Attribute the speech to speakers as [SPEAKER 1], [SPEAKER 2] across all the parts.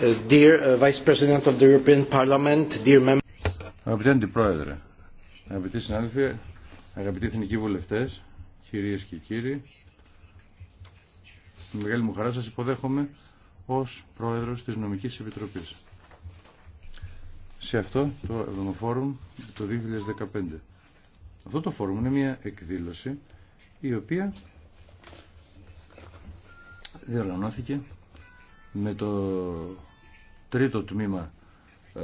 [SPEAKER 1] Dear uh, Vice
[SPEAKER 2] Αγαπητέ Αντιπρόεδρε, αγαπητοί συνάδελφοι, αγαπητοί εθνικοί βουλευτές, κυρίες και κύριοι, με μεγάλη μου χαρά σας υποδέχομαι ως Πρόεδρος της Νομικής Επιτροπής. Σε αυτό το Ευρωφόρουμ το 2015. Αυτό το φόρουμ είναι μια εκδήλωση η οποία
[SPEAKER 1] διοργανώθηκε
[SPEAKER 2] με το τρίτο τμήμα ε,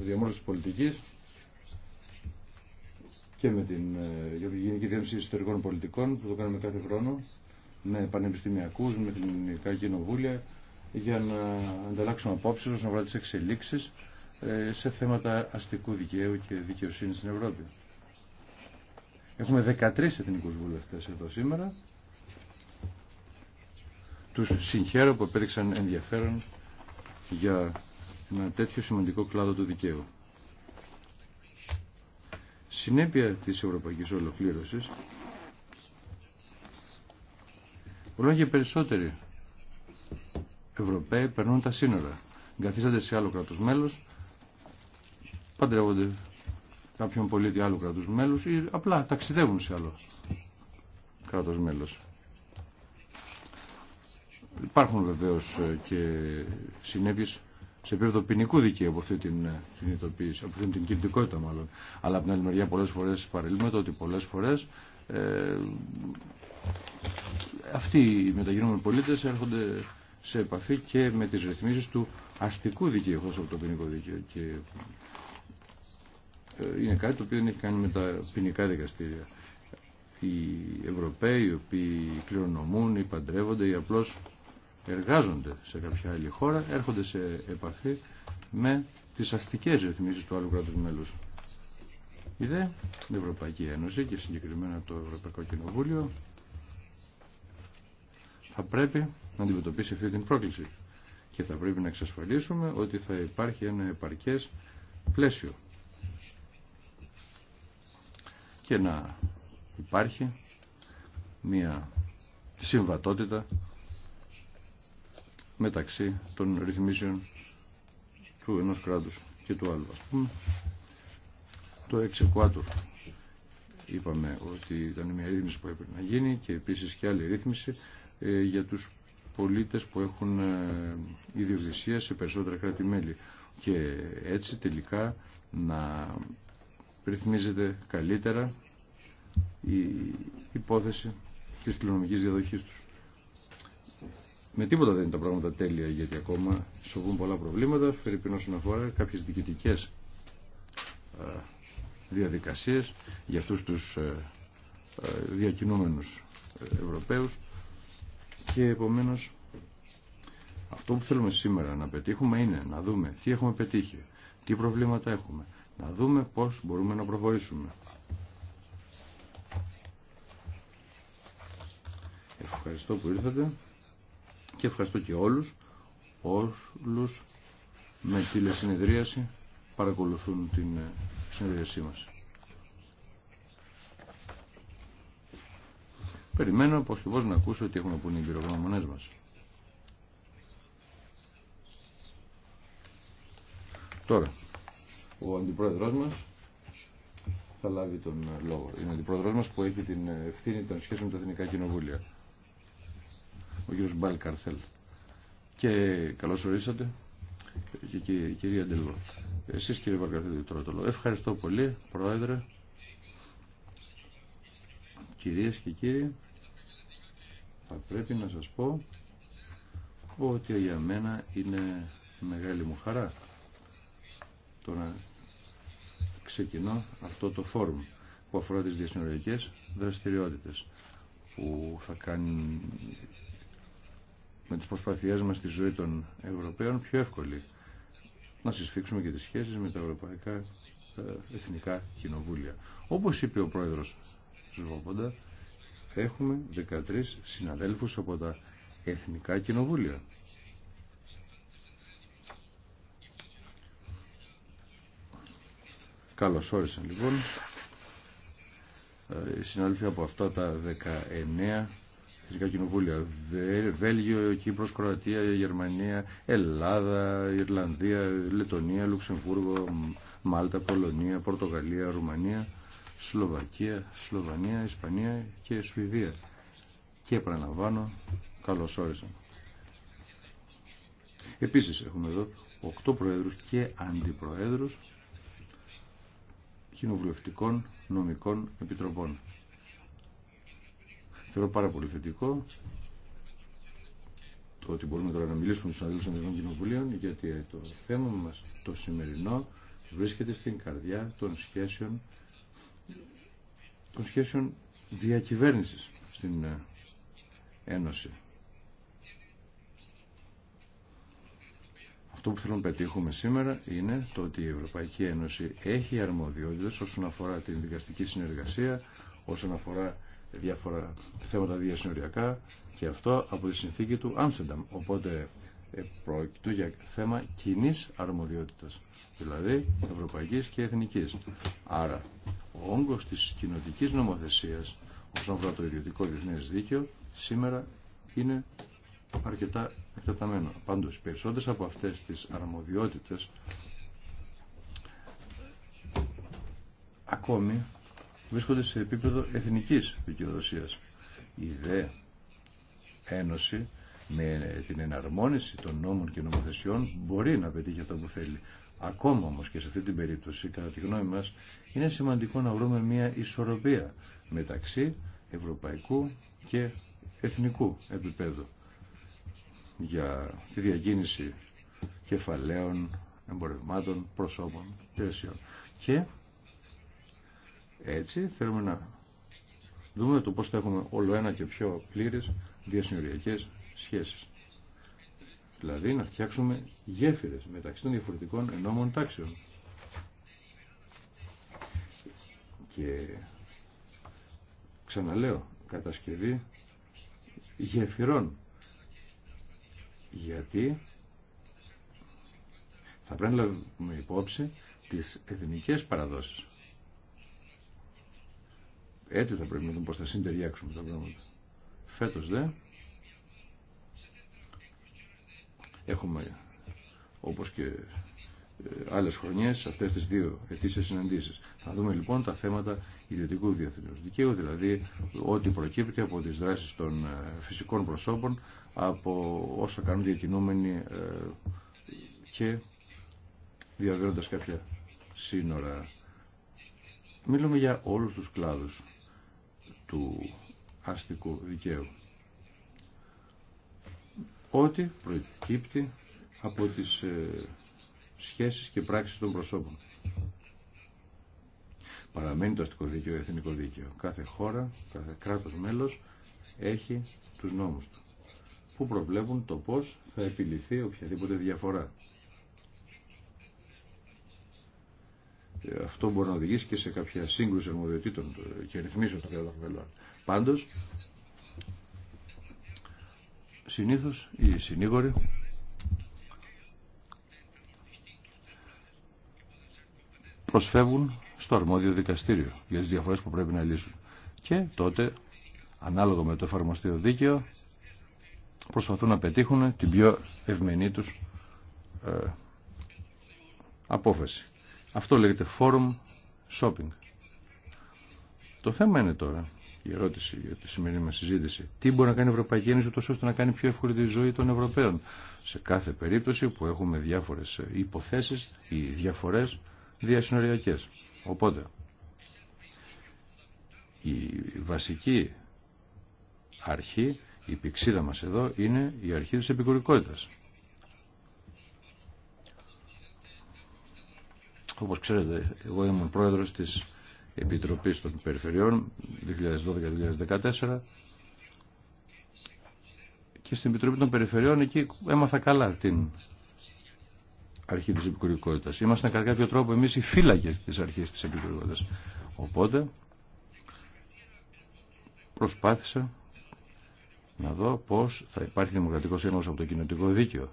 [SPEAKER 2] διαμόρφωσης πολιτικής και με ε, την Γενική Διεύθυνση Ιστορικών Πολιτικών που το κάνουμε κάθε χρόνο με πανεπιστημιακούς, με την ελληνικά κοινοβούλια για να ανταλλάξουμε απόψεις να αφορά τις εξελίξεις ε, σε θέματα αστικού δικαίου και δικαιοσύνη στην Ευρώπη. Έχουμε 13 εθνικούς βουλευτέ εδώ σήμερα τους συγχαίρω που επέδειξαν ενδιαφέρον για ένα τέτοιο σημαντικό κλάδο του δικαίου. Συνέπεια της ευρωπαϊκής ολοκλήρωσης Πολλά και περισσότεροι Ευρωπαίοι περνούν τα σύνορα. Εγκαθίστανται σε άλλο κράτος μέλος, παντρεύονται κάποιον πολίτη άλλου κράτους μέλους ή απλά ταξιδεύουν σε άλλο κράτος μέλος. Υπάρχουν βεβαίω ε, και συνέπειε σε επίπεδο ποινικού δικαίου από αυτή την κινητοποίηση, ε, από αυτή την κινητικότητα μάλλον. Αλλά από την άλλη μεριά πολλές φορές το ότι πολλές φορές ε, αυτοί οι μεταγενόμενοι πολίτες έρχονται σε επαφή και με τις ρυθμίσεις του αστικού δικαίου, χωρίς από το ποινικό δίκαιο. Και ε, είναι κάτι το οποίο δεν έχει κάνει με τα ποινικά δικαστήρια. Οι Ευρωπαίοι, οι οποίοι κληρονομούν, οι παντρεύονται, ή απλώ εργάζονται σε κάποια άλλη χώρα έρχονται σε επαφή με τις αστικές ρυθμίσεις του άλλου κράτους μέλους. Η ΔΕ, η Ευρωπαϊκή Ένωση και συγκεκριμένα το Ευρωπαϊκό Κοινοβούλιο θα πρέπει να αντιμετωπίσει αυτή την πρόκληση και θα πρέπει να εξασφαλίσουμε ότι θα υπάρχει ένα επαρκές πλαίσιο και να υπάρχει μια συμβατότητα μεταξύ των ρυθμίσεων του ενός κράτους και του άλλου. πούμε, το είπαμε ότι ήταν μια ρύθμιση που έπρεπε να γίνει και επίσης και άλλη ρύθμιση ε, για τους πολίτες που έχουν ε, ιδιοκτησία σε περισσότερα κράτη-μέλη και έτσι τελικά να ρυθμίζεται καλύτερα η υπόθεση της κληρονομικής διαδοχής τους με τίποτα δεν είναι τα πράγματα τέλεια γιατί ακόμα σοβούν πολλά προβλήματα Περίπου όσον αφορά κάποιες διοικητικές ε, διαδικασίες για αυτούς τους ε, ε, διακινούμενους Ευρωπαίους και επομένως αυτό που θέλουμε σήμερα να πετύχουμε είναι να δούμε τι έχουμε πετύχει, τι προβλήματα έχουμε, να δούμε πώς μπορούμε να προχωρήσουμε. Ευχαριστώ που ήρθατε και ευχαριστώ και όλους όλους με τηλεσυνεδρίαση παρακολουθούν την ε, συνεδρίασή μας. Περιμένω πως και να ακούσω ότι έχουν να πούνε οι πυρογνώμονές μας. Τώρα, ο αντιπρόεδρός μας θα λάβει τον ε, λόγο. Είναι ο αντιπρόεδρος μας που έχει την ε, ευθύνη των σχέσεων με τα Εθνικά Κοινοβούλια ο κύριος Μπάλκαρθελ. Και καλώς ορίσατε και, κυρία Ντελό Εσείς κύριε Μπάλκαρθελ τώρα το Ευχαριστώ πολύ Πρόεδρε, κυρίες και κύριοι. Θα πρέπει να σας πω ότι για μένα είναι μεγάλη μου χαρά το να ξεκινώ αυτό το φόρουμ που αφορά τις διασυνοριακές δραστηριότητες που θα κάνει με τις προσπαθειές μας στη ζωή των Ευρωπαίων πιο εύκολη να συσφίξουμε και τις σχέσεις με τα ευρωπαϊκά εθνικά κοινοβούλια. Όπως είπε ο πρόεδρος Σβόποντα, έχουμε 13 συναδέλφους από τα εθνικά κοινοβούλια. Καλώς όρισαν λοιπόν ε, οι συναδέλφοι από αυτά τα 19 εθνικά κοινοβούλια. Βέλγιο, Κύπρος, Κροατία, Γερμανία, Ελλάδα, Ιρλανδία, Λετωνία, Λουξεμβούργο, Μάλτα, Πολωνία, Πορτογαλία, Ρουμανία, Σλοβακία, Σλοβανία, Ισπανία και Σουηδία. Και επαναλαμβάνω, καλώ όρισαν. Επίσης έχουμε εδώ οκτώ προέδρους και αντιπροέδρους κοινοβουλευτικών νομικών επιτροπών. Θεωρώ πάρα πολύ θετικό το ότι μπορούμε τώρα να μιλήσουμε στους του των Κοινοβουλίων, γιατί το θέμα μας, το σημερινό βρίσκεται στην καρδιά των σχέσεων, των σχέσεων διακυβέρνησης στην ε, Ένωση. Αυτό που θέλουμε να πετύχουμε σήμερα είναι το ότι η Ευρωπαϊκή Ένωση έχει αρμοδιότητες όσον αφορά την δικαστική συνεργασία, όσον αφορά διάφορα θέματα διασυνοριακά και αυτό από τη συνθήκη του Άμστερνταμ. Οπότε ε, προκειτού για θέμα κοινή αρμοδιότητα, δηλαδή Ευρωπαϊκή και Εθνική. Άρα, ο όγκος της κοινοτικής νομοθεσία, όσον αφορά το ιδιωτικό διεθνέ δίκαιο σήμερα είναι αρκετά εκτεταμένο. Πάντως, περισσότερες από αυτές τι αρμοδιότητε. ακόμη βρίσκονται σε επίπεδο εθνικής δικαιοδοσίας. Η ΔΕ Ένωση με την εναρμόνιση των νόμων και νομοθεσιών μπορεί να πετύχει αυτό που θέλει. Ακόμα όμως και σε αυτή την περίπτωση, κατά τη γνώμη μας, είναι σημαντικό να βρούμε μια ισορροπία μεταξύ ευρωπαϊκού και εθνικού επίπεδου για τη διακίνηση κεφαλαίων, εμπορευμάτων, προσώπων, υπηρεσιών. Και έτσι θέλουμε να δούμε το πώς θα έχουμε όλο ένα και πιο πλήρες διασυνοριακές σχέσεις. Δηλαδή να φτιάξουμε γέφυρες μεταξύ των διαφορετικών ενόμων τάξεων. Και ξαναλέω, κατασκευή γεφυρών. Γιατί θα πρέπει να λάβουμε υπόψη τις εθνικές παραδόσεις. Έτσι θα πρέπει να δούμε πώ θα συντεριάξουμε τα πράγματα. φέτο, δε έχουμε όπως και ε, άλλες χρονιές αυτές τις δύο ετήσιε συναντήσει. Θα δούμε λοιπόν τα θέματα ιδιωτικού διεθνούς δικαίου, δηλαδή ό,τι προκύπτει από τις δράσεις των ε, φυσικών προσώπων, από όσα κάνουν διακινούμενοι ε, και διαβαίνοντας κάποια σύνορα. Μιλούμε για όλους τους κλάδους του αστικού δικαίου. Ό,τι προκύπτει από τις ε, σχέσεις και πράξεις των προσώπων. Παραμένει το αστικό δίκαιο, εθνικό δίκαιο. Κάθε χώρα, κάθε κράτος μέλος έχει τους νόμους του που προβλέπουν το πώς θα επιληθεί οποιαδήποτε διαφορά. αυτό μπορεί να οδηγήσει και σε κάποια σύγκρουση αρμοδιοτήτων και ρυθμίσεων στο μέλλον Πάντως, συνήθως οι συνήγοροι προσφεύγουν στο αρμόδιο δικαστήριο για τις διαφορές που πρέπει να λύσουν. Και τότε, ανάλογα με το εφαρμοστείο δίκαιο, προσπαθούν να πετύχουν την πιο ευμενή τους ε, απόφαση. Αυτό λέγεται forum shopping. Το θέμα είναι τώρα, η ερώτηση για τη σημερινή μα συζήτηση, τι μπορεί να κάνει η Ευρωπαϊκή Ένωση ούτως ώστε να κάνει πιο εύκολη τη ζωή των Ευρωπαίων. Σε κάθε περίπτωση που έχουμε διάφορες υποθέσεις ή διαφορές διασυνοριακές. Οπότε, η διαφορες διασυνοριακε αρχή, η πηξίδα μας εδώ, είναι η αρχή τη επικουρικότητα. Όπως ξέρετε, εγώ ήμουν πρόεδρος της Επιτροπής των Περιφερειών 2012-2014 και στην Επιτροπή των Περιφερειών εκεί έμαθα καλά την αρχή της επικουρικότητας. Ήμασταν κατά κάποιο τρόπο εμείς οι φύλακες της αρχής της επικουρικότητας. Οπότε προσπάθησα να δω πώς θα υπάρχει δημοκρατικός ένωσης από το κοινωτικό δίκαιο.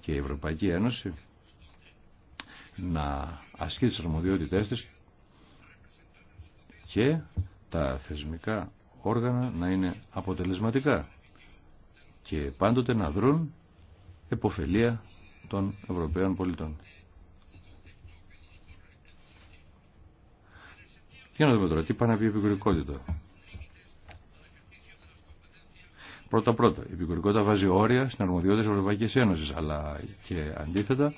[SPEAKER 2] Και η Ευρωπαϊκή Ένωση να ασκεί τις αρμοδιότητές της και τα θεσμικά όργανα να είναι αποτελεσματικά και πάντοτε να δρουν εποφελία των Ευρωπαίων πολιτών. Για να δούμε τώρα τι πάνε να πει επικουρικότητα. Πρώτα πρώτα, η επικουρικότητα βάζει όρια στην αρμοδιότητα της Ευρωπαϊκής Ένωσης, αλλά και αντίθετα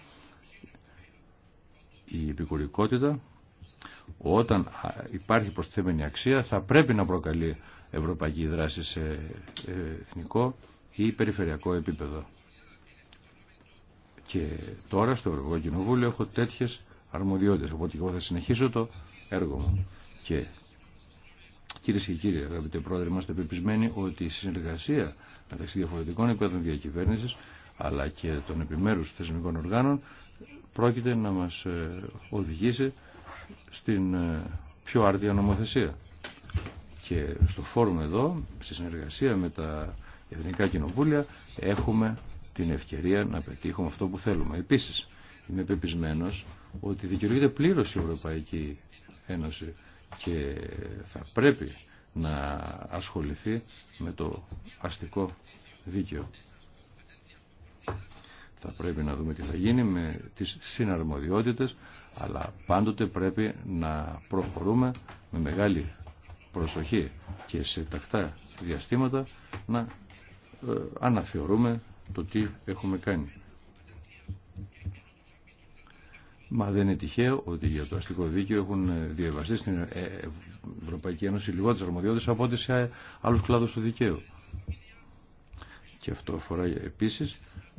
[SPEAKER 2] η επικουρικότητα όταν υπάρχει προσθέμενη αξία θα πρέπει να προκαλεί ευρωπαϊκή δράση σε ε, εθνικό ή περιφερειακό επίπεδο. Και τώρα στο Ευρωπαϊκό Κοινοβούλιο έχω τέτοιες αρμοδιότητες, οπότε εγώ θα συνεχίσω το έργο μου. Και Κυρίε και κύριοι, αγαπητέ πρόεδρε, είμαστε πεπισμένοι ότι η συνεργασία μεταξύ διαφορετικών επίπεδων διακυβέρνηση αλλά και των επιμέρου θεσμικών οργάνων πρόκειται να μας ε, οδηγήσει στην ε, πιο άρτια νομοθεσία. Και στο φόρουμ εδώ, στη συνεργασία με τα Εθνικά Κοινοβούλια, έχουμε την ευκαιρία να πετύχουμε αυτό που θέλουμε. Επίσης, είμαι πεπισμένος ότι δικαιολογείται πλήρως η Ευρωπαϊκή Ένωση και θα πρέπει να ασχοληθεί με το αστικό δίκαιο. Θα πρέπει να δούμε τι θα γίνει με τις συναρμοδιότητες, αλλά πάντοτε πρέπει να προχωρούμε με μεγάλη προσοχή και σε τακτά διαστήματα να ε, αναθεωρούμε το τι έχουμε κάνει. Μα δεν είναι τυχαίο ότι για το αστικό δίκαιο έχουν διαβαστεί στην ε, ε, Ευρωπαϊκή Ένωση λιγότερε αρμοδιότητε από ό,τι σε άλλου κλάδου του δικαίου και αυτό αφορά επίσης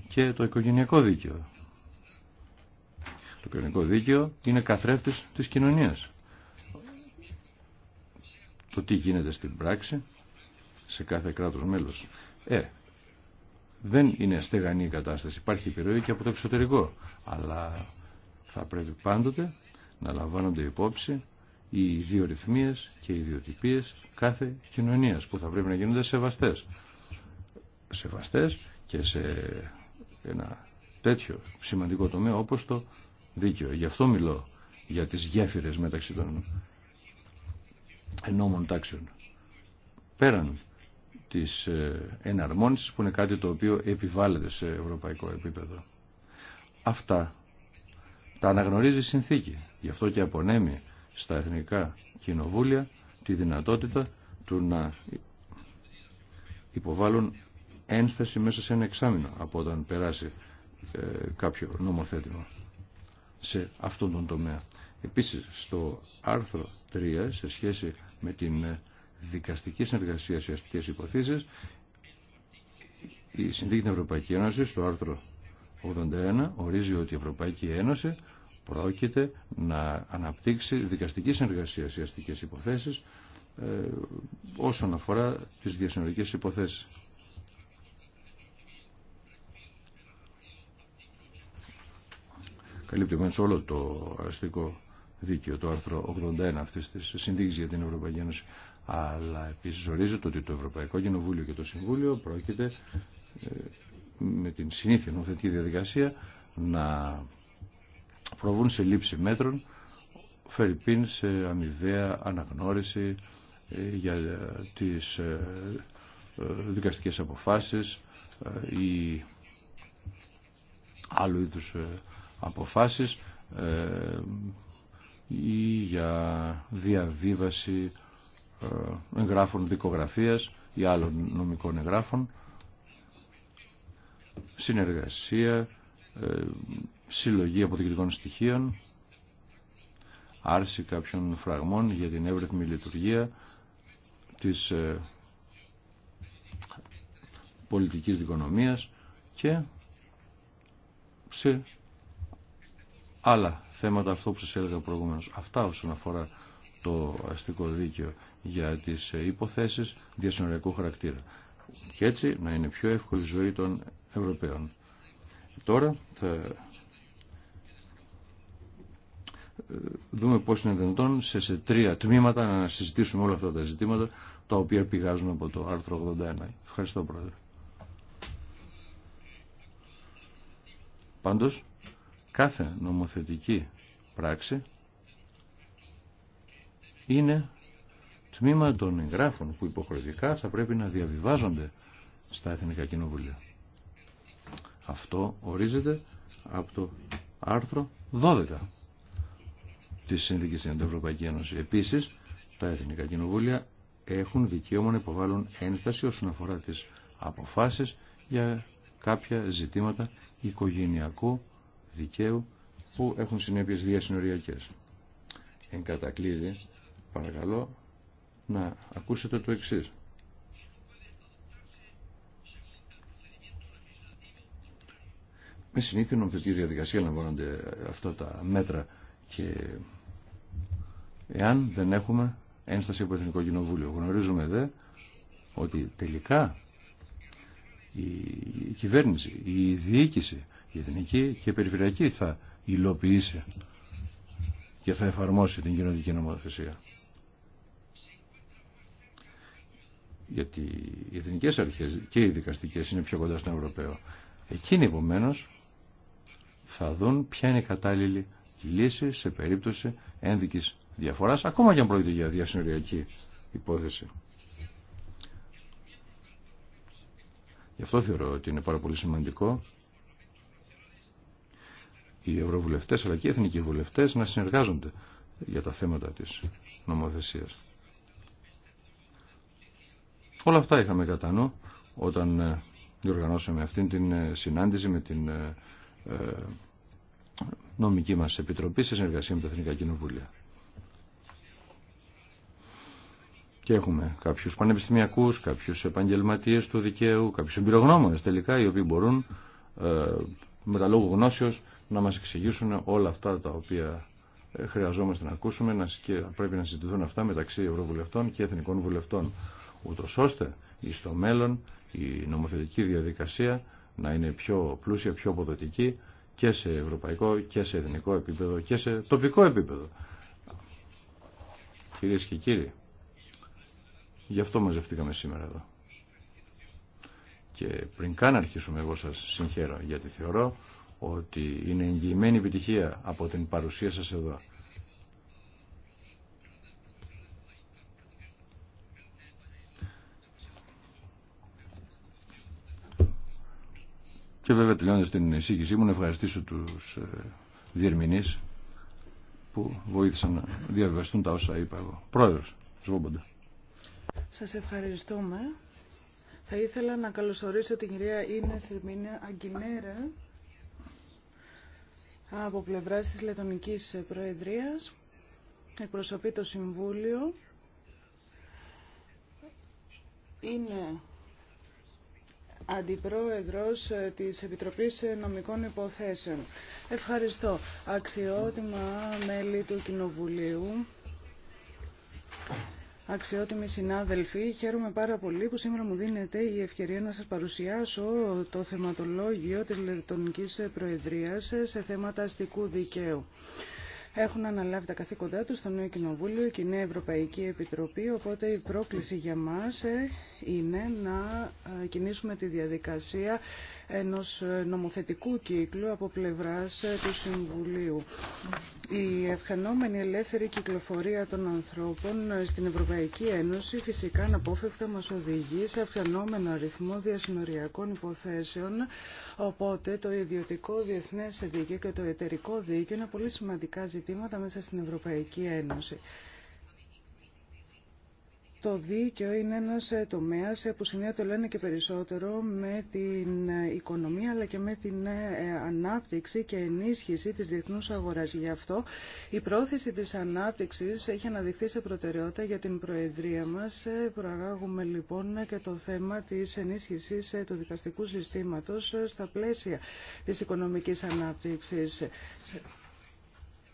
[SPEAKER 2] και το οικογενειακό δίκαιο. Το οικογενειακό δίκαιο είναι καθρέφτης της κοινωνίας. Το τι γίνεται στην πράξη σε κάθε κράτος μέλος. Ε, δεν είναι στεγανή η κατάσταση. Υπάρχει επιρροή και από το εξωτερικό. Αλλά θα πρέπει πάντοτε να λαμβάνονται υπόψη οι ιδιορυθμίες και οι ιδιοτυπίες κάθε κοινωνίας που θα πρέπει να γίνονται σεβαστές σεβαστές και σε ένα τέτοιο σημαντικό τομέα όπως το δίκαιο. Γι' αυτό μιλώ για τις γέφυρες μεταξύ των ενόμων τάξεων. Πέραν της ε, εναρμόνισης που είναι κάτι το οποίο επιβάλλεται σε ευρωπαϊκό επίπεδο. Αυτά τα αναγνωρίζει η συνθήκη. Γι' αυτό και απονέμει στα εθνικά κοινοβούλια τη δυνατότητα του να υποβάλλουν ένσταση μέσα σε ένα εξάμεινο από όταν περάσει ε, κάποιο νομοθέτημα σε αυτόν τον τομέα. Επίσης, στο άρθρο 3, σε σχέση με την ε, δικαστική συνεργασία σε αστικές υποθέσεις, η Συνδίκη της Ευρωπαϊκής Ένωσης, στο άρθρο 81, ορίζει ότι η Ευρωπαϊκή Ένωση πρόκειται να αναπτύξει δικαστική συνεργασία σε αστικές υποθέσεις ε, όσον αφορά τις διασυνορικές υποθέσεις. καλύπτει σε όλο το αστικό δίκαιο, το άρθρο 81 αυτής της συνδίκης για την Ευρωπαϊκή Ένωση. Αλλά επίσης ορίζεται ότι το Ευρωπαϊκό Κοινοβούλιο και το Συμβούλιο πρόκειται ε, με την συνήθεια νομοθετική διαδικασία να προβούν σε λήψη μέτρων φερειπίν σε αμοιβαία αναγνώριση ε, για τις ε, δικαστικές αποφάσεις ή άλλου είδους αποφάσεις ε, ή για διαβίβαση ε, εγγράφων δικογραφίας ή άλλων νομικών εγγράφων, συνεργασία, ε, συλλογή αποδεικτικών στοιχείων, άρση κάποιων φραγμών για την εύρεθμη λειτουργία της πολιτικής δικονομίας και σε άλλα θέματα αυτό που σας έλεγα προηγουμένως. Αυτά όσον αφορά το αστικό δίκαιο για τις ε, υποθέσεις διασυνοριακού χαρακτήρα. Και έτσι να είναι πιο εύκολη η ζωή των Ευρωπαίων. Τώρα θα ε, δούμε πώς είναι δυνατόν σε, σε τρία τμήματα να συζητήσουμε όλα αυτά τα ζητήματα τα οποία πηγάζουν από το άρθρο 81. Ευχαριστώ πρόεδρε. Πάντως, κάθε νομοθετική πράξη είναι τμήμα των εγγράφων που υποχρεωτικά θα πρέπει να διαβιβάζονται στα Εθνικά Κοινοβουλία. Αυτό ορίζεται από το άρθρο 12 της Συνθήκης της Ευρωπαϊκή Ένωση. Επίσης, τα Εθνικά Κοινοβούλια έχουν δικαίωμα να υποβάλουν ένσταση όσον αφορά τις αποφάσεις για κάποια ζητήματα οικογενειακού δικαίου που έχουν συνέπειες διασυνοριακές. Εν κατακλείδη, παρακαλώ να ακούσετε το εξής. Με συνήθεια νομοθετική διαδικασία λαμβάνονται αυτά τα μέτρα και εάν δεν έχουμε ένσταση από το Εθνικό Κοινοβούλιο. Γνωρίζουμε δε ότι τελικά η κυβέρνηση, η διοίκηση η εθνική και η περιφερειακή θα υλοποιήσει και θα εφαρμόσει την κοινωνική νομοθεσία. Γιατί οι εθνικέ αρχές και οι δικαστικές είναι πιο κοντά στον Ευρωπαίο. Εκείνοι επομένω θα δουν ποια είναι η κατάλληλη λύση σε περίπτωση ενδική διαφοράς, ακόμα και αν πρόκειται για διασυνοριακή υπόθεση. Γι' αυτό θεωρώ ότι είναι πάρα πολύ σημαντικό οι ευρωβουλευτέ, αλλά και οι εθνικοί βουλευτές να συνεργάζονται για τα θέματα της νομοθεσίας. Όλα αυτά είχαμε κατά νου όταν ε, διοργανώσαμε αυτήν την ε, συνάντηση με την ε, νομική μας επιτροπή σε συνεργασία με τα Εθνικά Κοινοβούλια. Και έχουμε κάποιους πανεπιστημιακούς, κάποιους επαγγελματίες του δικαίου, κάποιους εμπειρογνώμονες τελικά, οι οποίοι μπορούν με τα λόγω γνώσεως να μας εξηγήσουν όλα αυτά τα οποία ε, χρειαζόμαστε να ακούσουμε να, και πρέπει να συζητηθούν αυτά μεταξύ Ευρωβουλευτών και Εθνικών Βουλευτών ούτω ώστε στο μέλλον η νομοθετική διαδικασία να είναι πιο πλούσια, πιο αποδοτική και σε ευρωπαϊκό και σε εθνικό επίπεδο και σε τοπικό επίπεδο. Κυρίες και κύριοι, γι' αυτό μαζευτήκαμε σήμερα εδώ. Και πριν καν αρχίσουμε εγώ σας συγχαίρω γιατί θεωρώ ότι είναι εγγυημένη επιτυχία από την παρουσία σας εδώ. Και βέβαια τελειώνοντας την εισήγησή μου να ευχαριστήσω τους ε, διερμηνείς που βοήθησαν να διαβεβαιωθούν τα όσα είπα εγώ. Πρόεδρος, Σβόμποντα.
[SPEAKER 3] Σας ευχαριστούμε. Θα ήθελα να καλωσορίσω την κυρία Ίνες Ερμίνια Αγκινέρα από πλευράς της Λετωνικής Προεδρίας. Εκπροσωπεί το Συμβούλιο. Είναι Αντιπρόεδρος της Επιτροπής Νομικών Υποθέσεων. Ευχαριστώ. Αξιότιμα μέλη του Κοινοβουλίου. Αξιότιμοι συνάδελφοι, χαίρομαι πάρα πολύ που σήμερα μου δίνετε η ευκαιρία να σας παρουσιάσω το θεματολόγιο της Λεπτονικής Προεδρίας σε θέματα αστικού δικαίου. Έχουν αναλάβει τα καθήκοντά τους στο νέο Κοινοβούλιο και η Νέα Ευρωπαϊκή Επιτροπή, οπότε η πρόκληση για μας είναι να ε, κινήσουμε τη διαδικασία ενός ε, νομοθετικού κύκλου από πλευράς ε, του Συμβουλίου. Η ευχανόμενη ελεύθερη κυκλοφορία των ανθρώπων στην Ευρωπαϊκή Ένωση φυσικά αναπόφευκτα μας οδηγεί σε αυξανόμενο αριθμό διασυνοριακών υποθέσεων, οπότε το ιδιωτικό διεθνές δίκαιο και το εταιρικό δίκαιο είναι πολύ σημαντικά ζητήματα μέσα στην Ευρωπαϊκή Ένωση. Το δίκαιο είναι ένας ε, τομέας ε, που συνδέεται λένε και περισσότερο με την ε, οικονομία αλλά και με την ανάπτυξη και ενίσχυση της διεθνούς αγοράς. Γι' αυτό η πρόθεση της ανάπτυξης έχει αναδειχθεί σε προτεραιότητα για την Προεδρία μας. Προαγάγουμε λοιπόν και το θέμα της ενίσχυσης του δικαστικού συστήματος στα πλαίσια της οικονομικής ανάπτυξης.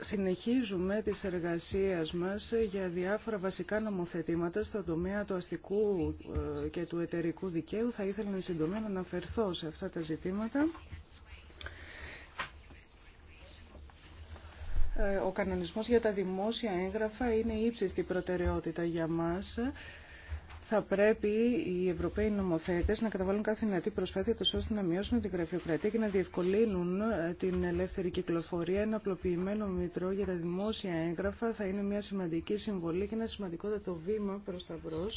[SPEAKER 3] Συνεχίζουμε τις εργασίες μας για διάφορα βασικά νομοθετήματα στον τομέα του αστικού ε, και του εταιρικού δικαίου. Θα ήθελα να να αναφερθώ σε αυτά τα ζητήματα. Ε, ο κανονισμός για τα δημόσια έγγραφα είναι ύψιστη προτεραιότητα για μας θα πρέπει οι Ευρωπαίοι νομοθέτε να καταβάλουν κάθε δυνατή προσπάθεια τόσο ώστε να μειώσουν την γραφειοκρατία και να διευκολύνουν ε, την ελεύθερη κυκλοφορία. Ένα απλοποιημένο μητρό για τα δημόσια έγγραφα θα είναι μια σημαντική συμβολή και ένα σημαντικότατο βήμα προ τα μπρο.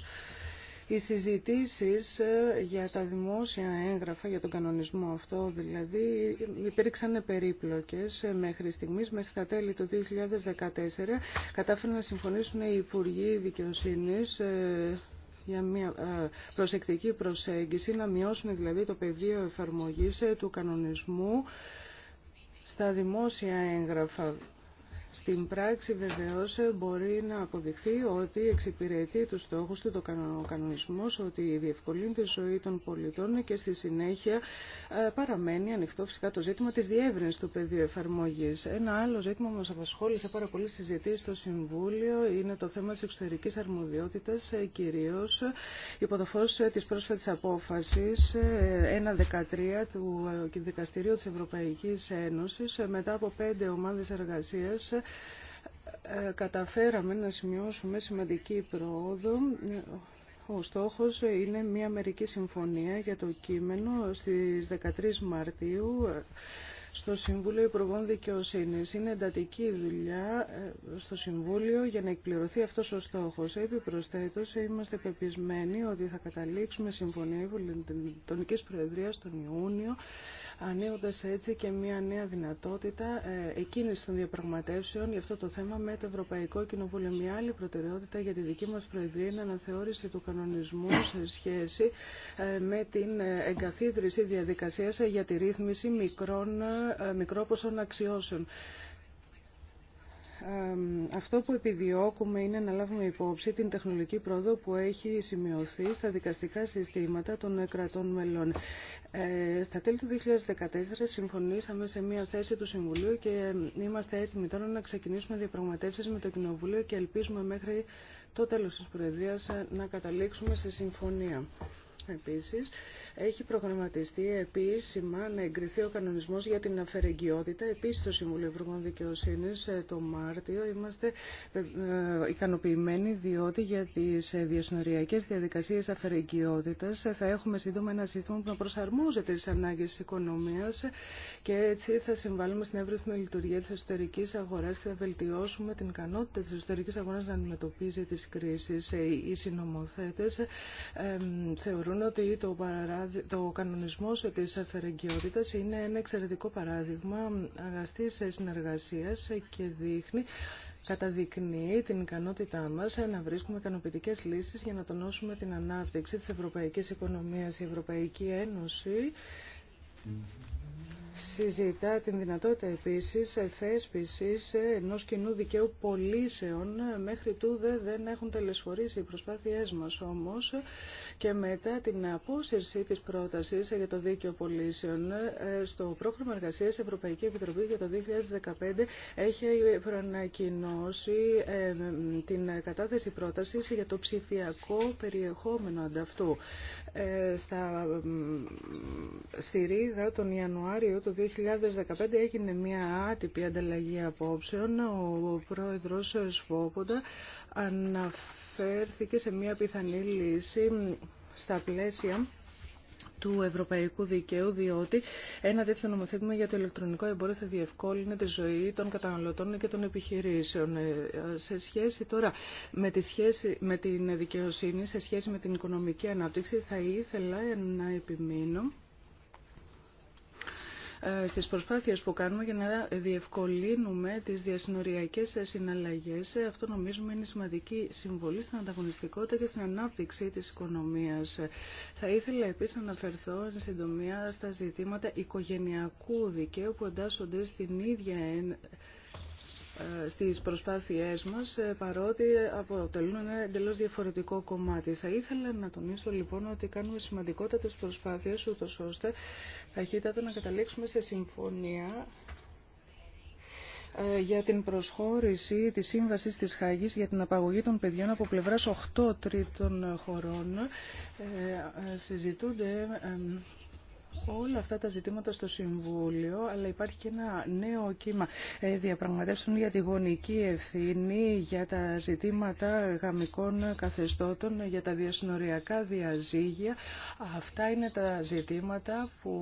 [SPEAKER 3] Οι συζητήσει ε, για τα δημόσια έγγραφα, για τον κανονισμό αυτό δηλαδή, υπήρξαν περίπλοκέ ε, μέχρι στιγμή, μέχρι τα τέλη του 2014. Κατάφεραν να συμφωνήσουν οι Υπουργοί Δικαιοσύνη για μια ε, προσεκτική προσέγγιση, να μειώσουν δηλαδή το πεδίο εφαρμογής ε, του κανονισμού στα δημόσια έγγραφα. Στην πράξη βεβαίως μπορεί να αποδειχθεί ότι εξυπηρετεί τους στόχους του το κανονισμός, ότι διευκολύνει τη ζωή των πολιτών και στη συνέχεια ε, παραμένει ανοιχτό φυσικά το ζήτημα της διεύρυνσης του πεδίου εφαρμογής. Ένα άλλο ζήτημα που μας απασχόλησε πάρα πολύ συζητήσει στο Συμβούλιο είναι το θέμα της εξωτερικής αρμοδιότητας, ε, κυρίως ε, υπό το φως της πρόσφατης απόφασης 1.13 του Δικαστηρίου της Ευρωπαϊκής Ένωσης μετά από πέντε ομάδες εργασίας ε, καταφέραμε να σημειώσουμε σημαντική πρόοδο. Ο στόχος είναι μια μερική συμφωνία για το κείμενο στις 13 Μαρτίου ε, στο Συμβούλιο Υπουργών Δικαιοσύνη. Είναι εντατική δουλειά ε, στο Συμβούλιο για να εκπληρωθεί αυτό ο στόχο. Επιπροσθέτω, είμαστε πεπισμένοι ότι θα καταλήξουμε συμφωνία Βουλευτική Προεδρία τον Ιούνιο Ανοίγοντα έτσι και μια νέα δυνατότητα ε, εκείνης των διαπραγματεύσεων για αυτό το θέμα με το Ευρωπαϊκό Κοινοβούλιο. Μια άλλη προτεραιότητα για τη δική μας Προεδρία είναι αναθεώρηση του κανονισμού σε σχέση ε, με την ε, εγκαθίδρυση διαδικασίας για τη ρύθμιση μικρών, μικρόποσων αξιώσεων αυτό που επιδιώκουμε είναι να λάβουμε υπόψη την τεχνολογική πρόοδο που έχει σημειωθεί στα δικαστικά συστήματα των κρατών μελών. Ε, στα τέλη του 2014 συμφωνήσαμε σε μια θέση του Συμβουλίου και είμαστε έτοιμοι τώρα να ξεκινήσουμε διαπραγματεύσεις με το Κοινοβούλιο και ελπίζουμε μέχρι το τέλος της Προεδρίας να καταλήξουμε σε συμφωνία. Επίσης, έχει προγραμματιστεί επίσημα να εγκριθεί ο κανονισμός για την αφαιρεγγιότητα. Επίσης στο Συμβούλιο Υπουργών Δικαιοσύνης ε, το Μάρτιο είμαστε ε, ε, ικανοποιημένοι διότι για τις διασυνοριακές διαδικασίες αφαιρεγγιότητας θα έχουμε σύντομα ένα σύστημα που να προσαρμόζεται στις ανάγκες της οικονομίας και έτσι θα συμβάλλουμε στην εύρυθμη λειτουργία της εσωτερικής αγοράς και θα βελτιώσουμε την ικανότητα της εσωτερική αγοράς να αντιμετωπίζει τις κρίσεις. Οι συνομοθέτες θεωρούν ότι το παρά το κανονισμός της αφαιρεγγιότητας είναι ένα εξαιρετικό παράδειγμα αγαστής συνεργασίας και δείχνει καταδεικνύει την ικανότητά μας να βρίσκουμε ικανοποιητικέ λύσεις για να τονώσουμε την ανάπτυξη της ευρωπαϊκής οικονομίας. Η Ευρωπαϊκή Ένωση συζητά την δυνατότητα επίσης θέσπισης ενός κοινού δικαίου πολίσεων. Μέχρι τούδε δεν έχουν τελεσφορήσει οι προσπάθειές μας όμως και μετά την απόσυρση της πρότασης για το δίκαιο πολίσεων ε, στο πρόγραμμα εργασίας Ευρωπαϊκή Επιτροπή για το 2015 έχει προανακοινώσει ε, την κατάθεση πρότασης για το ψηφιακό περιεχόμενο ανταυτού. Ε, στα, στη Ρήγα τον Ιανουάριο του το 2015 έγινε μια άτυπη ανταλλαγή απόψεων. Ο πρόεδρος Σφόποντα αναφέρθηκε σε μια πιθανή λύση στα πλαίσια του Ευρωπαϊκού Δικαίου, διότι ένα τέτοιο νομοθέτημα για το ηλεκτρονικό εμπόριο θα διευκόλυνε τη ζωή των καταναλωτών και των επιχειρήσεων. Ε, σε σχέση τώρα με, τη σχέση, με την δικαιοσύνη, σε σχέση με την οικονομική ανάπτυξη, θα ήθελα να επιμείνω ε, στις προσπάθειες που κάνουμε για να διευκολύνουμε τις διασυνοριακές συναλλαγές. Ε, αυτό νομίζουμε είναι σημαντική συμβολή στην ανταγωνιστικότητα και στην ανάπτυξη της οικονομίας. Θα ήθελα επίσης να αναφερθώ εν συντομία στα ζητήματα οικογενειακού δικαίου που εντάσσονται στην ίδια στις προσπάθειές μας, ε, παρότι αποτελούν ένα εντελώς διαφορετικό κομμάτι. Θα ήθελα να τονίσω λοιπόν ότι κάνουμε σημαντικότατες προσπάθειες, ούτως ώστε ταχύτατα να καταλήξουμε σε συμφωνία ε, για την προσχώρηση της Σύμβασης της Χάγης για την απαγωγή των παιδιών από πλευράς 8 τρίτων χωρών. Ε, συζητούνται όλα αυτά τα ζητήματα στο Συμβούλιο, αλλά υπάρχει και ένα νέο κύμα ε, διαπραγματεύσεων για τη γονική ευθύνη, για τα ζητήματα γαμικών καθεστώτων, για τα διασυνοριακά διαζύγια. Αυτά είναι τα ζητήματα που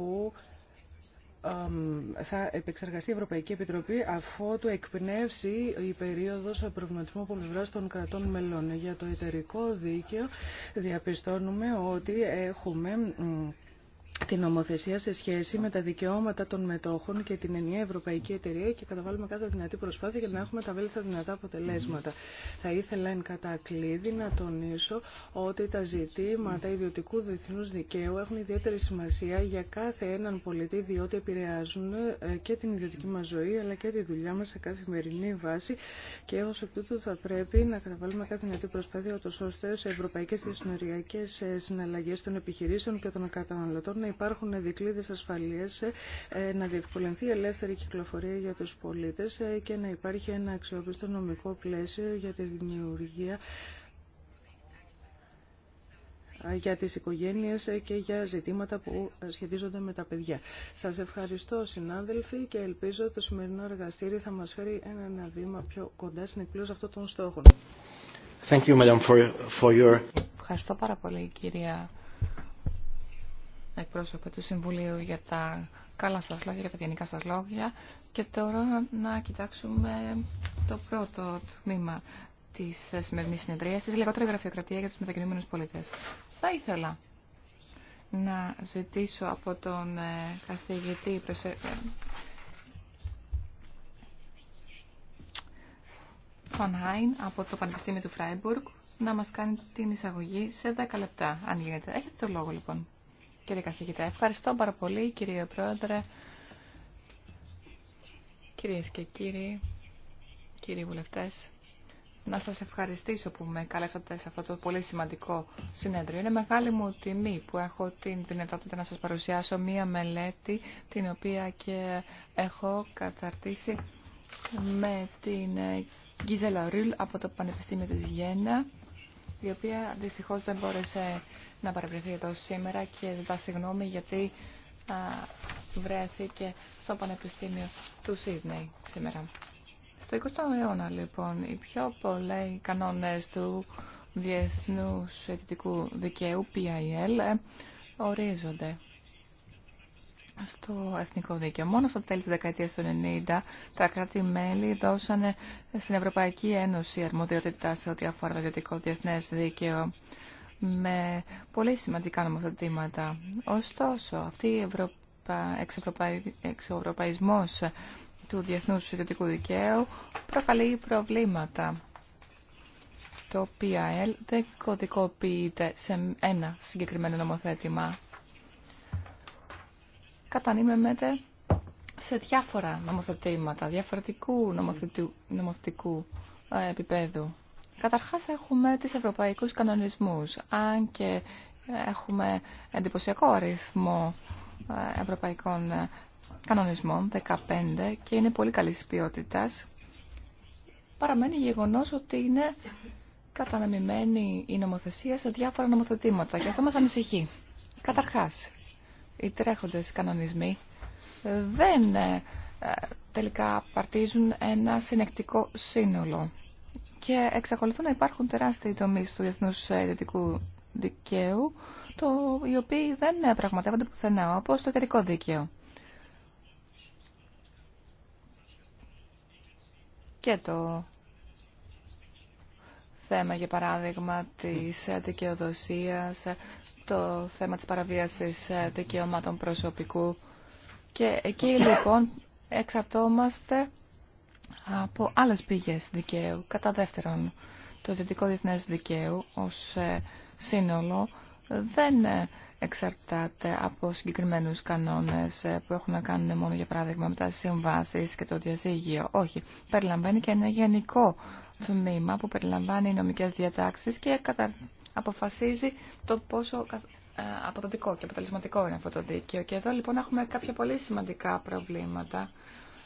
[SPEAKER 3] θα επεξεργαστεί η Ευρωπαϊκή Επιτροπή αφότου εκπνεύσει η περίοδος προβληματισμού πολυβράς των κρατών μελών. Για το εταιρικό δίκαιο διαπιστώνουμε ότι έχουμε την νομοθεσία σε σχέση με τα δικαιώματα των μετόχων και την ενιαία Ευρωπαϊκή Εταιρεία και καταβάλουμε κάθε δυνατή προσπάθεια για να έχουμε τα βέλτιστα δυνατά αποτελέσματα. Θα ήθελα εν κατακλείδη να τονίσω ότι τα ζητήματα ιδιωτικού διεθνού δικαίου έχουν ιδιαίτερη σημασία για κάθε έναν πολιτή, διότι επηρεάζουν ε, και την ιδιωτική μα ζωή αλλά και τη δουλειά μα σε καθημερινή βάση και ω εκ τούτου θα πρέπει να καταβάλουμε κάθε δυνατή προσπάθεια ώστε σε ευρωπαϊκέ και ε, των επιχειρήσεων και των καταναλωτών υπάρχουν δικλείδες ασφαλείας, ε, ε, να διευκολυνθεί η ελεύθερη κυκλοφορία για τους πολίτες ε, και να υπάρχει ένα αξιόπιστο νομικό πλαίσιο για τη δημιουργία για τις οικογένειες και για ζητήματα που σχετίζονται με τα παιδιά. Σας ευχαριστώ συνάδελφοι και ελπίζω το σημερινό εργαστήρι θα μας φέρει ένα, ένα βήμα πιο κοντά στην
[SPEAKER 4] εκπλήρωση αυτών των στόχων.
[SPEAKER 1] Thank you, for, for your...
[SPEAKER 4] Ευχαριστώ πάρα πολύ κυρία εκπρόσωπε του Συμβουλίου για τα καλά σας λόγια, για τα γενικά σας λόγια και τώρα να κοιτάξουμε το πρώτο τμήμα της σημερινής συνεδρίας, της λιγότερη γραφειοκρατία για τους μετακινούμενους πολίτες. Θα ήθελα να ζητήσω από τον ε, καθηγητή προσε... Ε, Φανχάιν από το Πανεπιστήμιο του Φράιμπουργκ να μας κάνει την εισαγωγή σε 10 λεπτά, αν γίνεται. Έχετε το λόγο λοιπόν. Κύριε καθηγητά, ευχαριστώ πάρα πολύ κύριε Πρόεδρε, κυρίες και κύριοι, κύριοι βουλευτές. Να σας ευχαριστήσω που με καλέσατε σε αυτό το πολύ σημαντικό συνέδριο. Είναι μεγάλη μου τιμή που έχω την δυνατότητα να σας παρουσιάσω μία μελέτη την οποία και έχω καταρτήσει με την Γκίζελα Ρουλ από το Πανεπιστήμιο της Γέννα η οποία δυστυχώς δεν μπόρεσε να παρευρεθεί εδώ σήμερα και ζητά συγγνώμη γιατί α, βρέθηκε στο Πανεπιστήμιο του Σίδνεϊ σήμερα. Στο 20ο αιώνα, λοιπόν, οι πιο πολλοί κανόνες του Διεθνούς Εθνικού Δικαίου, PIL, ε, ορίζονται στο εθνικό δίκαιο. Μόνο στο τέλη της δεκαετίας του 90 τα κράτη-μέλη δώσανε στην Ευρωπαϊκή Ένωση αρμοδιότητα σε ό,τι αφορά το ιδιωτικό διεθνές δίκαιο με πολύ σημαντικά νομοθετήματα. Ωστόσο, αυτή η Ευρωπα... του Διεθνούς Ιδιωτικού Δικαίου προκαλεί προβλήματα. Το PIL δεν κωδικοποιείται σε ένα συγκεκριμένο νομοθέτημα. Κατανείμεται σε διάφορα νομοθετήματα, διαφορετικού νομοθετικού ε, επίπεδου. Καταρχάς έχουμε τις ευρωπαϊκούς κανονισμούς, αν και ε, έχουμε εντυπωσιακό αριθμό ε, ευρωπαϊκών ε, κανονισμών, 15, και είναι πολύ καλής ποιότητας, παραμένει γεγονός ότι είναι καταναμημένη η νομοθεσία σε διάφορα νομοθετήματα και αυτό μας ανησυχεί. Καταρχάς, οι τρέχοντες κανονισμοί δεν τελικά παρτίζουν ένα συνεκτικό σύνολο και εξακολουθούν να υπάρχουν τεράστιοι τομεί του διεθνού δικαίου, το, οι οποίοι δεν πραγματεύονται πουθενά, όπω το εταιρικό δίκαιο. Και το θέμα, για παράδειγμα, της δικαιοδοσία, το θέμα της παραβίασης δικαιωμάτων προσωπικού. Και εκεί λοιπόν εξαρτώμαστε από άλλες πηγές δικαίου. Κατά δεύτερον, το ιδιωτικό διεθνές δικαίου ως ε, σύνολο δεν ε, εξαρτάται από συγκεκριμένους κανόνες ε, που έχουν να κάνουν μόνο για παράδειγμα με τα συμβάσεις και το διαζύγιο. Όχι, περιλαμβάνει και ένα γενικό τμήμα που περιλαμβάνει νομικές διατάξεις και αποφασίζει το πόσο αποδοτικό και αποτελεσματικό είναι αυτό το δίκαιο. Και εδώ λοιπόν έχουμε κάποια πολύ σημαντικά προβλήματα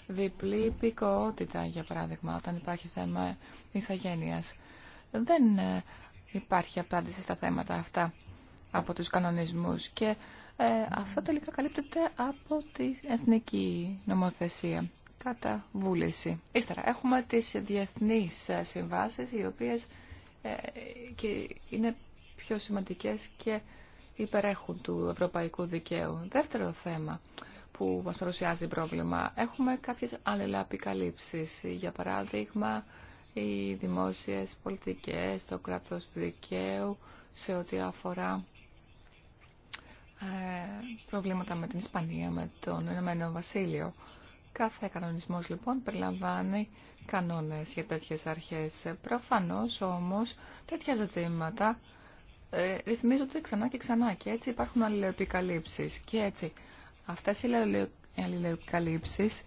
[SPEAKER 4] διπλή υπηκότητα, για παράδειγμα, όταν υπάρχει θέμα ηθαγένειας. Δεν ε, υπάρχει απάντηση στα θέματα αυτά από τους κανονισμούς και ε, αυτό τελικά καλύπτεται από την εθνική νομοθεσία κατά βούληση. Ύστερα έχουμε τις διεθνείς συμβάσεις οι οποίες ε, και είναι πιο σημαντικές και υπερέχουν του ευρωπαϊκού δικαίου. Δεύτερο θέμα, που μας παρουσιάζει πρόβλημα. Έχουμε κάποιες αλληλαπικαλύψεις, για παράδειγμα οι δημόσιες πολιτικές, το κράτος δικαίου, σε ό,τι αφορά ε, προβλήματα με την Ισπανία, με τον Ηνωμένο Βασίλειο. Κάθε κανονισμός λοιπόν περιλαμβάνει κανόνες για τέτοιες αρχές. Προφανώς όμως τέτοια ζητήματα ε, ρυθμίζονται ξανά και ξανά και έτσι υπάρχουν αλληλεπικαλύψεις και έτσι Αυτές οι αλληλεκαλύψεις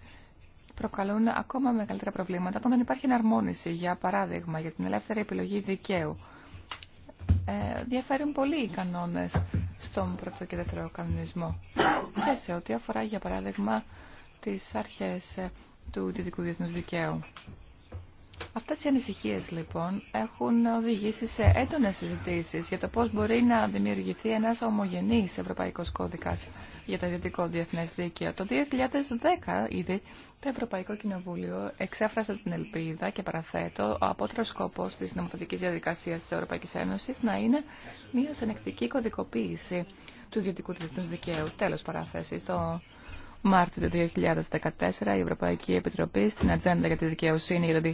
[SPEAKER 4] προκαλούν ακόμα μεγαλύτερα προβλήματα όταν δεν υπάρχει εναρμόνιση, για παράδειγμα, για την ελεύθερη επιλογή δικαίου. Ε, διαφέρουν πολύ οι κανόνες στον πρώτο και δεύτερο κανονισμό και σε ό,τι αφορά, για παράδειγμα, τις αρχές ε, του Δυτικού Διεθνούς Δικαίου. Αυτές οι ανησυχίες λοιπόν έχουν οδηγήσει σε έντονες συζητήσεις για το πώς μπορεί να δημιουργηθεί ένας ομογενής ευρωπαϊκός κώδικας για το ιδιωτικό διεθνές δίκαιο. Το 2010 ήδη το Ευρωπαϊκό Κοινοβούλιο εξέφρασε την ελπίδα και παραθέτω ο απότερος σκοπός της νομοθετικής διαδικασίας της Ευρωπαϊκής Ένωσης να είναι μια συνεκτική κωδικοποίηση του ιδιωτικού διεθνούς δικαίου. Τέλος παράθεση. Το Μάρτιο του 2014 η Ευρωπαϊκή Επιτροπή στην Ατζέντα για τη Δικαιοσύνη για το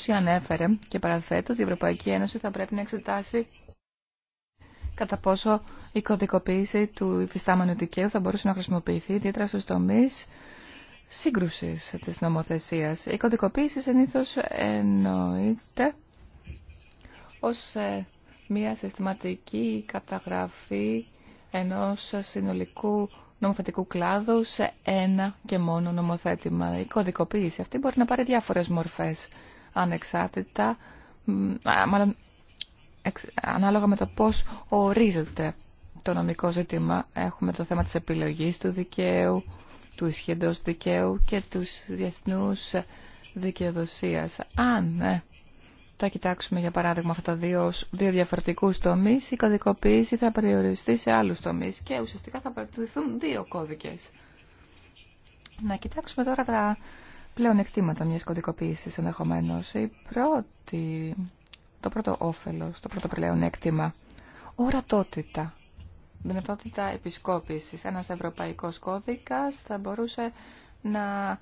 [SPEAKER 4] 2020 ανέφερε και παραθέτω ότι η Ευρωπαϊκή Ένωση θα πρέπει να εξετάσει κατά πόσο η κωδικοποίηση του υφιστάμενου δικαίου θα μπορούσε να χρησιμοποιηθεί ιδιαίτερα στους τομείς σύγκρουσης τη νομοθεσία. Η κωδικοποίηση συνήθω εννοείται ω ε, μια συστηματική καταγραφή ενός συνολικού νομοθετικού κλάδου σε ένα και μόνο νομοθέτημα. Η κωδικοποίηση αυτή μπορεί να πάρει διάφορες μορφές ανεξάρτητα, μάλλον ανάλογα με το πώς ορίζεται το νομικό ζήτημα. Έχουμε το θέμα της επιλογής του δικαίου, του ισχυντός δικαίου και τους διεθνούς δικαιοδοσίας. Αν ε, θα κοιτάξουμε για παράδειγμα αυτά τα δύο, δύο διαφορετικούς τομείς, η κωδικοποίηση θα περιοριστεί σε άλλους τομείς και ουσιαστικά θα παρατηρηθούν δύο κώδικες. Να κοιτάξουμε τώρα τα πλέον εκτήματα μιας κωδικοποίησης ενδεχομένω. Η πρώτη, το πρώτο όφελος, το πρώτο πλέον έκτημα, ορατότητα. Δυνατότητα επισκόπησης. Ένας ευρωπαϊκός κώδικας θα μπορούσε να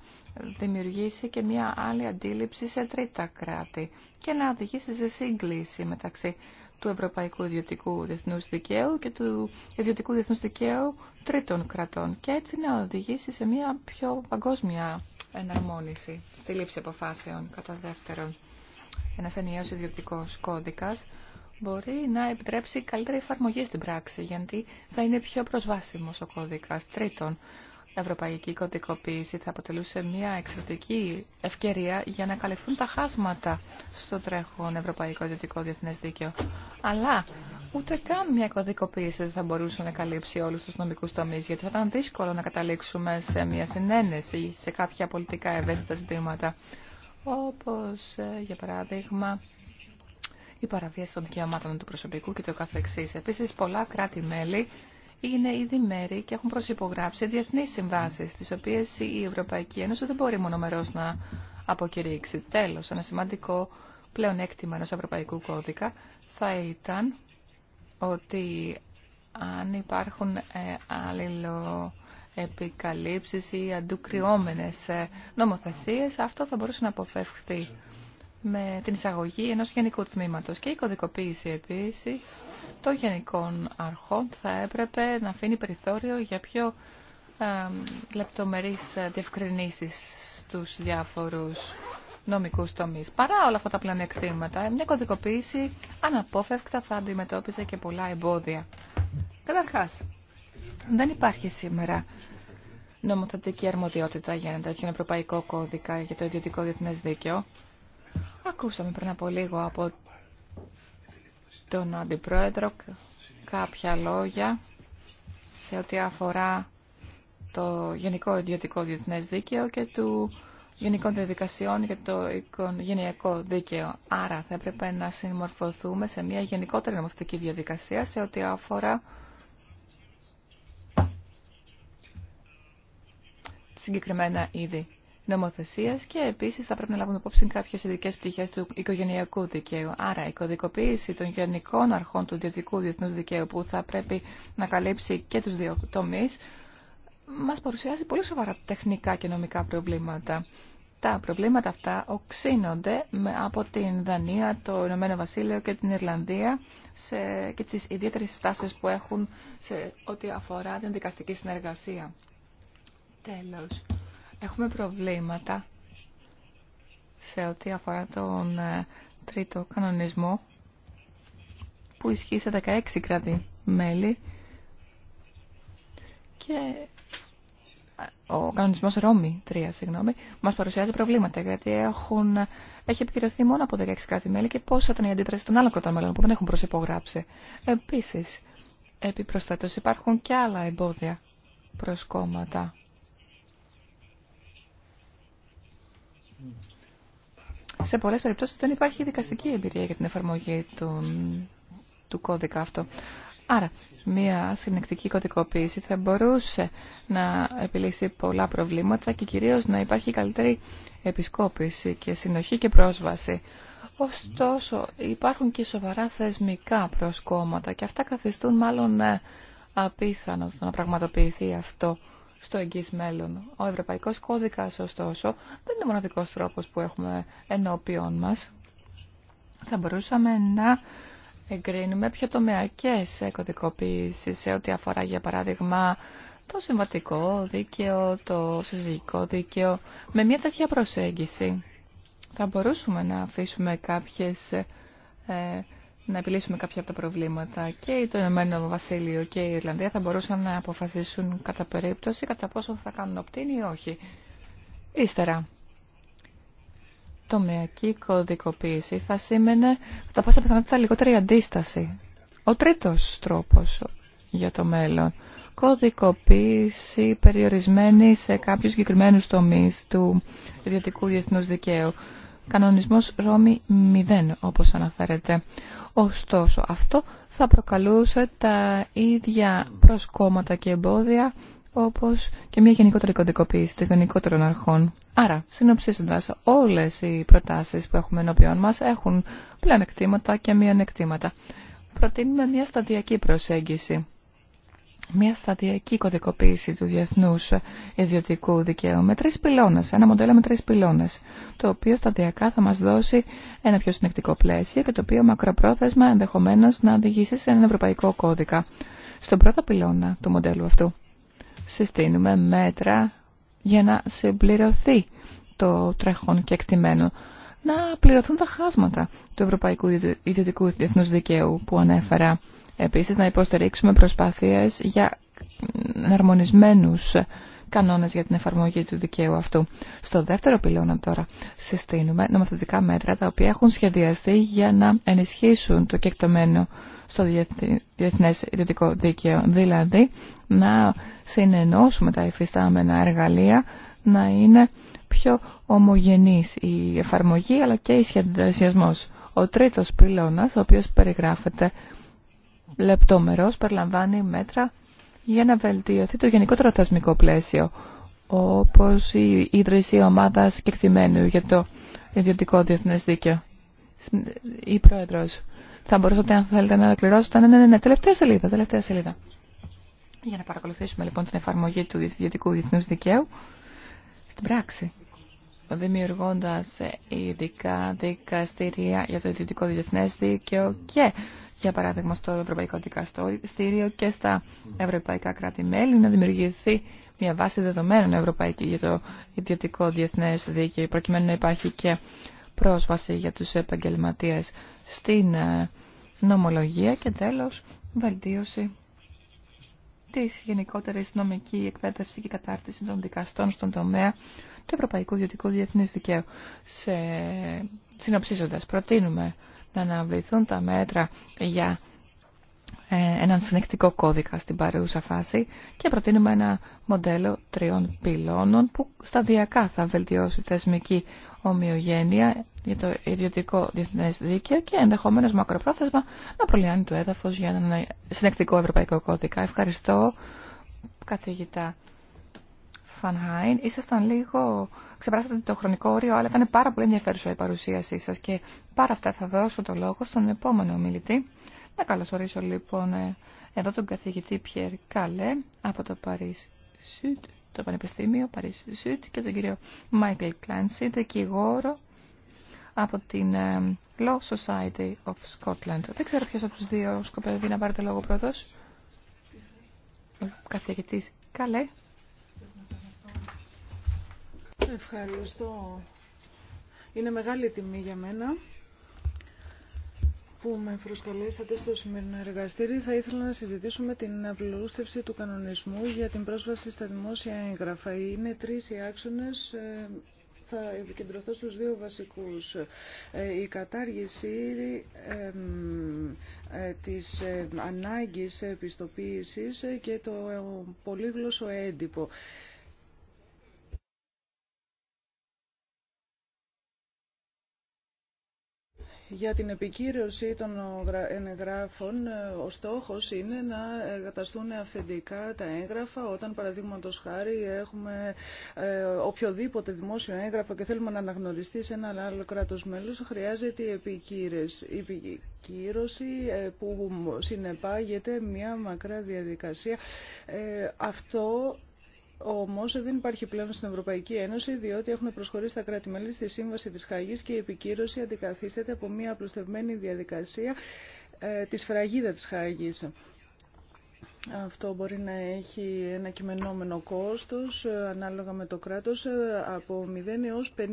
[SPEAKER 4] δημιουργήσει και μια άλλη αντίληψη σε τρίτα κράτη και να οδηγήσει σε σύγκληση μεταξύ του Ευρωπαϊκού Ιδιωτικού Διεθνούς Δικαίου και του Ιδιωτικού Διεθνούς Δικαίου τρίτων κρατών και έτσι να οδηγήσει σε μια πιο παγκόσμια εναρμόνιση στη λήψη αποφάσεων κατά δεύτερον. Ένας ενιαίος ιδιωτικός κώδικας μπορεί να επιτρέψει καλύτερη εφαρμογή στην πράξη γιατί θα είναι πιο προσβάσιμος ο κώδικας τρίτον ευρωπαϊκή κωδικοποίηση θα αποτελούσε μια εξαιρετική ευκαιρία για να καλυφθούν τα χάσματα στο τρέχον ευρωπαϊκό ιδιωτικό διεθνές δίκαιο. Αλλά ούτε καν μια κωδικοποίηση δεν θα μπορούσε να καλύψει όλους τους νομικούς τομείς, γιατί θα ήταν δύσκολο να καταλήξουμε σε μια συνένεση σε κάποια πολιτικά ευαίσθητα ζητήματα, όπως ε, για παράδειγμα η παραβίαση των δικαιωμάτων του προσωπικού και το καθεξής. Επίσης, πολλά κράτη-μέλη είναι ήδη μέρη και έχουν προσυπογράψει διεθνεί συμβάσει, τις οποίε η Ευρωπαϊκή Ένωση δεν μπορεί μονομερό να αποκηρύξει. Τέλο, ένα σημαντικό πλεονέκτημα ενό Ευρωπαϊκού Κώδικα θα ήταν ότι αν υπάρχουν ε, επικαλύψεις ή αντουκριόμενες ε, νομοθεσίες, αυτό θα μπορούσε να αποφευχθεί με την εισαγωγή ενός γενικού τμήματος και η κωδικοποίηση επίσης των γενικών αρχών θα έπρεπε να αφήνει περιθώριο για πιο ε, λεπτομερείς διευκρινήσεις στους διάφορους νομικούς τομείς. Παρά όλα αυτά τα πλανεκτήματα, μια κωδικοποίηση αναπόφευκτα θα αντιμετώπιζε και πολλά εμπόδια. Καταρχάς, δεν υπάρχει σήμερα νομοθετική αρμοδιότητα για ένα τέτοιο ευρωπαϊκό κώδικα για το ιδιωτικό διεθνές δίκαιο. Ακούσαμε πριν από λίγο από τον Αντιπρόεδρο κάποια λόγια σε ό,τι αφορά το Γενικό Ιδιωτικό Διεθνές Δίκαιο και του Γενικών Διαδικασιών για το οικογένειακό Δίκαιο. Άρα θα έπρεπε να συμμορφωθούμε σε μια γενικότερη νομοθετική διαδικασία σε ό,τι αφορά συγκεκριμένα είδη και επίση θα πρέπει να λάβουμε υπόψη κάποιε ειδικέ πτυχέ του οικογενειακού δικαίου. Άρα η κωδικοποίηση των γενικών αρχών του ιδιωτικού διεθνού δικαίου που θα πρέπει να καλύψει και του δύο τομεί, μα παρουσιάζει πολύ σοβαρά τεχνικά και νομικά προβλήματα. Τα προβλήματα αυτά οξύνονται με, από την Δανία, το Ηνωμένο Βασίλειο και την Ιρλανδία σε, και τις ιδιαίτερες στάσεις που έχουν σε ό,τι αφορά την δικαστική συνεργασία. Τέλος. Έχουμε προβλήματα σε ό,τι αφορά τον ε, τρίτο κανονισμό που ισχύει σε 16 κράτη-μέλη και ε, ο κανονισμός Ρώμη 3, συγγνώμη, μας παρουσιάζει προβλήματα γιατί έχουν, έχει επικυρωθεί μόνο από 16 κράτη-μέλη και πόσα ήταν η αντίδραση των άλλων κρατών μέλων που δεν έχουν προσυπογράψει. Επίσης, επί υπάρχουν και άλλα εμπόδια προς κόμματα σε πολλές περιπτώσεις δεν υπάρχει δικαστική εμπειρία για την εφαρμογή του, του κώδικα αυτό. Άρα, μια συνεκτική κωδικοποίηση θα μπορούσε να επιλύσει πολλά προβλήματα και κυρίως να υπάρχει καλύτερη επισκόπηση και συνοχή και πρόσβαση. Ωστόσο, υπάρχουν και σοβαρά θεσμικά προσκόμματα και αυτά καθιστούν μάλλον ε, απίθανο το να πραγματοποιηθεί αυτό στο εγγύ μέλλον. Ο Ευρωπαϊκό Κώδικα, ωστόσο, δεν είναι ο μοναδικός τρόπος που έχουμε ενώπιον μας. Θα μπορούσαμε να εγκρίνουμε πιο τομεακέ κωδικοποίησει σε ό,τι αφορά, για παράδειγμα, το συμβατικό δίκαιο, το συζυγικό δίκαιο. Με μια τέτοια προσέγγιση θα μπορούσαμε να αφήσουμε κάποιες ε, να επιλύσουμε κάποια από τα προβλήματα και το Ηνωμένο Βασίλειο και η Ιρλανδία θα μπορούσαν να αποφασίσουν κατά περίπτωση κατά πόσο θα κανουν οπτήν ή όχι. Ύστερα, τομεακή κωδικοποίηση θα σήμαινε κατά πάσα πιθανότητα λιγότερη αντίσταση. Ο τρίτος τρόπος για το μέλλον. Κωδικοποίηση περιορισμένη σε κάποιους συγκεκριμένου τομεί του ιδιωτικού διεθνούς δικαίου. Κανονισμός Ρώμη 0, όπως αναφέρεται. Ωστόσο, αυτό θα προκαλούσε τα ίδια προσκόμματα και εμπόδια όπως και μια γενικότερη κωδικοποίηση των γενικότερων αρχών. Άρα, συνοψίζοντας, όλες οι προτάσεις που έχουμε ενώπιόν μας έχουν πλανεκτήματα και μειονεκτήματα. Προτείνουμε μια σταδιακή προσέγγιση μια σταδιακή κωδικοποίηση του διεθνούς ιδιωτικού δικαίου με τρεις πυλώνες, ένα μοντέλο με τρεις πυλώνες, το οποίο σταδιακά θα μας δώσει ένα πιο συνεκτικό πλαίσιο και το οποίο μακροπρόθεσμα ενδεχομένως να οδηγήσει σε έναν ευρωπαϊκό κώδικα. Στον πρώτο πυλώνα του μοντέλου αυτού συστήνουμε μέτρα για να συμπληρωθεί το τρέχον και εκτιμένο να πληρωθούν τα χάσματα του Ευρωπαϊκού Ιδιωτικού Διεθνούς Δικαίου που ανέφερα Επίσης να υποστηρίξουμε προσπάθειες για αρμονισμένους κανόνες για την εφαρμογή του δικαίου αυτού. Στο δεύτερο πυλώνα τώρα συστήνουμε νομοθετικά μέτρα τα οποία έχουν σχεδιαστεί για να ενισχύσουν το κεκτωμένο στο διεθνές ιδιωτικό δίκαιο. Δηλαδή να συνενώσουμε τα υφιστάμενα εργαλεία να είναι πιο ομογενής η εφαρμογή αλλά και η σχεδιασμός. Ο τρίτος πυλώνας, ο οποίος περιγράφεται λεπτόμερος περιλαμβάνει μέτρα για να βελτιωθεί το γενικότερο θεσμικό πλαίσιο, όπως η ίδρυση ομάδας κεκτημένου για το ιδιωτικό διεθνές δίκαιο. Η πρόεδρος. Θα μπορούσατε, αν θέλετε, να ολοκληρώσετε. Ναι, ναι, ναι, ναι τελευταία σελίδα, τελευταία σελίδα. Για να παρακολουθήσουμε λοιπόν την εφαρμογή του ιδιωτικού διεθνούς δικαίου στην πράξη δημιουργώντας ειδικά δικαστήρια για το ιδιωτικό διεθνές δίκαιο και για παράδειγμα στο Ευρωπαϊκό Δικαστήριο και στα ευρωπαϊκά κράτη-μέλη, να δημιουργηθεί μια βάση δεδομένων ευρωπαϊκή για το ιδιωτικό διεθνές δίκαιο, προκειμένου να υπάρχει και πρόσβαση για τους επαγγελματίες στην ε, νομολογία και τέλος βελτίωση της γενικότερη νομική εκπαίδευση και κατάρτιση των δικαστών στον τομέα του Ευρωπαϊκού Ιδιωτικού Διεθνής Δικαίου. Σε... Συνοψίζοντας, προτείνουμε να αναβληθούν τα μέτρα για ε, έναν συνεκτικό κώδικα στην παρούσα φάση και προτείνουμε ένα μοντέλο τριών πυλώνων που σταδιακά θα βελτιώσει θεσμική ομοιογένεια για το ιδιωτικό διεθνές δίκαιο και ενδεχομένως μακροπρόθεσμα να προλυάνει το έδαφος για έναν συνεκτικό ευρωπαϊκό κώδικα. Ευχαριστώ καθηγητά Φανχάιν. Ήσασταν λίγο ξεπεράσατε το χρονικό όριο, αλλά ήταν πάρα πολύ ενδιαφέρουσα η παρουσίασή σας και πάρα αυτά θα δώσω το λόγο στον επόμενο ομιλητή. Να καλωσορίσω λοιπόν ε, εδώ τον καθηγητή Πιερ Καλέ από το Παρίσι το Πανεπιστήμιο Παρίσι Σουτ και τον κύριο Μάικλ Κλάνσι, δικηγόρο από την ε, Law Society of Scotland. Δεν ξέρω ποιος από τους δύο σκοπεύει να πάρει το λόγο πρώτος. Ο καθηγητής Καλέ
[SPEAKER 3] Ευχαριστώ. Είναι μεγάλη τιμή για μένα που με προσκαλέσατε στο σημερινό εργαστήρι. Θα ήθελα να συζητήσουμε την απλούστευση του κανονισμού για την πρόσβαση στα δημόσια έγγραφα. Είναι τρεις οι άξονες ε, θα επικεντρωθώ στους δύο βασικούς. Ε, η κατάργηση ε, της ανάγκης επιστοποίησης και το πολύγλωσσο έντυπο. Για την επικύρωση των εγγράφων, ε, ο στόχος είναι να εγκαταστούν αυθεντικά τα έγγραφα όταν, παραδείγματος χάρη, έχουμε ε, οποιοδήποτε δημόσιο έγγραφο και θέλουμε να αναγνωριστεί σε ένα άλλο κράτος μέλος, χρειάζεται η επικύρωση ε, που συνεπάγεται μια μακρά διαδικασία. Αυτό Όμω δεν υπάρχει πλέον στην Ευρωπαϊκή Ένωση διότι έχουν προσχωρήσει τα κράτη-μέλη στη Σύμβαση της Χαγή και η επικύρωση αντικαθίσταται από μια απλουστευμένη διαδικασία ε, της φραγίδα της Χαγή. Αυτό μπορεί να έχει ένα κειμενόμενο κόστος ε, ανάλογα με το κράτος ε, από 0 έως 50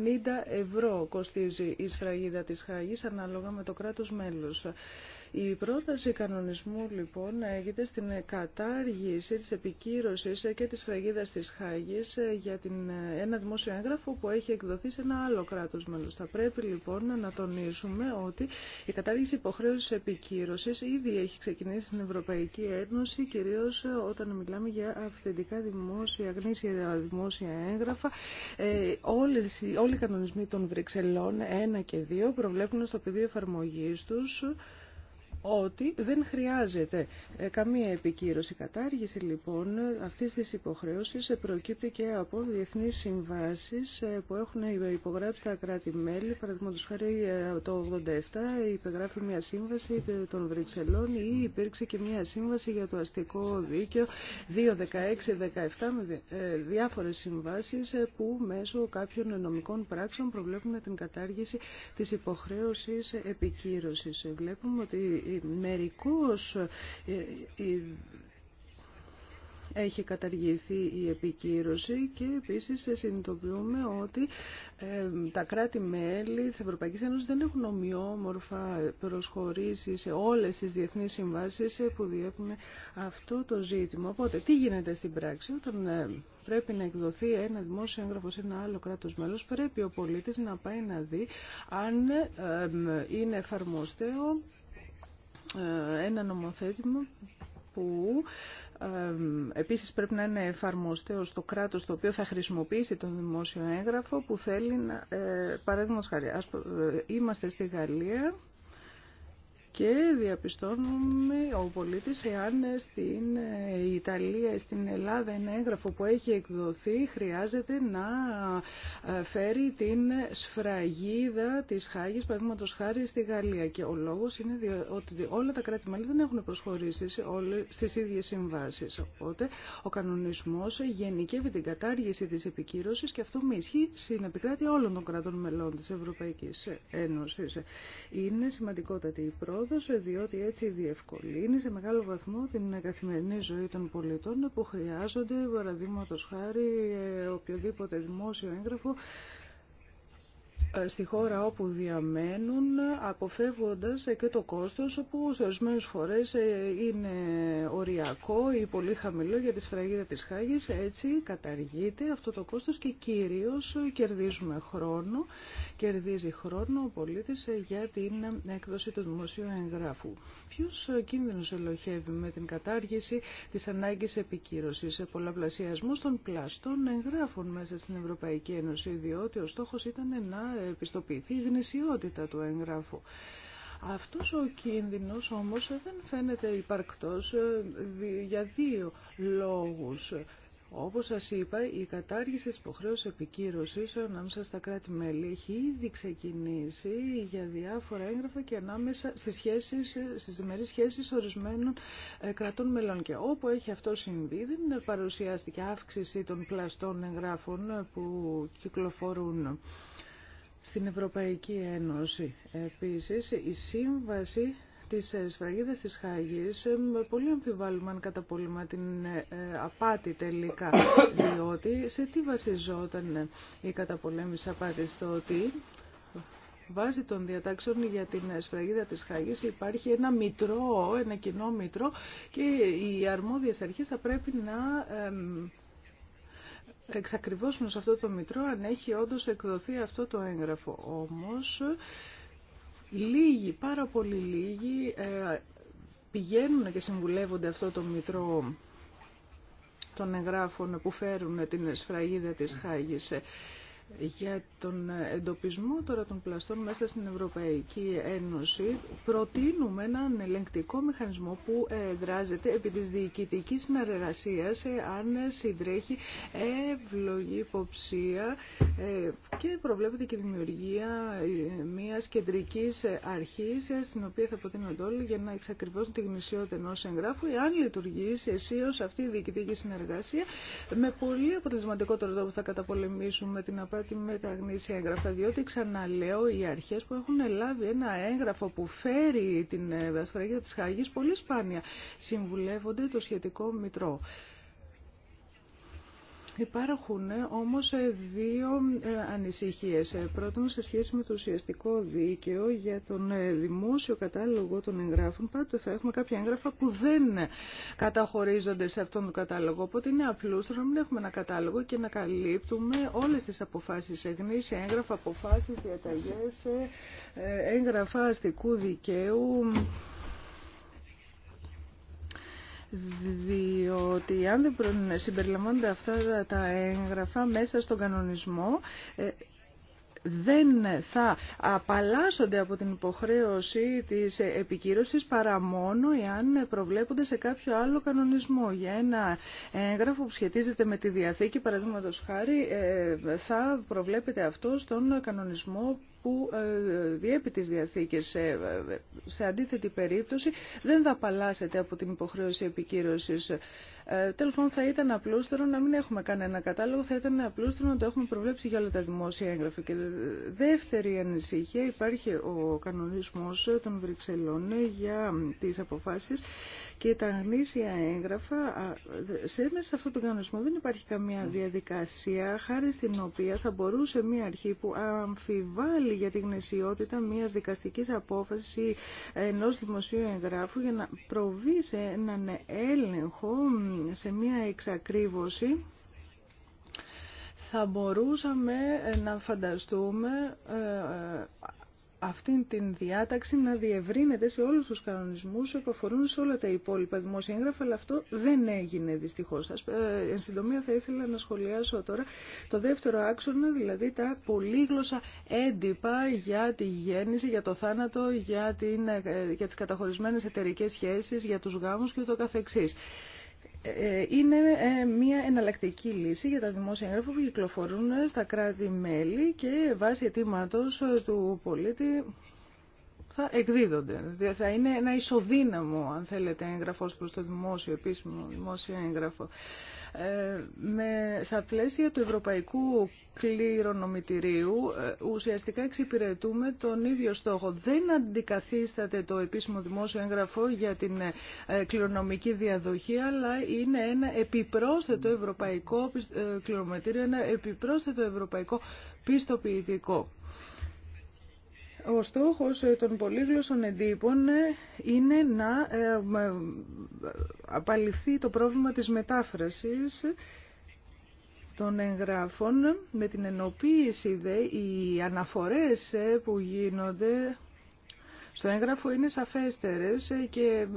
[SPEAKER 3] ευρώ κοστίζει η σφραγίδα της Χάγης ανάλογα με το κράτος μέλος. Η πρόταση κανονισμού λοιπόν έγινε στην κατάργηση της επικύρωσης και της φραγίδας της Χάγης για την, ένα δημόσιο έγγραφο που έχει εκδοθεί σε ένα άλλο κράτος μέλος. Θα πρέπει λοιπόν να τονίσουμε ότι η κατάργηση υποχρέωσης επικύρωσης ήδη έχει ξεκινήσει στην Ευρωπαϊκή Ένωση, κυρίως όταν μιλάμε για αυθεντικά δημόσια, γνήσια δημόσια έγγραφα. Ε, όλες, όλοι οι κανονισμοί των Βρυξελών 1 και 2 προβλέπουν στο πεδίο εφαρμογής τους ότι δεν χρειάζεται ε, καμία επικύρωση. κατάργηση λοιπόν αυτής της υποχρέωσης προκύπτει και από διεθνείς συμβάσεις ε, που έχουν υπογράψει τα κράτη-μέλη. Παραδείγματος χάρη ε, το 87 υπεγράφει μια σύμβαση των Βρυξελών ή υπήρξε και μια σύμβαση για το αστικό δίκαιο 16 2-16-17 με διάφορες συμβάσεις που μέσω κάποιων νομικών πράξεων προβλέπουν την κατάργηση της υποχρέωσης επικύρωσης. Βλέπουμε ότι μερικώς ε, ε, έχει καταργηθεί η επικύρωση και επίσης συνειδητοποιούμε ότι ε, τα κράτη-μέλη της Ευρωπαϊκής Ένωσης δεν έχουν ομοιόμορφα προσχωρήσει σε όλες τις διεθνείς συμβάσεις που διέπουν αυτό το ζήτημα. Οπότε τι γίνεται στην πράξη όταν πρέπει να εκδοθεί ένα δημόσιο έγγραφο σε ένα άλλο κράτος μέλος, πρέπει ο πολίτης να πάει να δει αν είναι εφαρμοστέο ε, ένα νομοθέτημα που επίσης πρέπει να είναι εφαρμοστέο στο κράτος το οποίο θα χρησιμοποιήσει τον δημόσιο έγγραφο που θέλει να... Ε, παράδειγμα, ε, είμαστε στη Γαλλία και διαπιστώνουμε ο πολίτης εάν στην Ιταλία, ή στην Ελλάδα ένα έγγραφο που έχει εκδοθεί χρειάζεται να ε, φέρει την σφραγίδα της Χάγης, παραδείγματο χάρη στη Γαλλία. Και ο λόγος είναι ότι όλα τα κράτη-μέλη δεν έχουν προσχωρήσει στις ίδιες συμβάσεις. Οπότε ο κανονισμός γενικεύει την κατάργηση της επικύρωσης και αυτό με ισχύει στην επικράτεια όλων των κρατών μελών της Ευρωπαϊκής Ένωσης. Είναι σημαντικότατη η πρόοδο διότι έτσι διευκολύνει σε μεγάλο βαθμό την καθημερινή ζωή των πολιτών που χρειάζονται, παραδείγματο χάρη, ε, οποιοδήποτε δημόσιο έγγραφο ε, στη χώρα όπου διαμένουν, αποφεύγοντας και το κόστος που σε ορισμένες φορές ε, είναι οριακό ή πολύ χαμηλό για τη σφραγίδα της Χάγης. Έτσι καταργείται αυτό το κόστος και κυρίως κερδίζουμε χρόνο, κερδίζει χρόνο ο πολίτης ε, για την έκδοση του δημοσίου εγγράφου. Ποιος κίνδυνος ελοχεύει με την κατάργηση της ανάγκης επικύρωσης πολλαπλασιασμού των πλαστών εγγράφων μέσα στην Ευρωπαϊκή Ένωση, διότι ο στόχος ήταν να επιστοποιηθεί η γνησιότητα του έγγραφου. Αυτός ο κίνδυνος όμως δεν φαίνεται υπαρκτός ε, για δύο λόγους. Όπως σας είπα, η κατάργηση της υποχρέωσης επικύρωσης ανάμεσα στα κράτη-μέλη έχει ήδη ξεκινήσει για διάφορα έγγραφα και ανάμεσα στις, σχέσεις, στις διμερείς σχέσεις ορισμένων ε, κρατών μελών. Και όπου έχει αυτό συμβεί δεν παρουσιάστηκε αύξηση των πλαστών εγγράφων ε, που κυκλοφορούν στην Ευρωπαϊκή Ένωση. Επίσης, η σύμβαση της σφραγίδας της Χάγης ε, πολύ αμφιβάλλουμε αν καταπολεμά την ε, απάτη τελικά διότι σε τι βασιζόταν ε, η καταπολέμηση απάτης το ότι βάσει των διατάξεων για την σφραγίδα της Χάγης υπάρχει ένα μητρό, ένα κοινό μητρό και οι αρμόδιες αρχές θα πρέπει να εξακριβώσουμε σε αυτό το Μητρό αν έχει όντως εκδοθεί αυτό το έγγραφο. Όμως, λίγοι, πάρα πολύ λίγοι ε, πηγαίνουν και συμβουλεύονται αυτό το Μητρό των εγγράφων που φέρουν την σφραγίδα της Χάγης. Ε, για τον εντοπισμό τώρα των πλαστών μέσα στην Ευρωπαϊκή Ένωση προτείνουμε έναν ελεγκτικό μηχανισμό που ε, δράζεται επί της διοικητικής συνεργασίας ε, αν συντρέχει εύλογη υποψία ε, και προβλέπεται και η δημιουργία μιας κεντρικής αρχής στην οποία θα προτείνονται όλοι για να εξακριβώσουν τη γνησιότητα ενό εγγράφου εάν λειτουργήσει αισίως αυτή η διοικητική συνεργασία με πολύ αποτελεσματικό τρόπο θα καταπολεμήσουμε την απαραίτηση τη μεταγνήση έγγραφα, διότι ξαναλέω οι αρχές που έχουν λάβει ένα έγγραφο που φέρει την ε, Ασφαλεία της Χάγης πολύ σπάνια συμβουλεύονται το σχετικό μητρό. Υπάρχουν ε, όμως ε, δύο ε, ανησυχίες. Πρώτον, σε σχέση με το ουσιαστικό δίκαιο για τον δημόσιο κατάλογο των εγγράφων, πάντοτε θα έχουμε κάποια έγγραφα που δεν καταχωρίζονται σε αυτόν τον κατάλογο. Οπότε είναι απλούστερο να μην έχουμε ένα κατάλογο και να καλύπτουμε όλες τις αποφάσεις εγγνής, έγγραφα, αποφάσεις, διαταγές, έγγραφα αστικού δικαίου, διότι αν δεν συμπεριλαμβάνονται αυτά τα έγγραφα μέσα στον κανονισμό, ε, δεν θα απαλλάσσονται από την υποχρέωση της επικύρωσης παρά μόνο εάν προβλέπονται σε κάποιο άλλο κανονισμό. Για ένα έγγραφο που σχετίζεται με τη Διαθήκη, παραδείγματο χάρη, ε, θα προβλέπεται αυτό στον κανονισμό που ε, διέπει τις διαθήκες σε αντίθετη περίπτωση δεν θα απαλλάσσεται από την υποχρέωση επικύρωσης ε, ε, Τέλο πάντων, θα ήταν απλούστερο να μην έχουμε κανένα κατάλογο, θα ήταν απλούστερο να το έχουμε προβλέψει για όλα τα δημόσια έγγραφα. Και δεύτερη ανησυχία υπάρχει ο κανονισμό των Βρυξελών για τι αποφάσει και τα γνήσια έγγραφα. Σε, μέσα σε αυτόν τον κανονισμό δεν υπάρχει καμία ναι. διαδικασία χάρη στην οποία θα μπορούσε μια αρχή που αμφιβάλλει για την γνησιότητα μια δικαστική απόφαση ενό δημοσίου εγγράφου για να προβεί σε έναν έλεγχο σε μία εξακρίβωση θα μπορούσαμε ε, να φανταστούμε ε, ε, αυτήν την διάταξη να διευρύνεται σε όλους τους κανονισμούς που αφορούν σε όλα τα υπόλοιπα δημόσια έγγραφα, αλλά αυτό δεν έγινε δυστυχώς. Ε, εν συντομία θα ήθελα να σχολιάσω τώρα το δεύτερο άξονα, δηλαδή τα πολύγλωσσα έντυπα για τη γέννηση, για το θάνατο, για, την, για τις καταχωρισμένες εταιρικές σχέσεις, για τους γάμους και το καθεξής. Ε, είναι ε, μια εναλλακτική λύση για τα δημόσια έγγραφα που κυκλοφορούν στα κράτη-μέλη και βάσει αιτήματο ε, του πολίτη θα εκδίδονται. Δηλαδή θα είναι ένα ισοδύναμο, αν θέλετε, έγγραφος προς το δημόσιο, επίσημο δημόσιο έγγραφο. Ε, με, στα πλαίσια του Ευρωπαϊκού Κληρονομητηρίου ε, ουσιαστικά εξυπηρετούμε τον ίδιο στόχο. Δεν αντικαθίσταται το επίσημο δημόσιο έγγραφο για την ε, κληρονομική διαδοχή, αλλά είναι ένα επιπρόσθετο ευρωπαϊκό κληρονομητήριο, ένα επιπρόσθετο ευρωπαϊκό πιστοποιητικό. Ο στόχος των πολύγλωσσων εντύπων είναι να ε, απαλληφθεί το πρόβλημα της μετάφρασης των εγγράφων με την ενοποίηση δε οι αναφορές ε, που γίνονται στο έγγραφο είναι σαφέστερες και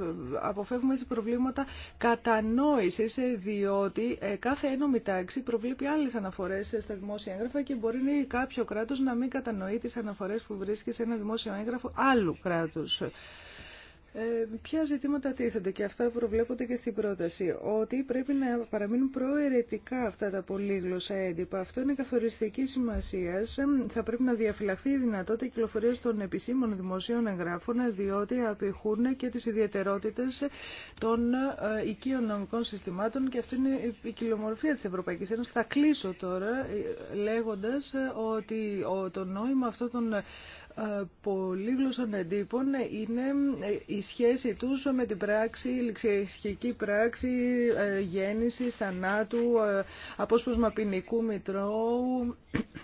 [SPEAKER 3] αποφεύγουμε έτσι προβλήματα κατανόησης διότι ε, κάθε ένωμη τάξη προβλέπει άλλες αναφορές στα δημόσια έγγραφα και μπορεί ναι, κάποιο κράτος να μην κατανοεί τις αναφορές που βρίσκει σε ένα δημόσιο έγγραφο άλλου κράτους. Ε, ποια ζητήματα τίθενται και αυτά προβλέπονται και στην πρόταση. Ότι πρέπει να παραμείνουν προαιρετικά αυτά τα πολύγλωσσα έντυπα. Αυτό είναι καθοριστική σημασία. Θα πρέπει να διαφυλαχθεί η δυνατότητα κυκλοφορία των επισήμων δημοσίων εγγράφων, διότι απηχούν και τι ιδιαιτερότητε των ε, οικείων νομικών συστημάτων και αυτή είναι η κυλομορφία τη Ευρωπαϊκή Ένωση. Θα κλείσω τώρα ε, λέγοντα ότι το νόημα αυτών των ε, πολύγλωσσων εντύπων είναι ε, η σχέση τους με την πράξη, η ληξιαρχική πράξη ε, γέννησης, θανάτου, απόσπασμα ποινικού μητρώου.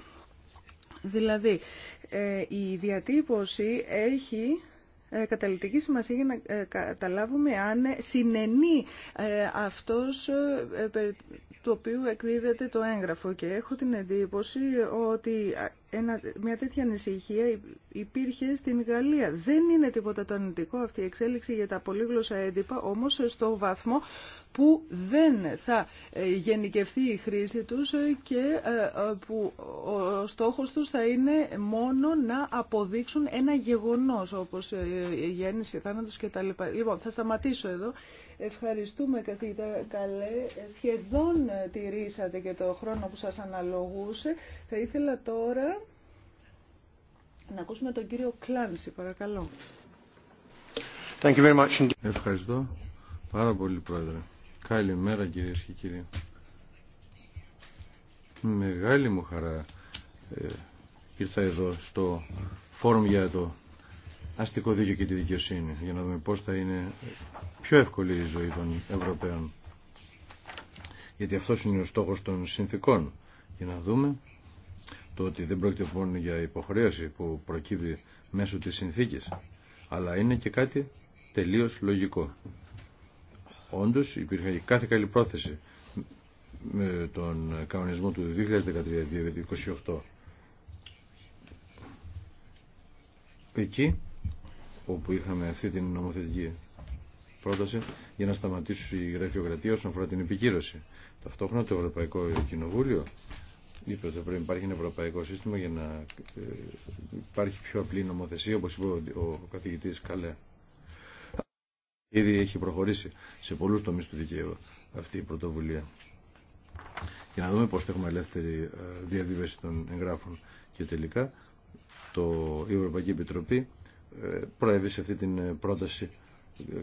[SPEAKER 3] δηλαδή, η διατύπωση έχει ε, καταλητική σημασία για να ε, καταλάβουμε αν συνενεί ε, αυτός του οποίου εκδίδεται το έγγραφο και έχω την εντύπωση ότι μια τέτοια ανησυχία υπήρχε στην Γαλλία. Δεν είναι τίποτα το αρνητικό αυτή η εξέλιξη για τα πολύγλωσσα έντυπα, όμως στο βαθμό που δεν θα ε, γενικευθεί η χρήση τους ε, και ε, που ο στόχος τους θα είναι μόνο να αποδείξουν ένα γεγονός όπως η γέννηση, θάνατος κτλ. Λοιπόν, θα σταματήσω εδώ. Ευχαριστούμε καθηγητά Καλέ. Σχεδόν τηρήσατε και το χρόνο που σας αναλογούσε. Θα ήθελα τώρα να ακούσουμε τον κύριο Κλάνση, παρακαλώ.
[SPEAKER 2] Thank you very much. Ευχαριστώ πάρα πολύ, Πρόεδρε. Καλημέρα κυρίες και κύριοι. Μεγάλη μου χαρά ε, ήρθα εδώ στο φόρουμ για το αστικό δίκαιο και τη δικαιοσύνη για να δούμε πώς θα είναι πιο εύκολη η ζωή των Ευρωπαίων. Γιατί αυτό είναι ο στόχος των συνθήκων. Για να δούμε το ότι δεν πρόκειται μόνο για υποχρέωση που προκύπτει μέσω της συνθήκης αλλά είναι και κάτι τελείως λογικό. Όντως υπήρχε κάθε καλή πρόθεση με τον κανονισμό του 2013-2028. Εκεί όπου είχαμε αυτή την νομοθετική πρόταση για να σταματήσει η γραφειοκρατία όσον αφορά την επικύρωση. Ταυτόχρονα το Ευρωπαϊκό Κοινοβούλιο είπε ότι θα πρέπει να υπάρχει ένα ευρωπαϊκό σύστημα για να ε, υπάρχει πιο απλή νομοθεσία, όπως είπε ο καθηγητής Καλέ. Ήδη έχει προχωρήσει σε πολλούς τομείς του δικαίου αυτή η πρωτοβουλία. Για να δούμε πώς θα έχουμε ελεύθερη ε, διαβίβαση των εγγράφων. Και τελικά το, η Ευρωπαϊκή Επιτροπή ε, προέβη αυτή την ε, πρόταση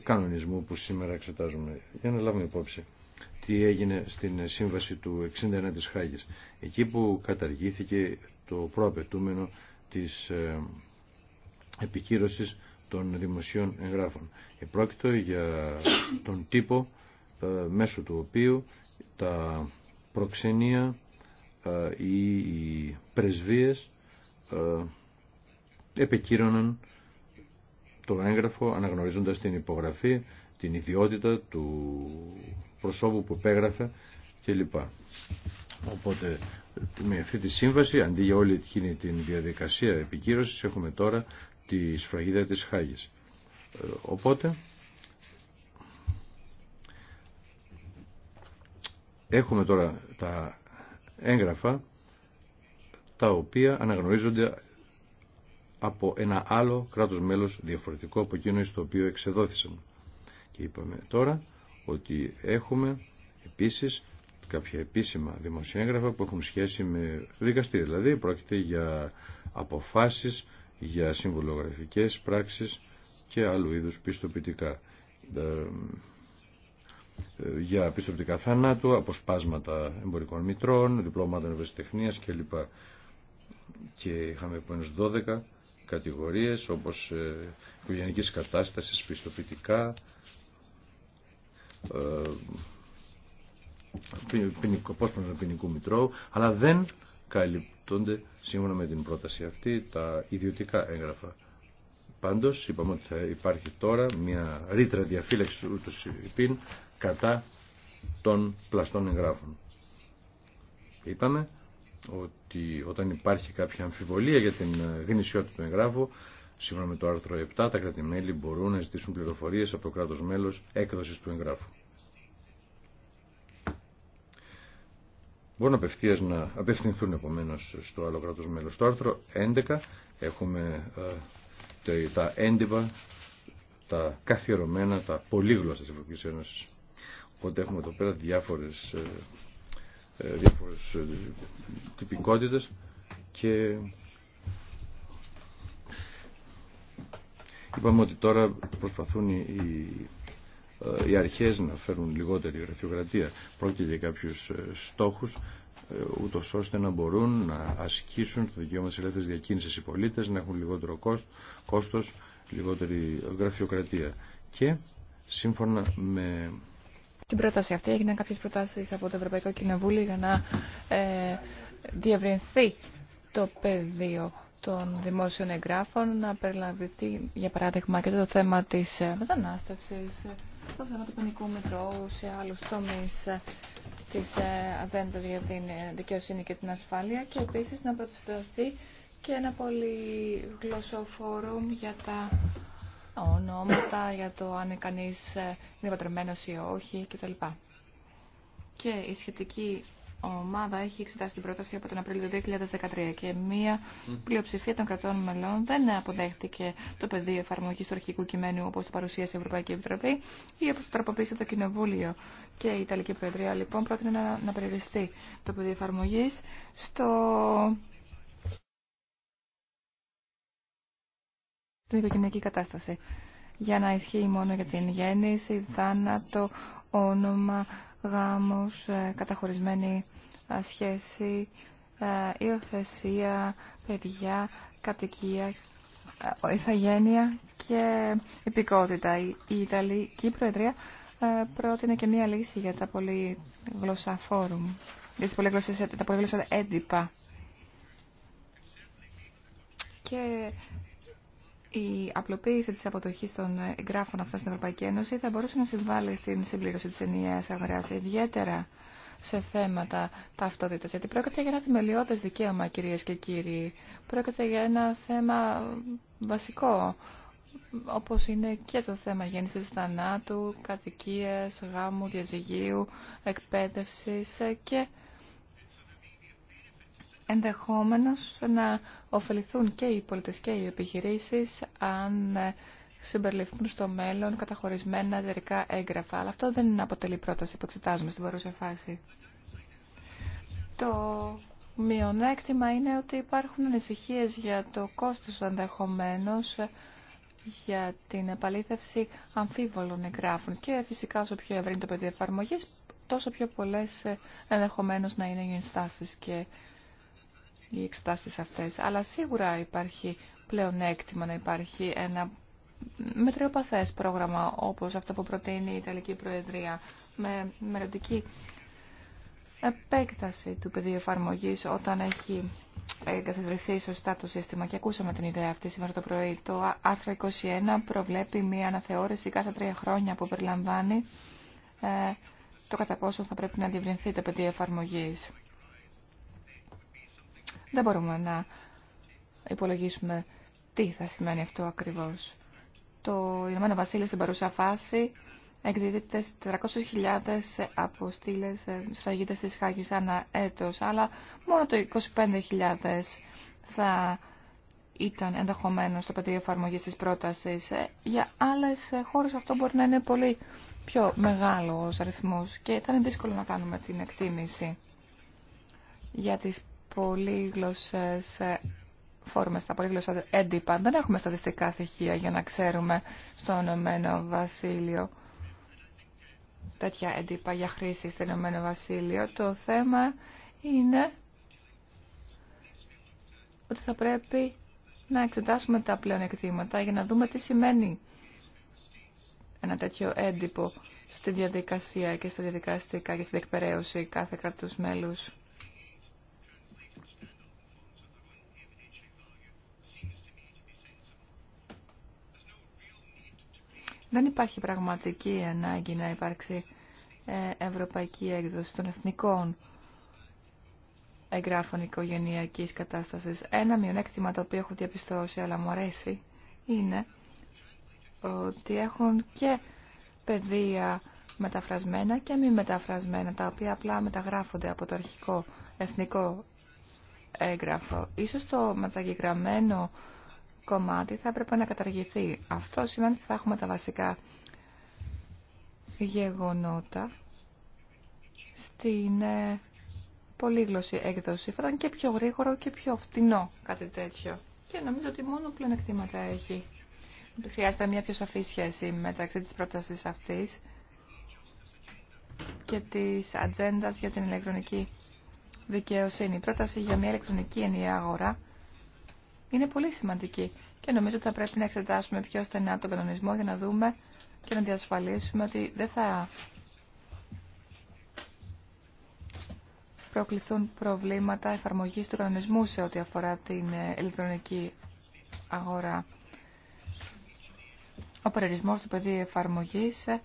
[SPEAKER 2] κανονισμού που σήμερα εξετάζουμε. Για να λάβουμε υπόψη τι έγινε στην σύμβαση του 69 της Χάγης. Εκεί που καταργήθηκε το προαπαιτούμενο της επικύρωσης των δημοσίων εγγράφων. Επρόκειτο για τον τύπο ε, μέσω του οποίου τα προξενία ε, ή οι πρεσβείες ε, επικύρωναν το έγγραφο αναγνωρίζοντας την υπογραφή, την ιδιότητα του προσώπου που επέγραφε κλπ. Οπότε με αυτή τη σύμβαση, αντί για όλη εκείνη την διαδικασία επικύρωσης, έχουμε τώρα τη σφραγίδα της Χάγης. Ε, οπότε έχουμε τώρα τα έγγραφα τα οποία αναγνωρίζονται από ένα άλλο κράτος μέλος διαφορετικό από εκείνο στο οποίο εξεδόθησαν. Και είπαμε τώρα ότι έχουμε επίσης κάποια επίσημα δημοσιέγγραφα που έχουν σχέση με δικαστήρια. Δηλαδή πρόκειται για αποφάσεις για συμβολογραφικές πράξεις και άλλου είδους πιστοποιητικά ε, ε, για πιστοποιητικά θανάτου, αποσπάσματα εμπορικών μητρών, διπλώματα ευρεσιτεχνίας κλπ. Και είχαμε επομένως 12 κατηγορίες όπως ε, οικογενικής κατάστασης, πιστοποιητικά, απόσπασμα ποινικού μητρώου, αλλά δεν Τότε, σύμφωνα με την πρόταση αυτή τα ιδιωτικά έγγραφα. Πάντως είπαμε ότι θα υπάρχει τώρα μια ρήτρα διαφύλαξης του πίν κατά των πλαστών εγγράφων. Είπαμε ότι όταν υπάρχει κάποια αμφιβολία για την γνησιότητα του εγγράφου, σύμφωνα με το άρθρο 7, τα κρατημέλη μπορούν να ζητήσουν πληροφορίες από το κράτο μέλο έκδοση του εγγράφου. μπορούν απευθείας να απευθυνθούν επομένως στο άλλο κράτος μέλος. Στο άρθρο 11 έχουμε ε, τα έντυπα, τα καθιερωμένα, τα πολύγλωσσα της Ευρωπαϊκής Ένωσης. Οπότε έχουμε εδώ πέρα διάφορες, ε, ε, διάφορες τυπικότητες και είπαμε ότι τώρα προσπαθούν οι ε, οι αρχές να φέρουν λιγότερη γραφειοκρατία. Πρόκειται για κάποιους ε, στόχους ε, ούτω ώστε να μπορούν να ασκήσουν το δικαίωμα τη ελεύθερη διακίνηση οι πολίτε, να έχουν λιγότερο κόστο, λιγότερη γραφειοκρατία. Και σύμφωνα με.
[SPEAKER 4] Την πρόταση αυτή έγιναν κάποιε προτάσει από το Ευρωπαϊκό Κοινοβούλιο για να ε, διευρυνθεί το πεδίο των δημόσιων εγγράφων, να περιλαμβηθεί για παράδειγμα και το θέμα της μετανάστευσης, το θέμα του ποινικού μητρώου σε άλλους τομείς ε, της ε, ατζέντα για την ε, δικαιοσύνη και την ασφάλεια και επίσης να προσθεθεί και ένα πολύ γλωσσό φόρουμ για τα ονόματα, για το αν κανείς είναι πατρεμένος ή όχι κτλ. Και η σχετική ομάδα έχει εξετάσει την πρόταση από τον Απρίλιο του 2013 και μία πλειοψηφία των κρατών μελών δεν αποδέχτηκε το πεδίο εφαρμογή του αρχικού κειμένου όπω το παρουσίασε η Ευρωπαϊκή Επιτροπή ή όπω το τροποποίησε το Κοινοβούλιο. Και η Ιταλική Προεδρία λοιπόν πρότεινε να, να περιοριστεί το πεδίο εφαρμογή στο. στην οικογενειακή κατάσταση για να ισχύει μόνο για την γέννηση, θάνατο, όνομα, γάμους, ε, καταχωρισμένη ε, σχέση, ε, υιοθεσία, παιδιά, κατοικία, ηθαγένεια και υπηκότητα. Η Ιταλική Προεδρία πρότεινε και μία λύση για τα πολύ φόρουμ, για τις τα γλωσσα έντυπα. Και η απλοποίηση της αποδοχής των εγγράφων αυτών στην Ευρωπαϊκή Ένωση θα μπορούσε να συμβάλλει στην συμπλήρωση της ενιαίας αγοράς, ιδιαίτερα σε θέματα ταυτότητας. Γιατί πρόκειται για ένα θεμελιώδες δικαίωμα, κυρίες και κύριοι. Πρόκειται για ένα θέμα βασικό, όπως είναι και το θέμα γέννησης θανάτου, κατοικίας, γάμου, διαζυγίου, εκπαίδευσης και ενδεχόμενος να ωφεληθούν και οι πολίτες και οι επιχειρήσεις αν συμπεριληφθούν στο μέλλον καταχωρισμένα εταιρικά έγγραφα. Αλλά αυτό δεν αποτελεί πρόταση που εξετάζουμε στην παρούσα φάση. Το μειονέκτημα είναι ότι υπάρχουν ανησυχίες για το κόστος ενδεχομένω για την επαλήθευση αμφίβολων εγγράφων και φυσικά όσο πιο ευρύ το πεδίο εφαρμογή, τόσο πιο πολλές ενδεχομένως να είναι οι ενστάσεις και οι εξετάσεις αυτές. Αλλά σίγουρα υπάρχει πλέον να υπάρχει ένα μετριοπαθές πρόγραμμα όπως αυτό που προτείνει η Ιταλική Προεδρία με μελλοντική επέκταση του πεδίου εφαρμογή όταν έχει εγκαθιδρυθεί σωστά το σύστημα και ακούσαμε την ιδέα αυτή σήμερα το πρωί. Το άρθρο 21 προβλέπει μια αναθεώρηση κάθε τρία χρόνια που περιλαμβάνει ε, το κατά πόσο θα πρέπει να διευρυνθεί το πεδίο εφαρμογής. Δεν μπορούμε να υπολογίσουμε τι θα σημαίνει αυτό ακριβώς. Το Ηνωμένο Βασίλειο στην παρούσα φάση εκδίδεται 400.000 αποστήλες ε, σφραγίδες της Χάγης ανά έτος, αλλά μόνο το 25.000 θα ήταν ενδεχομένω στο πεδίο εφαρμογή τη πρόταση. Ε, για άλλε χώρε αυτό μπορεί να είναι πολύ πιο μεγάλο ω αριθμό και ήταν δύσκολο να κάνουμε την εκτίμηση για τις πολύγλωσσες ε, φόρμες, τα πολύγλωσσα έντυπα. Δεν έχουμε στατιστικά στοιχεία για να ξέρουμε στο Ηνωμένο Βασίλειο τέτοια έντυπα για χρήση στο Ηνωμένο Βασίλειο. Το θέμα είναι ότι θα πρέπει να εξετάσουμε τα πλέον πλεονεκτήματα για να δούμε τι σημαίνει ένα τέτοιο έντυπο στη διαδικασία και στα διαδικαστικά και στην εκπαιρέωση κάθε κράτους μέλους. Δεν υπάρχει πραγματική ανάγκη να υπάρξει ε, ευρωπαϊκή έκδοση των εθνικών εγγράφων οικογενειακής κατάστασης. Ένα μειονέκτημα το οποίο έχω διαπιστώσει αλλά μου αρέσει είναι ότι έχουν και παιδεία μεταφρασμένα και μη μεταφρασμένα τα οποία απλά μεταγράφονται από το αρχικό εθνικό έγγραφο. Ίσως το μεταγεγραμμένο κομμάτι θα έπρεπε να καταργηθεί. Αυτό σημαίνει ότι θα έχουμε τα βασικά γεγονότα στην ε, πολύγλωση έκδοση. Θα ήταν και πιο γρήγορο και πιο φτηνό κάτι τέτοιο. Και νομίζω ότι μόνο πλεονεκτήματα έχει. Χρειάζεται μια πιο σαφή σχέση μεταξύ της πρότασης αυτής και της ατζέντα για την ηλεκτρονική δικαιοσύνη. Η πρόταση για μια ηλεκτρονική ενιαία αγορά είναι πολύ σημαντική και νομίζω ότι θα πρέπει να εξετάσουμε πιο στενά τον κανονισμό για να δούμε και να διασφαλίσουμε ότι δεν θα προκληθούν προβλήματα εφαρμογής του κανονισμού σε ό,τι αφορά την ε, ηλεκτρονική αγορά. Ο περιορισμός του πεδίου εφαρμογής ε,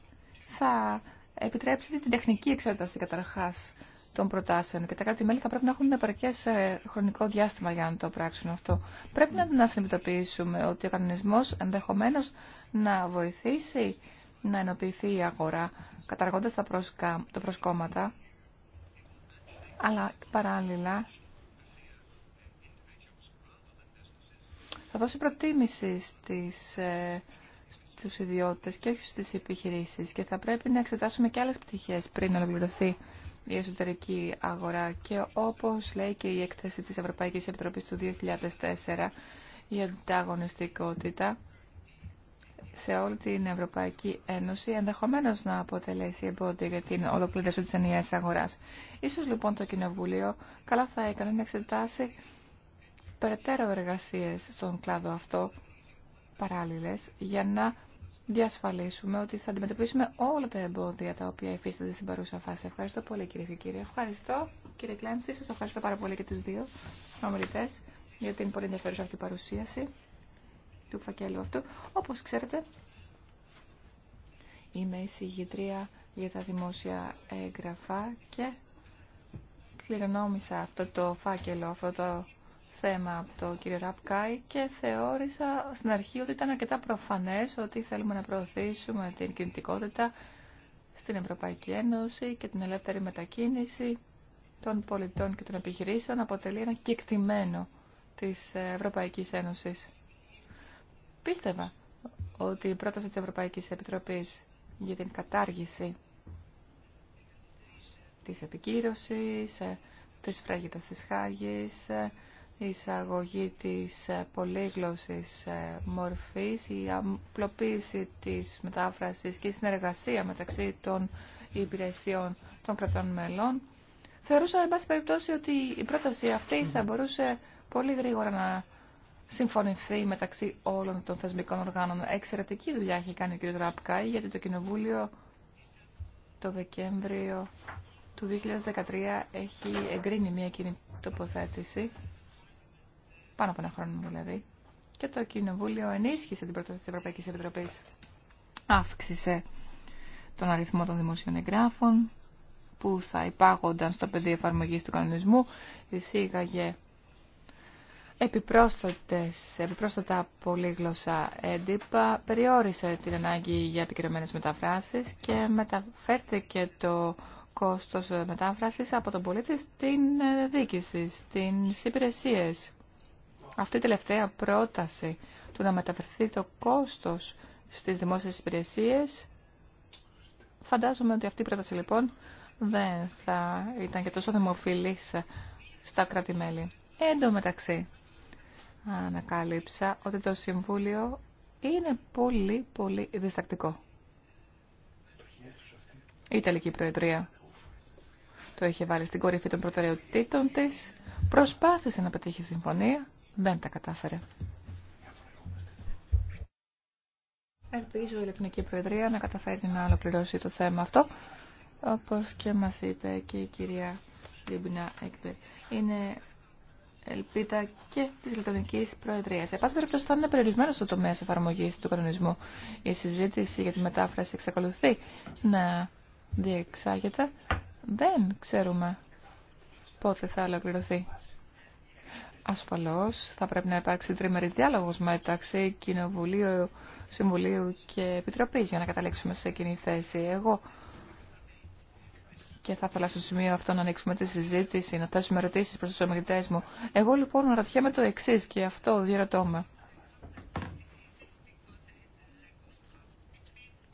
[SPEAKER 4] θα επιτρέψει την τεχνική εξέταση καταρχάς των προτάσεων και τα κράτη-μέλη θα πρέπει να έχουν επαρκέ ε, χρονικό διάστημα για να το πράξουν αυτό. Πρέπει να συνειδητοποιήσουμε ότι ο κανονισμό ενδεχομένω να βοηθήσει να ενοποιηθεί η αγορά καταργώντας τα, προσκόμματα, αλλά παράλληλα θα δώσει προτίμηση στις, ε, στους και όχι στις επιχειρήσεις και θα πρέπει να εξετάσουμε και άλλες πτυχές πριν ολοκληρωθεί η εσωτερική αγορά και όπως λέει και η έκθεση της Ευρωπαϊκής Επιτροπής του 2004 για την αγωνιστικότητα σε όλη την Ευρωπαϊκή Ένωση ενδεχομένως να αποτελέσει εμπόδιο για την ολοκλήρωση της ενιαίας αγοράς. Ίσως λοιπόν το Κοινοβούλιο καλά θα έκανε να εξετάσει περαιτέρω εργασίες στον κλάδο αυτό παράλληλες για να διασφαλίσουμε ότι θα αντιμετωπίσουμε όλα τα εμπόδια τα οποία υφίστανται στην παρούσα φάση. Ευχαριστώ πολύ κύριε και κύριε. Ευχαριστώ κύριε Κλάνση, σας ευχαριστώ πάρα πολύ και τους δύο ομιλητές για την πολύ ενδιαφέρουσα αυτή παρουσίαση του φακέλου αυτού. Όπως ξέρετε, είμαι συγγητρία για τα δημόσια έγγραφα και κληρονόμησα αυτό το φάκελο, αυτό το θέμα από το κύριο Ραπκάη και θεώρησα στην αρχή ότι ήταν αρκετά προφανές ότι θέλουμε να προωθήσουμε την κινητικότητα στην Ευρωπαϊκή Ένωση και την ελεύθερη μετακίνηση των πολιτών και των επιχειρήσεων αποτελεί ένα κεκτημένο της Ευρωπαϊκής Ένωσης. Πίστευα ότι η πρόταση της Ευρωπαϊκής Επιτροπής για την κατάργηση της επικύρωσης, ε, της φραγίδας της Χάγης, ε, εισαγωγή της ε, πολύγλωσσης ε, μορφής, η απλοποίηση της μετάφρασης και η συνεργασία μεταξύ των υπηρεσιών των κρατών μελών. Θεωρούσα, εν πάση περιπτώσει, ότι η πρόταση αυτή θα μπορούσε πολύ γρήγορα να συμφωνηθεί μεταξύ όλων των θεσμικών οργάνων. Εξαιρετική δουλειά έχει κάνει ο κ. Ραπκάη, γιατί το Κοινοβούλιο το Δεκέμβριο του 2013 έχει εγκρίνει μια κοινή τοποθέτηση πάνω από ένα χρόνο δηλαδή, και το Κοινοβούλιο ενίσχυσε την πρόταση της Ευρωπαϊκής Επιτροπής. Αύξησε τον αριθμό των δημοσίων εγγράφων που θα υπάγονταν στο πεδίο εφαρμογής του κανονισμού, εισήγαγε Επιπρόσθετες, επιπρόσθετα πολύγλωσσα έντυπα περιόρισε την ανάγκη για επικοινωνμένες μεταφράσεις και μεταφέρθηκε το κόστος μετάφρασης από τον πολίτη στην ε, δίκηση, στις υπηρεσίες. Αυτή η τελευταία πρόταση του να μεταφερθεί το κόστος στις δημόσιες υπηρεσίες, φαντάζομαι ότι αυτή η πρόταση λοιπόν δεν θα ήταν και τόσο δημοφιλής στα κράτη-μέλη. Εν τω μεταξύ, ανακάλυψα ότι το Συμβούλιο είναι πολύ πολύ διστακτικό. Η Ιταλική Προεδρία το είχε βάλει στην κορυφή των προτεραιοτήτων της, προσπάθησε να πετύχει συμφωνία, δεν τα κατάφερε. Ελπίζω η Ελληνική Προεδρία να καταφέρει να ολοκληρώσει το θέμα αυτό, όπως και μας είπε και η κυρία Λίμπινα Εκπέ. Είναι ελπίδα και της Λιτωνικής Προεδρίας. Επάς θα είναι περιορισμένο στο τομέα εφαρμογή του κανονισμού. Η συζήτηση για τη μετάφραση εξακολουθεί να διεξάγεται. Δεν ξέρουμε πότε θα ολοκληρωθεί Ασφαλώς θα πρέπει να υπάρξει τριμερής διάλογος μεταξύ Κοινοβουλίου, Συμβουλίου και Επιτροπής για να καταλήξουμε σε κοινή θέση. Εγώ και θα ήθελα στο σημείο αυτό να ανοίξουμε τη συζήτηση, να θέσουμε ερωτήσει προς τους ομιλητές μου. Εγώ λοιπόν ρωτιέμαι το εξή και αυτό διαρωτώ με.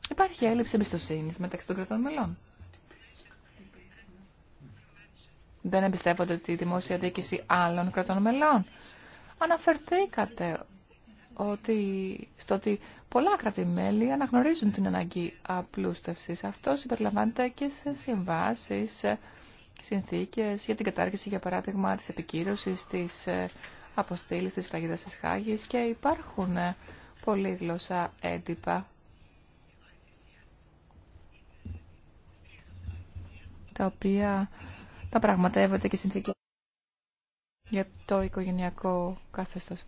[SPEAKER 4] Υπάρχει έλλειψη εμπιστοσύνη μεταξύ των κρατών μελών. δεν εμπιστεύονται τη δημόσια διοίκηση άλλων κρατών μελών. Αναφερθήκατε ότι, στο ότι πολλά κρατημέλη αναγνωρίζουν την αναγκή απλούστευσης. Αυτό συμπεριλαμβάνεται και σε συμβάσεις, συνθήκες για την κατάργηση, για παράδειγμα, της επικύρωσης, της ε, αποστήλης, της φραγίδας της Χάγης και υπάρχουν ε, γλωσσά έντυπα τα οποία τα πραγματεύεται και συνθήκη για το οικογενειακό καθεστώς.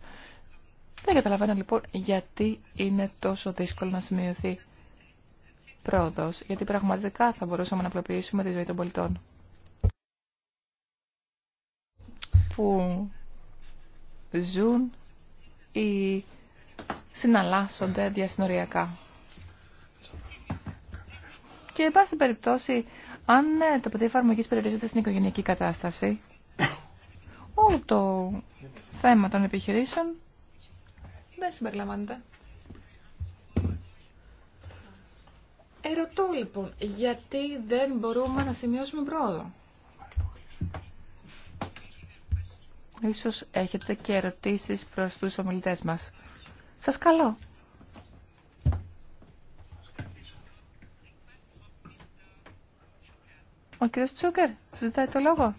[SPEAKER 4] Δεν καταλαβαίνω λοιπόν γιατί είναι τόσο δύσκολο να σημειωθεί πρόοδος, γιατί πραγματικά θα μπορούσαμε να απλοποιήσουμε τη ζωή των πολιτών. Που ζουν ή συναλλάσσονται διασυνοριακά. Και εν πάση περιπτώσει αν ναι, το παιδιά εφαρμογή περιορίζεται στην οικογενειακή κατάσταση, όλο το θέμα των επιχειρήσεων δεν συμπεριλαμβάνεται. Ερωτώ λοιπόν, γιατί δεν μπορούμε να σημειώσουμε πρόοδο. Ίσως έχετε και ερωτήσεις προς τους ομιλητές μας. Σας καλώ Ο κύριος Τσούκερ ζητάει το λόγο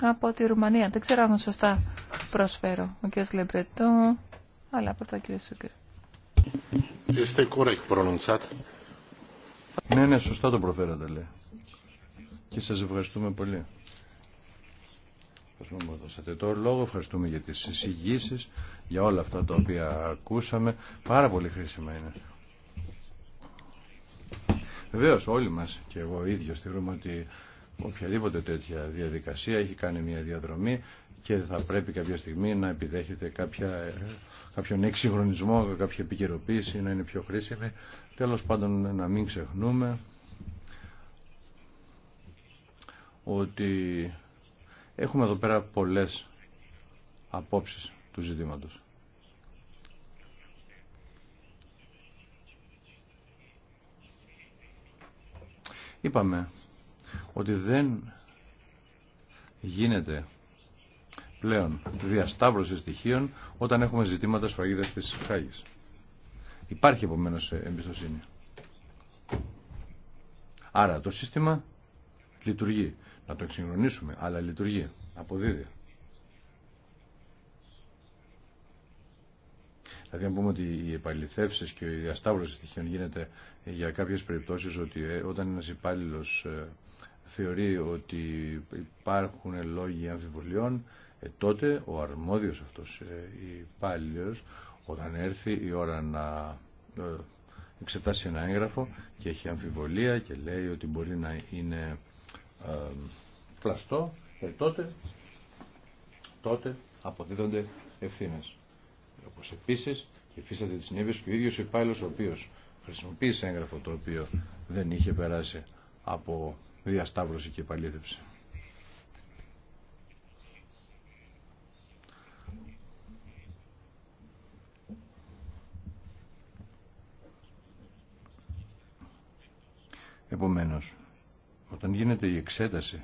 [SPEAKER 4] από τη Ρουμανία. Δεν ξέρω αν σωστά προσφέρω. Ο κύριος Λεμπρετό, αλλά από το κύριο Τσούκερ.
[SPEAKER 1] Είστε
[SPEAKER 2] Ναι, ναι, σωστά το προφέρατε, λέει. Και σας ευχαριστούμε πολύ. Ευχαριστούμε δώσατε το λόγο, ευχαριστούμε για τις εισηγήσεις, για όλα αυτά τα οποία ακούσαμε. Πάρα πολύ χρήσιμα είναι. Βεβαίω όλοι μας και εγώ ίδιο θεωρούμε ότι οποιαδήποτε τέτοια διαδικασία έχει κάνει μια διαδρομή και θα πρέπει κάποια στιγμή να επιδέχεται κάποια, κάποιον εξυγχρονισμό, κάποια επικαιροποίηση, να είναι πιο χρήσιμη. Τέλος πάντων να μην ξεχνούμε ότι έχουμε εδώ πέρα πολλές απόψεις του ζητήματος. Είπαμε ότι δεν γίνεται πλέον διασταύρωση στοιχείων όταν έχουμε ζητήματα σφαγίδας της Χάγης. Υπάρχει επομένω ε, εμπιστοσύνη. Άρα το σύστημα λειτουργεί. Να το εξυγχρονίσουμε, αλλά λειτουργεί. Αποδίδει. Δηλαδή, αν πούμε ότι οι επαληθεύσει και η διασταύρωση στοιχείων γίνεται για κάποιε περιπτώσει ότι ε, όταν ένα υπάλληλο ε, θεωρεί ότι υπάρχουν λόγοι αμφιβολιών, ε, τότε ο αρμόδιος αυτός υπάλληλο, όταν έρθει η ώρα να εξετάσει ένα έγγραφο και έχει αμφιβολία και λέει ότι μπορεί να είναι πλαστό, τότε, τότε αποδίδονται ευθύνες. Όπως επίσης υφίσταται τις συνέπειες και ο ίδιο ο ο οποίο χρησιμοποίησε έγγραφο το οποίο δεν είχε περάσει από διασταύρωση και επαλήθευση. Επομένως, όταν γίνεται η εξέταση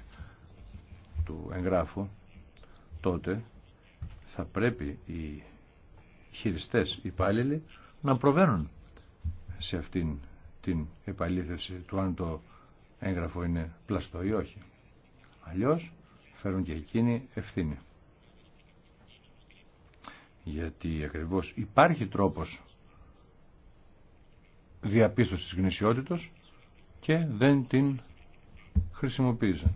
[SPEAKER 2] του εγγράφου, τότε θα πρέπει η χειριστές υπάλληλοι να προβαίνουν σε αυτήν την επαλήθευση του αν το έγγραφο είναι πλαστό ή όχι. Αλλιώς φέρουν και εκείνη ευθύνη. Γιατί ακριβώς υπάρχει τρόπος διαπίστωσης γνησιότητος και δεν την χρησιμοποίησαν.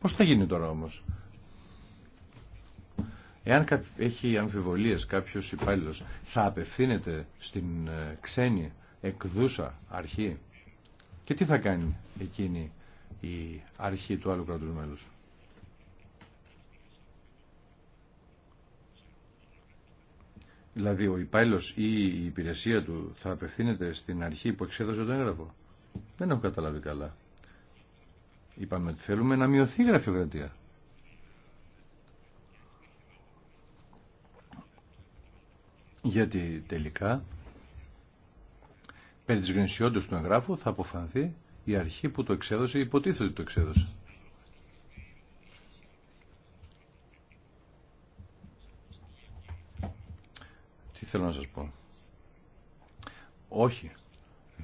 [SPEAKER 2] Πώς θα γίνει τώρα όμως. Εάν έχει αμφιβολίες κάποιος υπάλληλο, θα απευθύνεται στην ε, ξένη εκδούσα αρχή και τι θα κάνει εκείνη η αρχή του άλλου κράτους μέλους. Δηλαδή ο υπάλληλο ή η υπηρεσία του θα απευθύνεται στην αρχή που εξέδωσε τον έγγραφο. Δεν έχω καταλάβει καλά. Είπαμε ότι θέλουμε να μειωθεί η γραφειοκρατία. Γιατί τελικά περί της γνησιόντος του εγγράφου θα αποφανθεί η αρχή που το εξέδωσε, υποτίθεται ότι το εξέδωσε. Τι θέλω να σας πω. Όχι.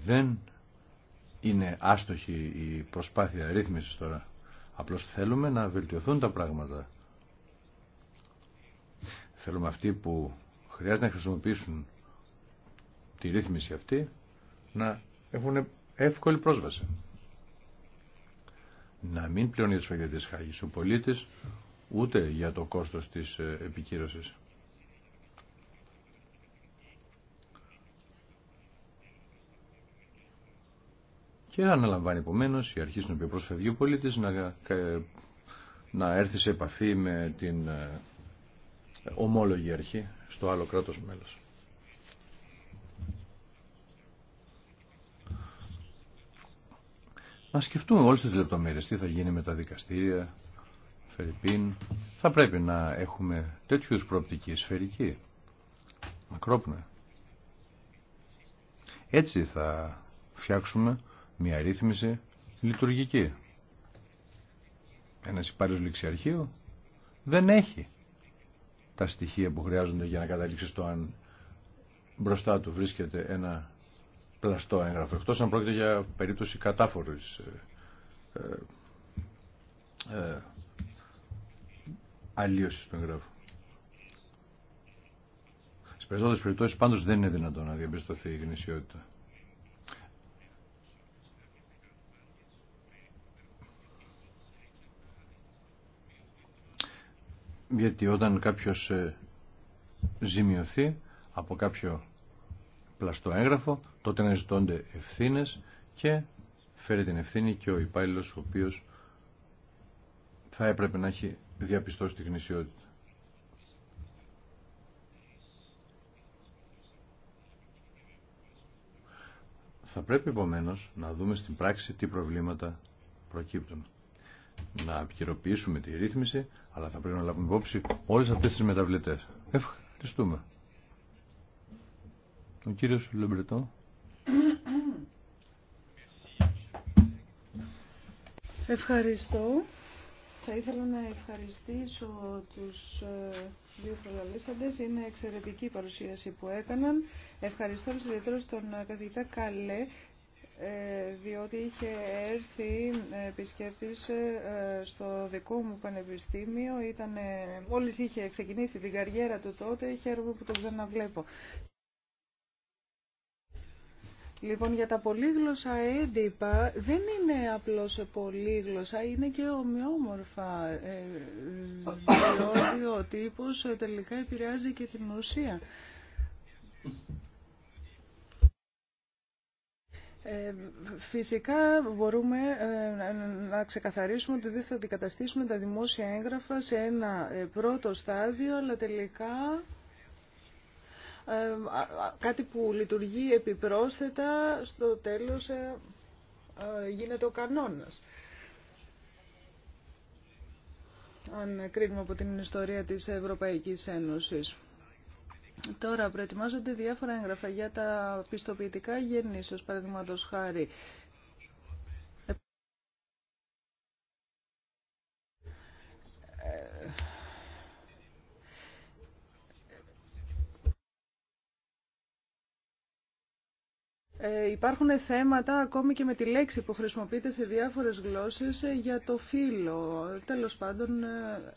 [SPEAKER 2] Δεν είναι άστοχη η προσπάθεια ρύθμισης τώρα. Απλώς θέλουμε να βελτιωθούν τα πράγματα. Θέλουμε αυτοί που χρειάζεται να χρησιμοποιήσουν τη ρύθμιση αυτή να έχουν εύκολη πρόσβαση. Να μην πληρώνει τις φαγητές χάγης ο πολίτης ούτε για το κόστος της ε, επικύρωσης. και αναλαμβάνει επομένω η αρχή στην οποία προσφεύγει ο πολίτη να, ε, να έρθει σε επαφή με την ε, ομόλογη αρχή στο άλλο κράτος μέλος. Να σκεφτούμε όλες τις λεπτομέρειες, τι θα γίνει με τα δικαστήρια, Φερρυπίν. Θα πρέπει να έχουμε τέτοιου προοπτική, σφαιρική, μακρόπνοια. Έτσι θα φτιάξουμε μια ρύθμιση λειτουργική. Ένας υπάλληλος ληξιαρχείου δεν έχει τα στοιχεία που χρειάζονται για να καταλήξει το αν μπροστά του βρίσκεται ένα πλαστό έγγραφο. Εκτός αν πρόκειται για περίπτωση κατάφορης ε, ε, ε αλλίωσης του εγγράφου. Σε περισσότερες περιπτώσεις πάντως δεν είναι δυνατόν να διαπιστωθεί η γνησιότητα. γιατί όταν κάποιος ε, ζημιωθεί από κάποιο πλαστό έγγραφο, τότε να ζητώνται ευθύνες και φέρει την ευθύνη και ο υπάλληλο ο οποίος θα έπρεπε να έχει διαπιστώσει τη γνησιότητα. Θα πρέπει επομένω να δούμε στην πράξη τι προβλήματα προκύπτουν να επικαιροποιήσουμε τη ρύθμιση, αλλά θα πρέπει να λάβουμε υπόψη όλες αυτές τις μεταβλητές. Ευχαριστούμε. Ο κύριος Λεμπρετό.
[SPEAKER 3] Ευχαριστώ. Θα ήθελα να ευχαριστήσω τους ε, δύο προλαλήσαντες. Είναι εξαιρετική η παρουσίαση που έκαναν. Ευχαριστώ ιδιαίτερα τον ε, καθηγητά Καλέ ε, διότι είχε έρθει επισκέπτης ε, στο δικό μου πανεπιστήμιο. Ήταν, όλες είχε ξεκινήσει την καριέρα του τότε, χαίρομαι που τον ξαναβλέπω. Λοιπόν, για τα πολύγλωσσα έντυπα δεν είναι απλώς πολύγλωσσα, είναι και ομοιόμορφα, ε, διότι ο τύπος τελικά επηρεάζει και την ουσία. Ε, φυσικά μπορούμε ε, να ξεκαθαρίσουμε ότι δεν θα αντικαταστήσουμε τα δημόσια έγγραφα σε ένα ε, πρώτο στάδιο, αλλά τελικά κάτι που λειτουργεί επιπρόσθετα στο τέλος γίνεται ο κανόνας. Αν κρίνουμε από την ιστορία της Ευρωπαϊκής Ένωσης. Τώρα προετοιμάζονται διάφορα έγγραφα για τα πιστοποιητικά γεννήσεως, παραδείγματος χάρη. Ε, υπάρχουν θέματα ακόμη και με τη λέξη που χρησιμοποιείται σε διάφορες γλώσσες ε, για το φύλλο. Τέλος πάντων, ε,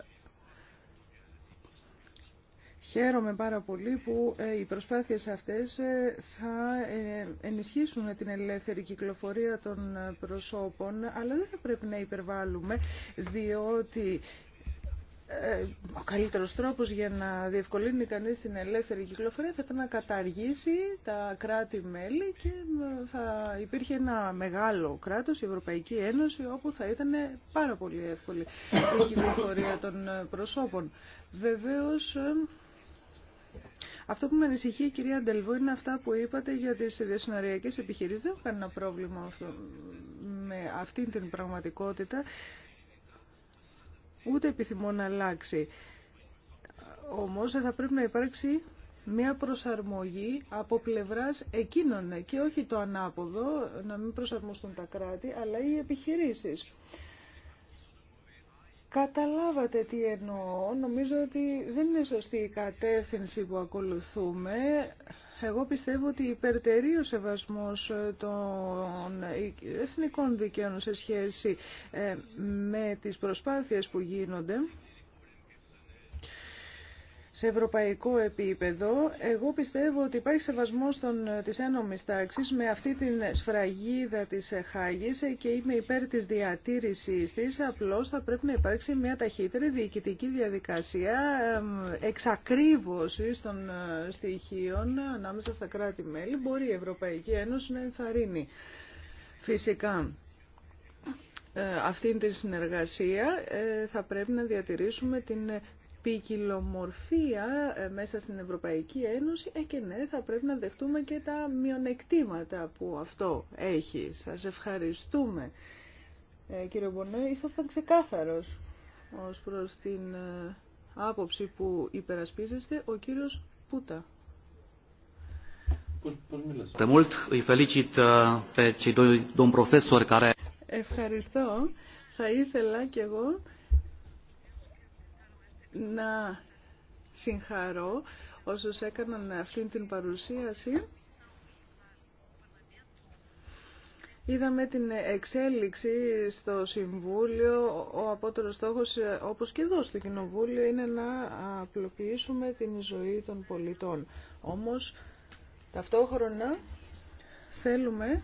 [SPEAKER 3] Χαίρομαι πάρα πολύ που ε, οι προσπάθειες αυτές ε, θα ε, ενισχύσουν την ελεύθερη κυκλοφορία των προσώπων, αλλά δεν θα πρέπει να υπερβάλλουμε, διότι ο καλύτερος τρόπος για να διευκολύνει κανείς την ελεύθερη κυκλοφορία θα ήταν να καταργήσει τα κράτη-μέλη και θα υπήρχε ένα μεγάλο κράτος, η Ευρωπαϊκή Ένωση, όπου θα ήταν πάρα πολύ εύκολη η κυκλοφορία των προσώπων. Βεβαίως, αυτό που με ανησυχεί κυρία Ντελβού είναι αυτά που είπατε για τις διασυνοριακές επιχειρήσει, Δεν έχω κανένα πρόβλημα αυτό, με αυτή την πραγματικότητα. Ούτε επιθυμώ να αλλάξει. Όμω θα πρέπει να υπάρξει μια προσαρμογή από πλευράς εκείνων και όχι το ανάποδο, να μην προσαρμοστούν τα κράτη, αλλά οι επιχειρήσει. Καταλάβατε τι εννοώ. Νομίζω ότι δεν είναι σωστή η κατεύθυνση που ακολουθούμε. Εγώ πιστεύω ότι υπερτερεί ο σεβασμός ε, των εθνικών δικαίων σε σχέση ε, με τις προσπάθειες που γίνονται σε ευρωπαϊκό επίπεδο. Εγώ πιστεύω ότι υπάρχει σεβασμός των, ε, της ένομης τάξης με αυτή την σφραγίδα της ε, Χάγης ε, και είμαι υπέρ της διατήρησής της. Απλώς θα πρέπει να υπάρξει μια ταχύτερη διοικητική διαδικασία εξακρίβωση των στοιχείων ανάμεσα στα κράτη-μέλη. Μπορεί η Ευρωπαϊκή Ένωση να ενθαρρύνει. Φυσικά, αυτή τη συνεργασία θα πρέπει να διατηρήσουμε την ποικιλομορφία ε, μέσα στην Ευρωπαϊκή Ένωση ε, και ναι, θα πρέπει να δεχτούμε και τα μειονεκτήματα που αυτό έχει. Σας ευχαριστούμε. Ε, κύριε Μπονέ, ήσασταν ξεκάθαρος ως προς την ε, άποψη που υπερασπίζεστε ο κύριος Πούτα. Ευχαριστώ. Θα ήθελα κι εγώ να συγχαρώ όσους έκαναν αυτή την παρουσίαση. Είδαμε την εξέλιξη στο Συμβούλιο. Ο απότερος στόχος, όπως και εδώ στο Κοινοβούλιο, είναι να απλοποιήσουμε την ζωή των πολιτών. Όμως, ταυτόχρονα θέλουμε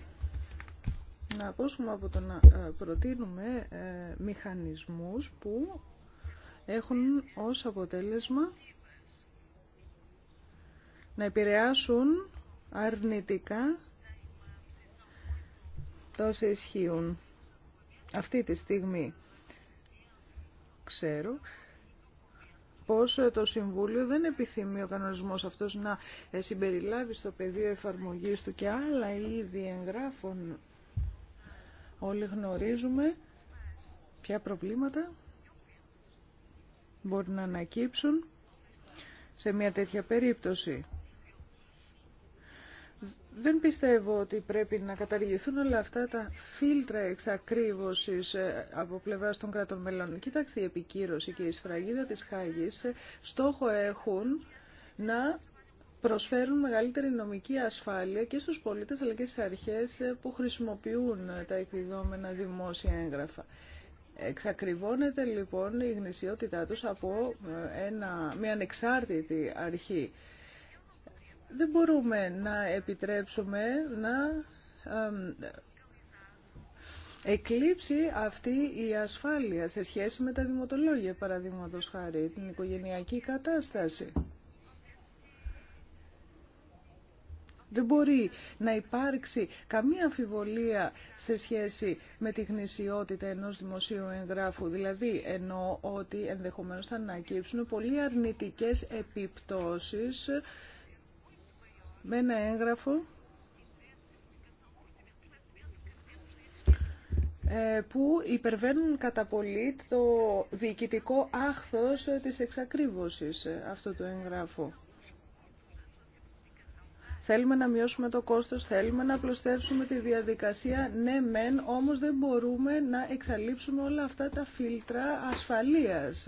[SPEAKER 3] να ακούσουμε από το να προτείνουμε ε, μηχανισμούς που έχουν ως αποτέλεσμα να επηρεάσουν αρνητικά τόσοι ισχύουν. Αυτή τη στιγμή ξέρω πόσο το Συμβούλιο δεν επιθυμεί ο κανονισμός αυτός να συμπεριλάβει στο πεδίο εφαρμογής του και άλλα είδη εγγράφων. Όλοι γνωρίζουμε ποια προβλήματα μπορεί να ανακύψουν σε μια τέτοια περίπτωση. Δεν πιστεύω ότι πρέπει να καταργηθούν όλα αυτά τα φίλτρα εξακρίβωσης ε, από πλευράς των κρατών μελών. Κοιτάξτε, η επικύρωση και η σφραγίδα της Χάγης ε, στόχο έχουν να προσφέρουν μεγαλύτερη νομική ασφάλεια και στους πολίτες αλλά και στις αρχές ε, που χρησιμοποιούν τα εκδιδόμενα δημόσια έγγραφα. Εξακριβώνεται λοιπόν η γνησιότητά τους από ε, ένα, μια ανεξάρτητη αρχή. Δεν μπορούμε να επιτρέψουμε να εκλείψει αυτή η ασφάλεια σε σχέση με τα δημοτολόγια, παραδείγματος χάρη, την οικογενειακή κατάσταση. Δεν μπορεί να υπάρξει καμία αμφιβολία σε σχέση με τη γνησιότητα ενός δημοσίου εγγράφου. Δηλαδή, εννοώ ότι ενδεχομένως θα ανακύψουν πολύ αρνητικές επιπτώσεις με ένα έγγραφο ε, που υπερβαίνουν κατά πολύ το διοικητικό άχθος της εξακρίβωσης ε, αυτού του εγγράφου. Θέλουμε να μειώσουμε το κόστος, θέλουμε να απλωστεύσουμε τη διαδικασία. Ναι, μεν, όμως δεν μπορούμε να εξαλείψουμε όλα αυτά τα φίλτρα ασφαλείας.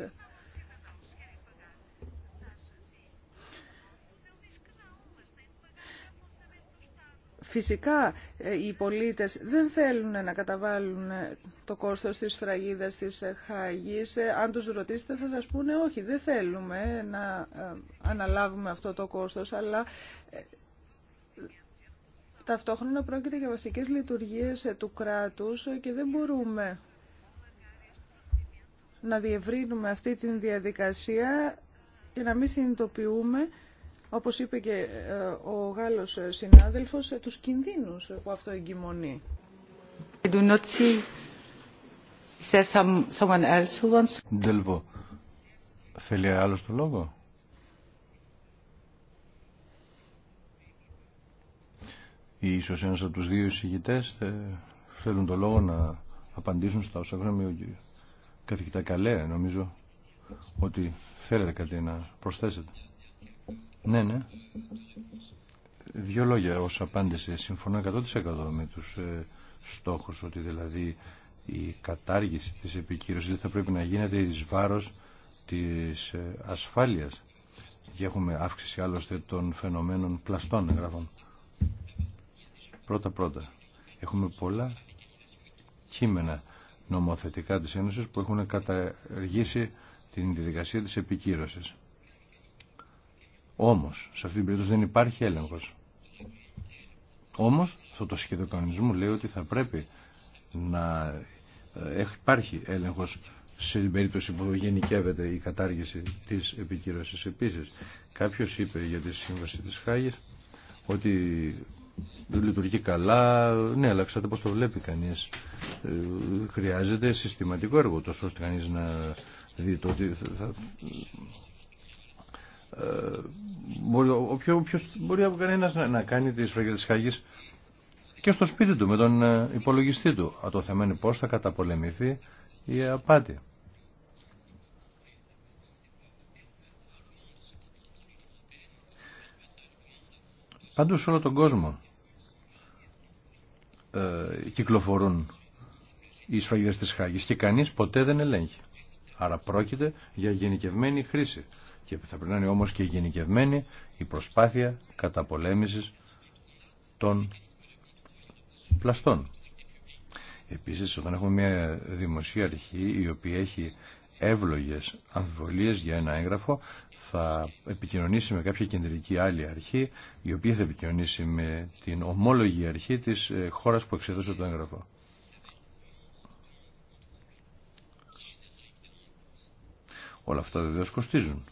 [SPEAKER 3] Φυσικά ε, οι πολίτες δεν θέλουν να καταβάλουν ε, το κόστος της φραγίδας της ε, Χάγης. Αν τους ρωτήσετε θα σας πούνε όχι, δεν θέλουμε να αναλάβουμε αυτό το κόστος, αλλά Ταυτόχρονα πρόκειται για βασικές λειτουργίες ε, του κράτους ε, και δεν μπορούμε να διευρύνουμε αυτή τη διαδικασία και να μην συνειδητοποιούμε, όπως είπε και ε, ο Γάλλος συνάδελφος, τους κινδύνους που αυτό εγκυμονεί. βλέπω
[SPEAKER 2] θέλει άλλος το λόγο. ή ίσως ένας από του δύο εισηγητές ε, θέλουν το λόγο να απαντήσουν στα όσα έχουν ο καθηγητά Καλέ νομίζω ότι θέλετε κάτι να προσθέσετε ναι ναι δύο λόγια ω απάντηση συμφωνώ 100% με τους ε, στόχους ότι δηλαδή η κατάργηση της επικύρωσης δεν θα πρέπει να γίνεται εις βάρος της ε, ασφάλειας και έχουμε αύξηση άλλωστε των φαινομένων πλαστών εγγράφων. Πρώτα πρώτα, έχουμε πολλά κείμενα νομοθετικά της Ένωσης που έχουν καταργήσει την διαδικασία της επικύρωσης. Όμως, σε αυτή την περίπτωση δεν υπάρχει έλεγχος. Όμως, αυτό το σχέδιο κανονισμού λέει ότι θα πρέπει να ε, υπάρχει έλεγχος σε την περίπτωση που γενικεύεται η κατάργηση της επικύρωσης. Επίσης, κάποιος είπε για τη Σύμβαση της Χάγης ότι λειτουργεί καλά, ναι, αλλά ξέρετε πώς το βλέπει κανείς. Ε, χρειάζεται συστηματικό έργο, τόσο ώστε κανεί να δει το ότι θα... Ε, μπορεί, οποιο, μπορεί κανένας να, κάνει τις φραγίδες της Χάγης και στο σπίτι του με τον ε, υπολογιστή του. Α, το θέμα είναι πώς θα καταπολεμηθεί η απάτη. Παντού όλο τον κόσμο ε, κυκλοφορούν οι σφραγίδες της Χάγης και κανείς ποτέ δεν ελέγχει. Άρα πρόκειται για γενικευμένη χρήση και θα πρέπει να είναι όμως και γενικευμένη η προσπάθεια καταπολέμησης των πλαστών. Επίσης όταν έχουμε μια δημοσία αρχή η οποία έχει εύλογες αμφιβολίες για ένα έγγραφο θα επικοινωνήσει με κάποια κεντρική άλλη αρχή, η οποία θα επικοινωνήσει με την ομόλογη αρχή της ε, χώρας που εξέδωσε το έγγραφο. Όλα αυτά βεβαίω κοστίζουν.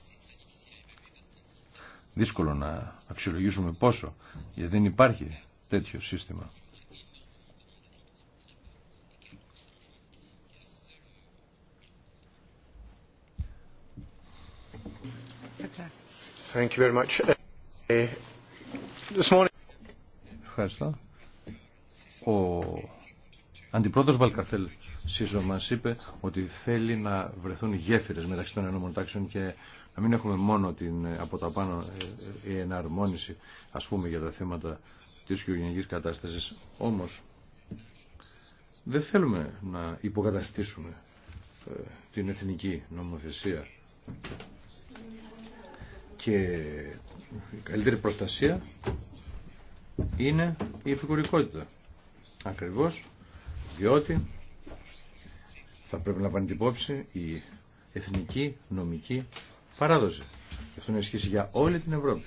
[SPEAKER 2] Δύσκολο να αξιολογήσουμε πόσο, γιατί δεν υπάρχει τέτοιο σύστημα. Ε, Ευχαριστώ. Ο αντιπρόεδρος Βαλκαρθέλ Σίζο μας είπε ότι θέλει να βρεθούν γέφυρες μεταξύ των ενόμων τάξεων και να μην έχουμε μόνο την, ε, από τα πάνω ε, η εναρμόνιση ας πούμε για τα θέματα της κοινωνικής κατάστασης. Όμως δεν θέλουμε να υποκαταστήσουμε την εθνική νομοθεσία και η καλύτερη προστασία είναι η επικουρικότητα. Ακριβώς διότι θα πρέπει να πάνε υπόψη η εθνική νομική παράδοση. Και αυτό για όλη την Ευρώπη.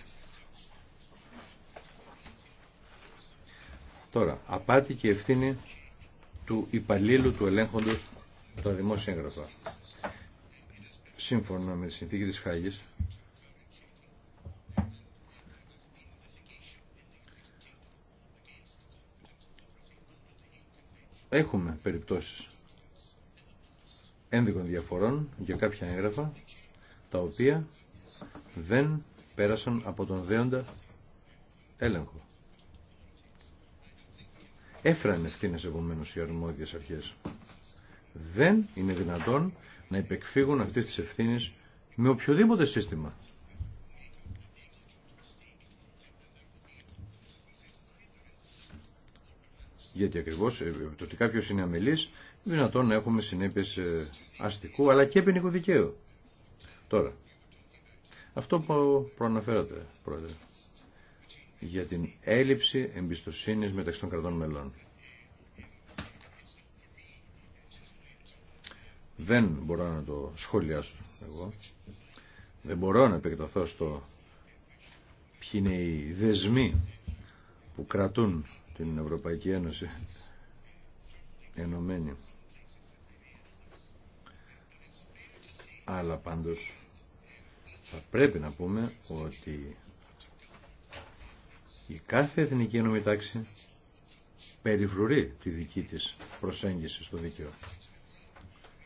[SPEAKER 2] Τώρα, απάτη και ευθύνη του υπαλλήλου του ελέγχοντος τα δημόσια έγγραφα. Σύμφωνα με τη συνθήκη της Χάγης, έχουμε περιπτώσεις ένδικων διαφορών για κάποια έγγραφα τα οποία δεν πέρασαν από τον δέοντα έλεγχο. Έφεραν ευθύνες επομένως οι αρμόδιες αρχές. Δεν είναι δυνατόν να υπεκφύγουν αυτές τις ευθύνης με οποιοδήποτε σύστημα. Γιατί ακριβώς ε, το ότι κάποιο είναι αμελής δυνατόν να έχουμε συνέπειε ε, αστικού αλλά και ποινικού δικαίου. Τώρα, αυτό που προαναφέρατε πρόεδρε για την έλλειψη εμπιστοσύνης μεταξύ των κρατών μελών. Δεν μπορώ να το σχολιάσω εγώ. Δεν μπορώ να επεκταθώ στο ποιοι είναι οι δεσμοί που κρατούν την Ευρωπαϊκή Ένωση ενωμένη. Αλλά πάντως θα πρέπει να πούμε ότι η κάθε εθνική ενωμή τάξη περιφρουρεί τη δική της προσέγγιση στο δίκαιο.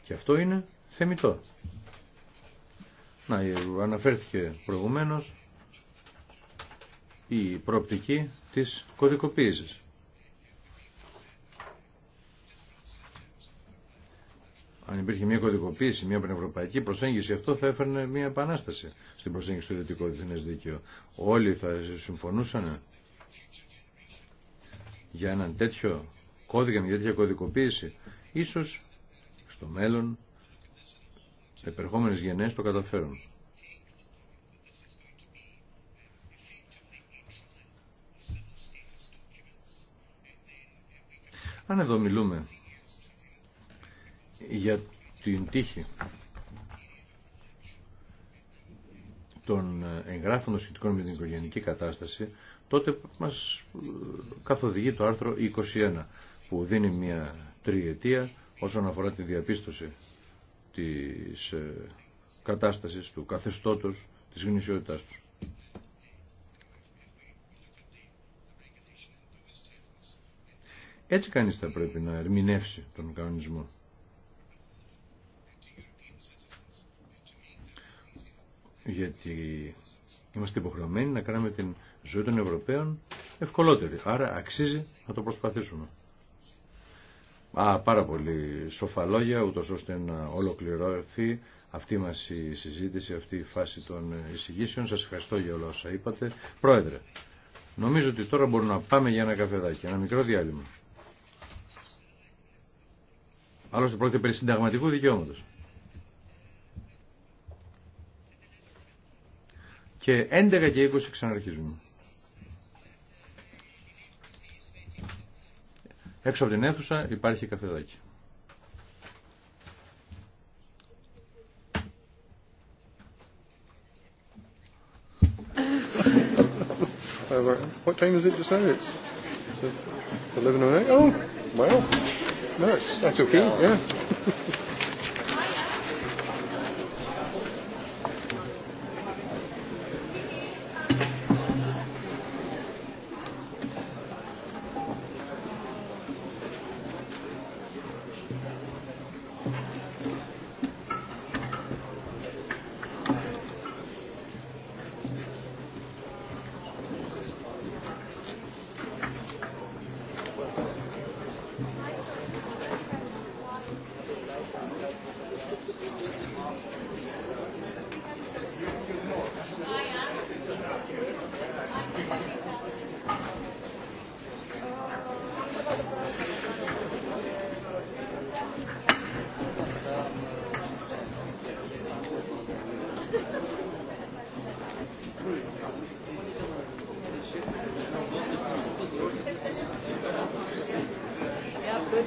[SPEAKER 2] Και αυτό είναι θεμητό. Να, ε, αναφέρθηκε προηγουμένως η προοπτική της κωδικοποίησης. αν υπήρχε μια κωδικοποίηση, μια πανευρωπαϊκή προσέγγιση, αυτό θα έφερνε μια επανάσταση στην προσέγγιση του ιδιωτικού διεθνέ δικαίου. Όλοι θα συμφωνούσαν για έναν τέτοιο κώδικα, μια τέτοια κωδικοποίηση. Ίσως στο μέλλον επερχόμενες γενναίες το καταφέρουν. Αν εδώ μιλούμε για την τύχη των εγγράφων των σχετικών με την οικογενική κατάσταση, τότε μας ε, καθοδηγεί το άρθρο 21 που δίνει μια τριετία όσον αφορά τη διαπίστωση της ε, κατάστασης του καθεστώτος της γνησιότητάς του. Έτσι κανείς θα πρέπει να ερμηνεύσει τον κανονισμό. γιατί είμαστε υποχρεωμένοι να κάνουμε την ζωή των Ευρωπαίων ευκολότερη. Άρα αξίζει να το προσπαθήσουμε. Α, πάρα πολύ σοφά λόγια, ούτως ώστε να ολοκληρωθεί αυτή μας η συζήτηση, αυτή η φάση των εισηγήσεων. Σας ευχαριστώ για όλα όσα είπατε. Πρόεδρε, νομίζω ότι τώρα μπορούμε να πάμε για ένα καφεδάκι, ένα μικρό διάλειμμα. Άλλωστε πρόκειται περί συνταγματικού δικαιώματος. και 11 και 20 ξαναρχίζουμε. Έξω από την αίθουσα υπάρχει καφεδάκι.
[SPEAKER 1] What time is it to say? It's 8? Oh, well, nice. That's
[SPEAKER 4] okay, yeah.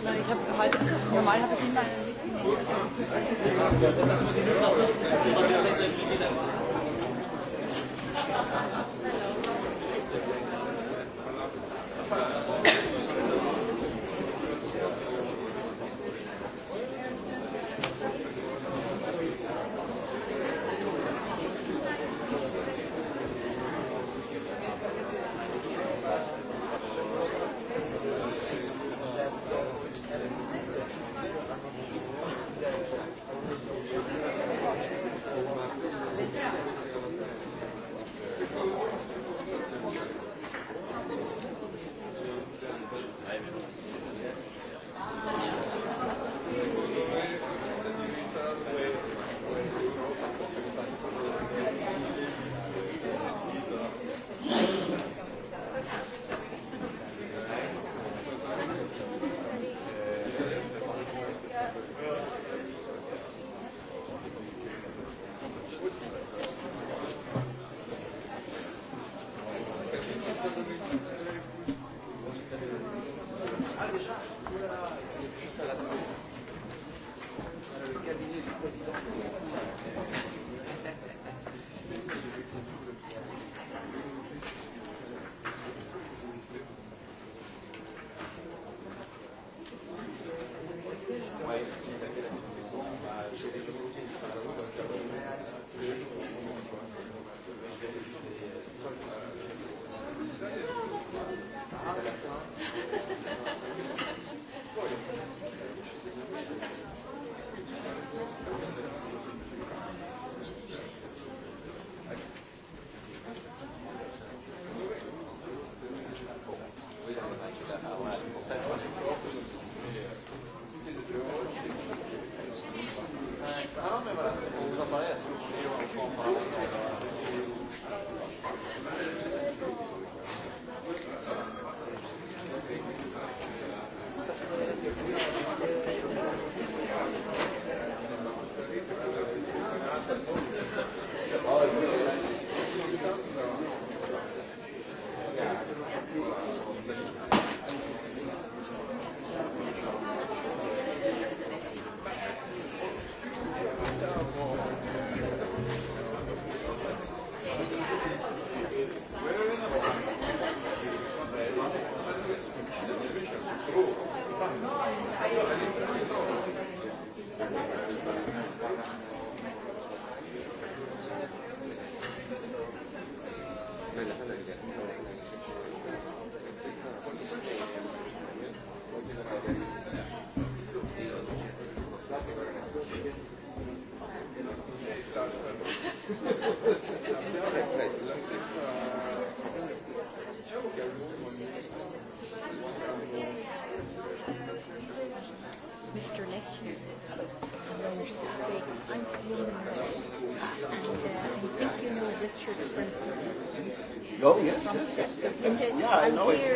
[SPEAKER 1] Nein, ich habe heute, normal habe ich immer einen Thank you. Yeah, I know Here.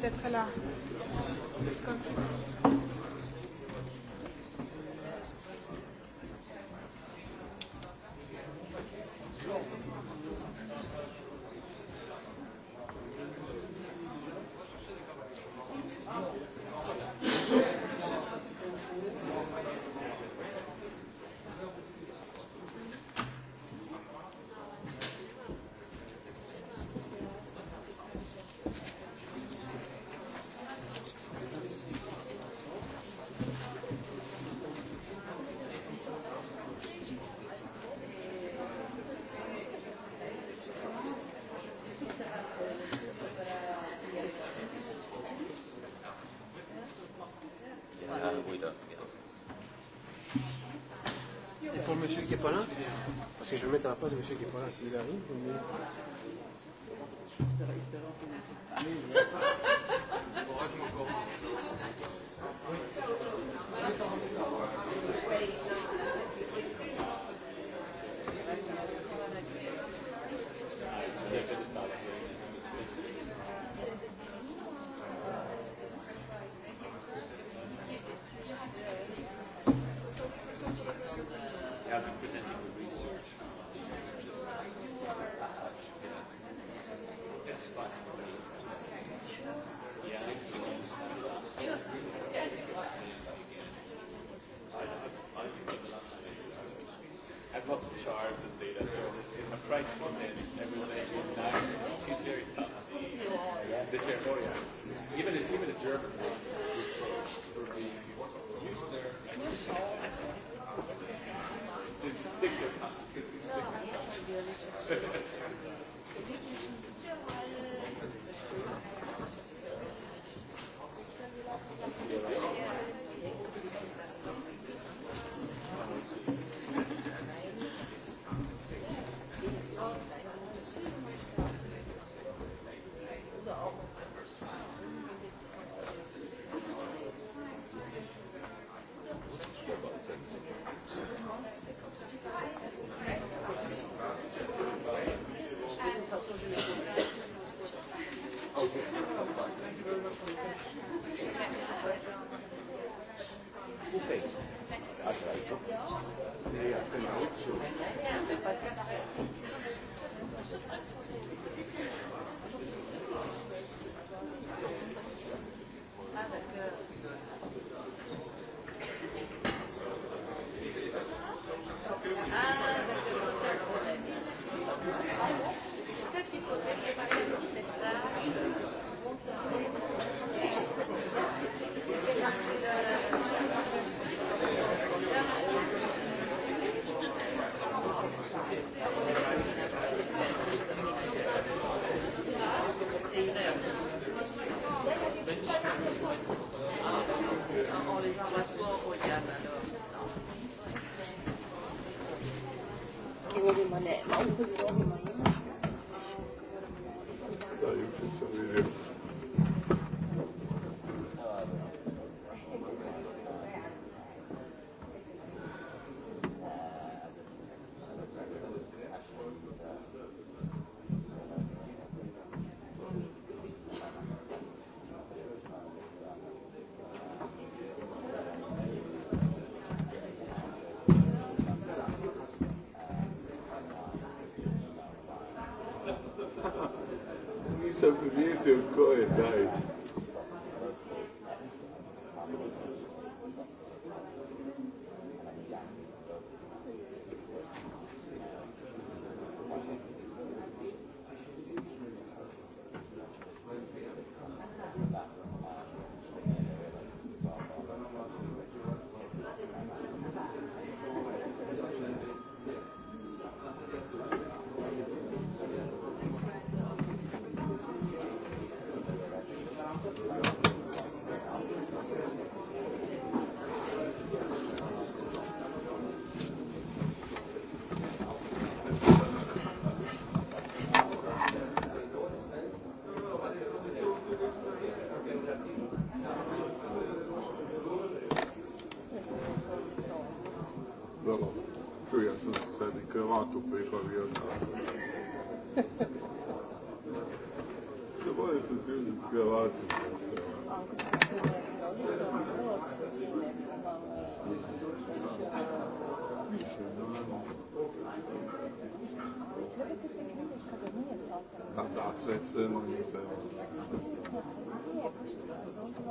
[SPEAKER 1] peut-être là. mettre à la place de M. Guépard s'il arrive.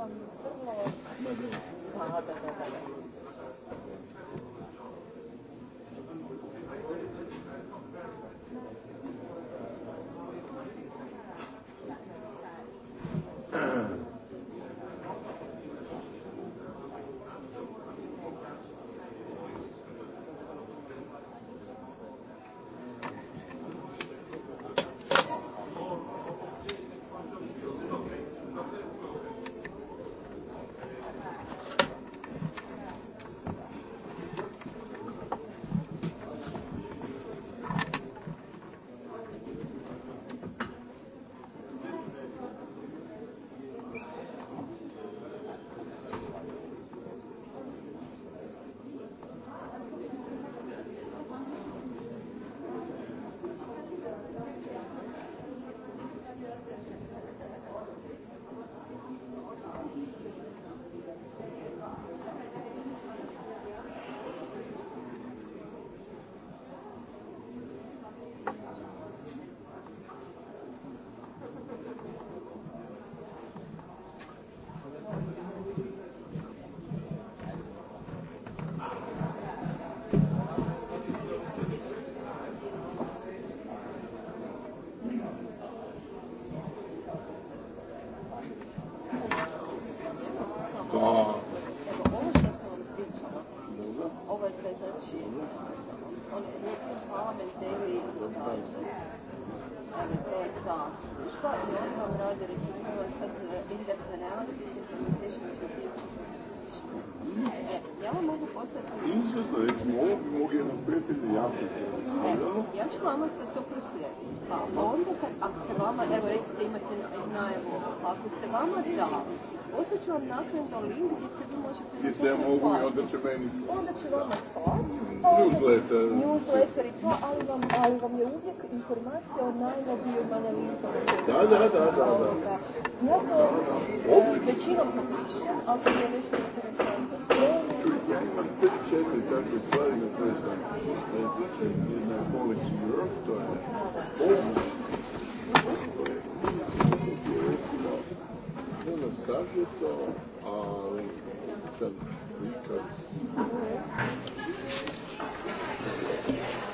[SPEAKER 1] Υπότιτλοι AUTHORWAVE Newsletter. Newsletter o Da, da, da, da, da. Ja to većinom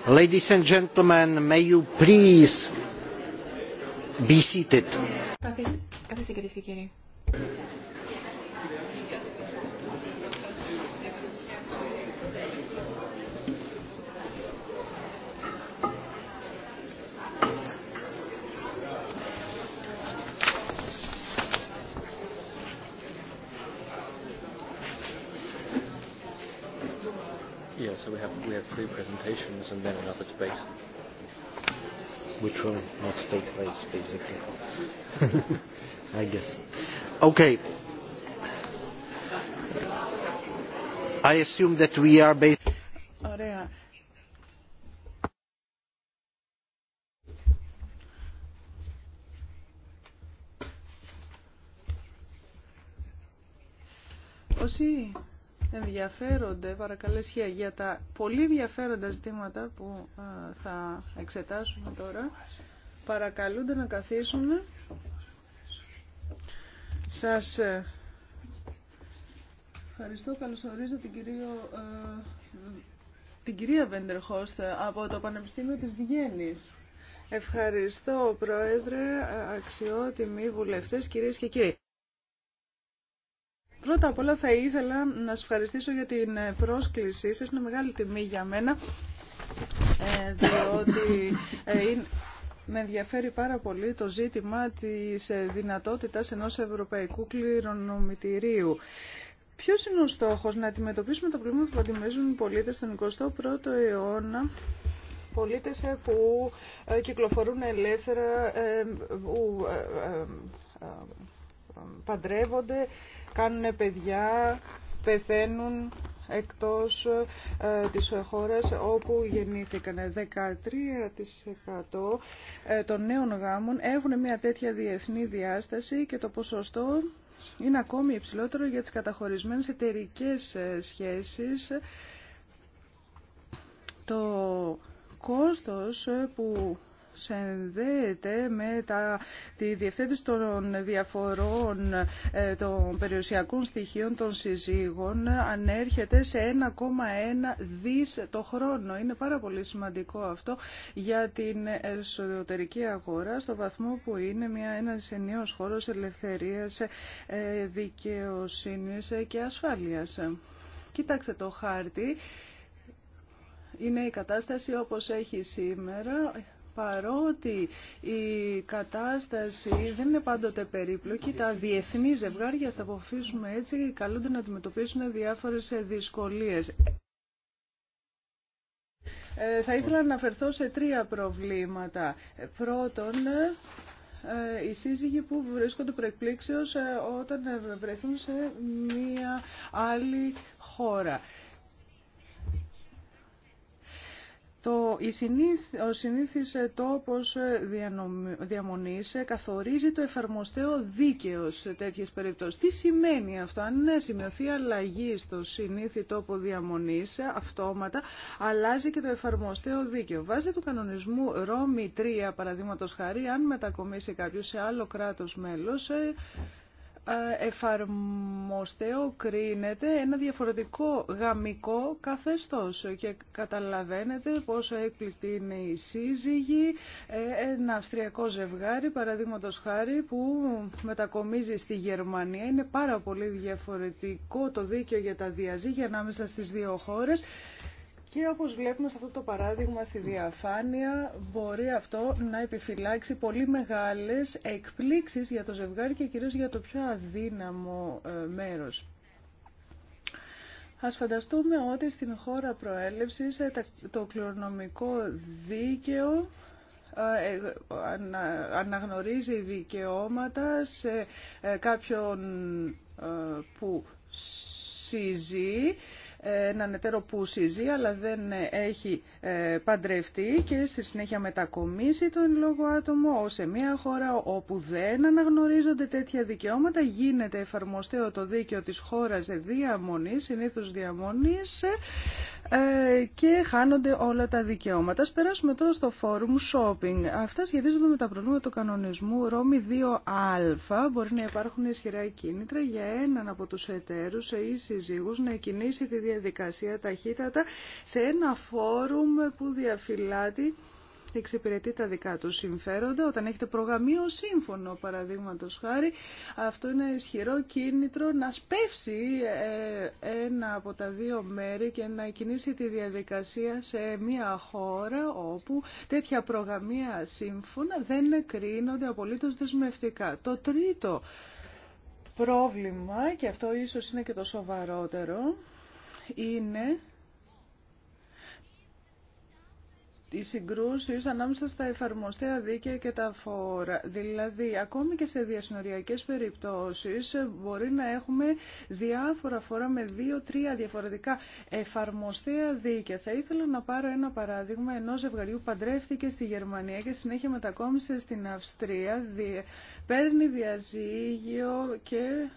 [SPEAKER 1] Ladies and gentlemen, may you please be seated. we have we have three presentations and then another debate, which will not take place basically. I guess. Okay. I assume that we are based.
[SPEAKER 3] see. Sí ενδιαφέρονται, παρακαλέσια, για τα πολύ ενδιαφέροντα ζητήματα που θα εξετάσουμε τώρα, παρακαλούνται να καθίσουν. Σας ε, ευχαριστώ. Καλωσορίζω την κυρία, ε, την κυρία Βέντερχόστ από το Πανεπιστήμιο της Βιέννης. Ευχαριστώ, Πρόεδρε, αξιότιμοι βουλευτές, κυρίες και κύριοι. Πρώτα απ' όλα θα ήθελα να σας ευχαριστήσω για την πρόσκλησή σας. Είναι μεγάλη τιμή για μένα, ε, διότι ε, με ενδιαφέρει πάρα πολύ το ζήτημα της ε, δυνατότητας ενός ευρωπαϊκού κληρονομητηρίου. Ποιος είναι ο στόχος να αντιμετωπίσουμε τα προβλήματα που αντιμετωπίζουν οι πολίτες στον 21ο αιώνα πολίτες που κυκλοφορούν ελεύθερα, παντρεύονται, κάνουν παιδιά, πεθαίνουν εκτός ε, της χώρας όπου γεννήθηκαν. 13% ε, των νέων γάμων έχουν μια τέτοια διεθνή διάσταση και το ποσοστό είναι ακόμη υψηλότερο για τις καταχωρισμένες εταιρικέ ε, σχέσεις. Το κόστος ε, που συνδέεται με τα, τη διευθέτηση των διαφορών ε, των περιουσιακών στοιχείων των συζύγων ανέρχεται σε 1,1 δις το χρόνο. Είναι πάρα πολύ σημαντικό αυτό για την εσωτερική αγορά στο βαθμό που είναι μια, ένας ενιαίος χώρος ελευθερίας, ε, δικαιοσύνης και ασφάλειας. Κοιτάξτε το χάρτη. Είναι η κατάσταση όπως έχει σήμερα παρότι η κατάσταση δεν είναι πάντοτε περίπλοκη, τα διεθνή ζευγάρια, στα αποφύσουμε έτσι, καλούνται να αντιμετωπίσουν διάφορες δυσκολίες. Ε, θα ήθελα να αναφερθώ σε τρία προβλήματα. Πρώτον, ε, οι σύζυγοι που βρίσκονται προεκπλήξεως ε, όταν βρεθούν σε μία άλλη χώρα. Το, ο συνήθις τόπος διαμονής καθορίζει το εφαρμοστέο δίκαιο σε τέτοιες περιπτώσεις. Τι σημαίνει αυτό, αν ναι, σημειωθεί αλλαγή στο συνήθι τόπο διαμονής αυτόματα, αλλάζει και το εφαρμοστέο δίκαιο. Βάζει του κανονισμού Ρώμη 3, παραδείγματος χαρή, αν μετακομίσει κάποιος σε άλλο κράτος μέλος, ε, ο κρίνεται ένα διαφορετικό γαμικό καθεστώς και καταλαβαίνετε πόσο έκπληκτη είναι η σύζυγη, ε, ένα αυστριακό ζευγάρι παραδείγματο χάρη που μετακομίζει στη Γερμανία. Είναι πάρα πολύ διαφορετικό το δίκαιο για τα διαζύγια ανάμεσα στις δύο χώρες και όπως βλέπουμε σε αυτό το παράδειγμα στη διαφάνεια μπορεί αυτό να επιφυλάξει πολύ μεγάλες εκπλήξεις για το ζευγάρι και κυρίως για το πιο αδύναμο ε, μέρος. Ας φανταστούμε ότι στην χώρα προέλευσης ε, το κληρονομικό δίκαιο ε, αναγνωρίζει δικαιώματα σε κάποιον που συζεί έναν εταίρο που συζεί αλλά δεν έχει ε, παντρευτεί και στη συνέχεια μετακομίσει τον λόγο άτομο σε μια χώρα όπου δεν αναγνωρίζονται τέτοια δικαιώματα γίνεται εφαρμοστέο το δίκαιο της χώρας διαμονής, συνήθως διαμονής ε, ε, και χάνονται όλα τα δικαιώματα. Ας περάσουμε τώρα στο φόρουμ shopping. Αυτά σχετίζονται με τα προβλήματα του κανονισμού Ρώμη 2α. Μπορεί να υπάρχουν ισχυρά κίνητρα για έναν από τους εταίρους ή συζύγους να κινήσει τη διαδικασία ταχύτατα σε ένα φόρουμ που διαφυλάτει εξυπηρετεί τα δικά του συμφέροντα. Όταν έχετε προγαμίο σύμφωνο, παραδείγματο χάρη, αυτό είναι ισχυρό κίνητρο να σπεύσει ε, ένα από τα δύο μέρη και να κινήσει τη διαδικασία σε μια χώρα όπου τέτοια προγαμία σύμφωνα δεν κρίνονται απολύτως δεσμευτικά. Το τρίτο πρόβλημα, και αυτό ίσως είναι και το σοβαρότερο, είναι οι συγκρούσεις ανάμεσα στα εφαρμοστέα δίκαια και τα φόρα. Δηλαδή, ακόμη και σε διασυνοριακές περιπτώσεις ε, μπορεί να έχουμε διάφορα φορά με δύο-τρία διαφορετικά εφαρμοστέα δίκαια. Θα ήθελα να πάρω ένα παράδειγμα ενός ζευγαριού παντρεύτηκε στη Γερμανία και συνέχεια μετακόμισε στην Αυστρία, παίρνει διαζύγιο και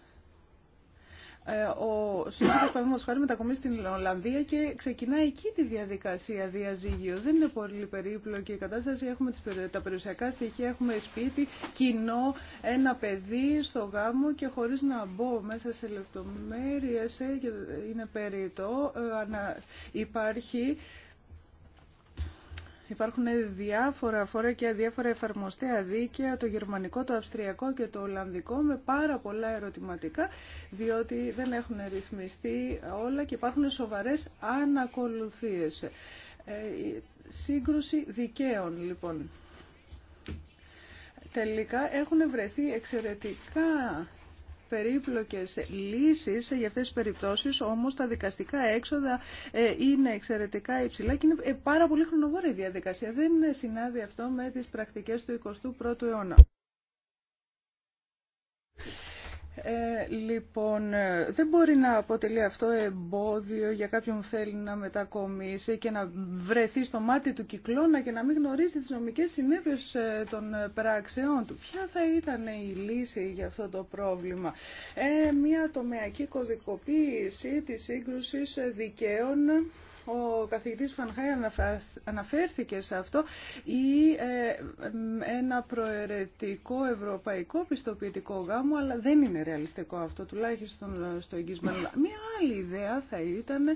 [SPEAKER 3] ε, ο σύζυγος παραδείγματος χάρη μετακομίζει στην Ολλανδία και ξεκινάει εκεί τη διαδικασία διαζύγιο. Δεν είναι πολύ περίπλοκη η κατάσταση. Έχουμε τις, τα περιουσιακά στοιχεία, έχουμε σπίτι, κοινό, ένα παιδί στο γάμο και χωρίς να μπω μέσα σε λεπτομέρειες, ε, είναι περίτω, ε, υπάρχει Υπάρχουν διάφορα φορά και διάφορα εφαρμοστέα δίκαια, το γερμανικό, το αυστριακό και το ολλανδικό, με πάρα πολλά ερωτηματικά, διότι δεν έχουν ρυθμιστεί όλα και υπάρχουν σοβαρές ανακολουθίες. Ε, σύγκρουση δικαίων, λοιπόν. Τελικά έχουν βρεθεί εξαιρετικά περίπλοκες λύσεις για αυτές τις περιπτώσεις, όμως τα δικαστικά έξοδα ε, είναι εξαιρετικά υψηλά και είναι ε, πάρα πολύ χρονοβόρη η διαδικασία. Δεν συνάδει αυτό με τις πρακτικές του 21ου αιώνα. Ε, λοιπόν, ε, δεν μπορεί να αποτελεί αυτό εμπόδιο για κάποιον που θέλει να μετακομίσει και να βρεθεί στο μάτι του κυκλώνα και να μην γνωρίζει τις νομικές συνέπειες ε, των πράξεών του. Ποια θα ήταν η λύση για αυτό το πρόβλημα. Ε, μια τομεακή κωδικοποίηση της σύγκρουσης δικαίων ο καθηγητής Φανχάη αναφέρθηκε σε αυτό, ή ε, ένα προαιρετικό ευρωπαϊκό πιστοποιητικό γάμο, αλλά δεν είναι ρεαλιστικό αυτό, τουλάχιστον ε, στο εγγύσμα. Μία άλλη ιδέα θα ήταν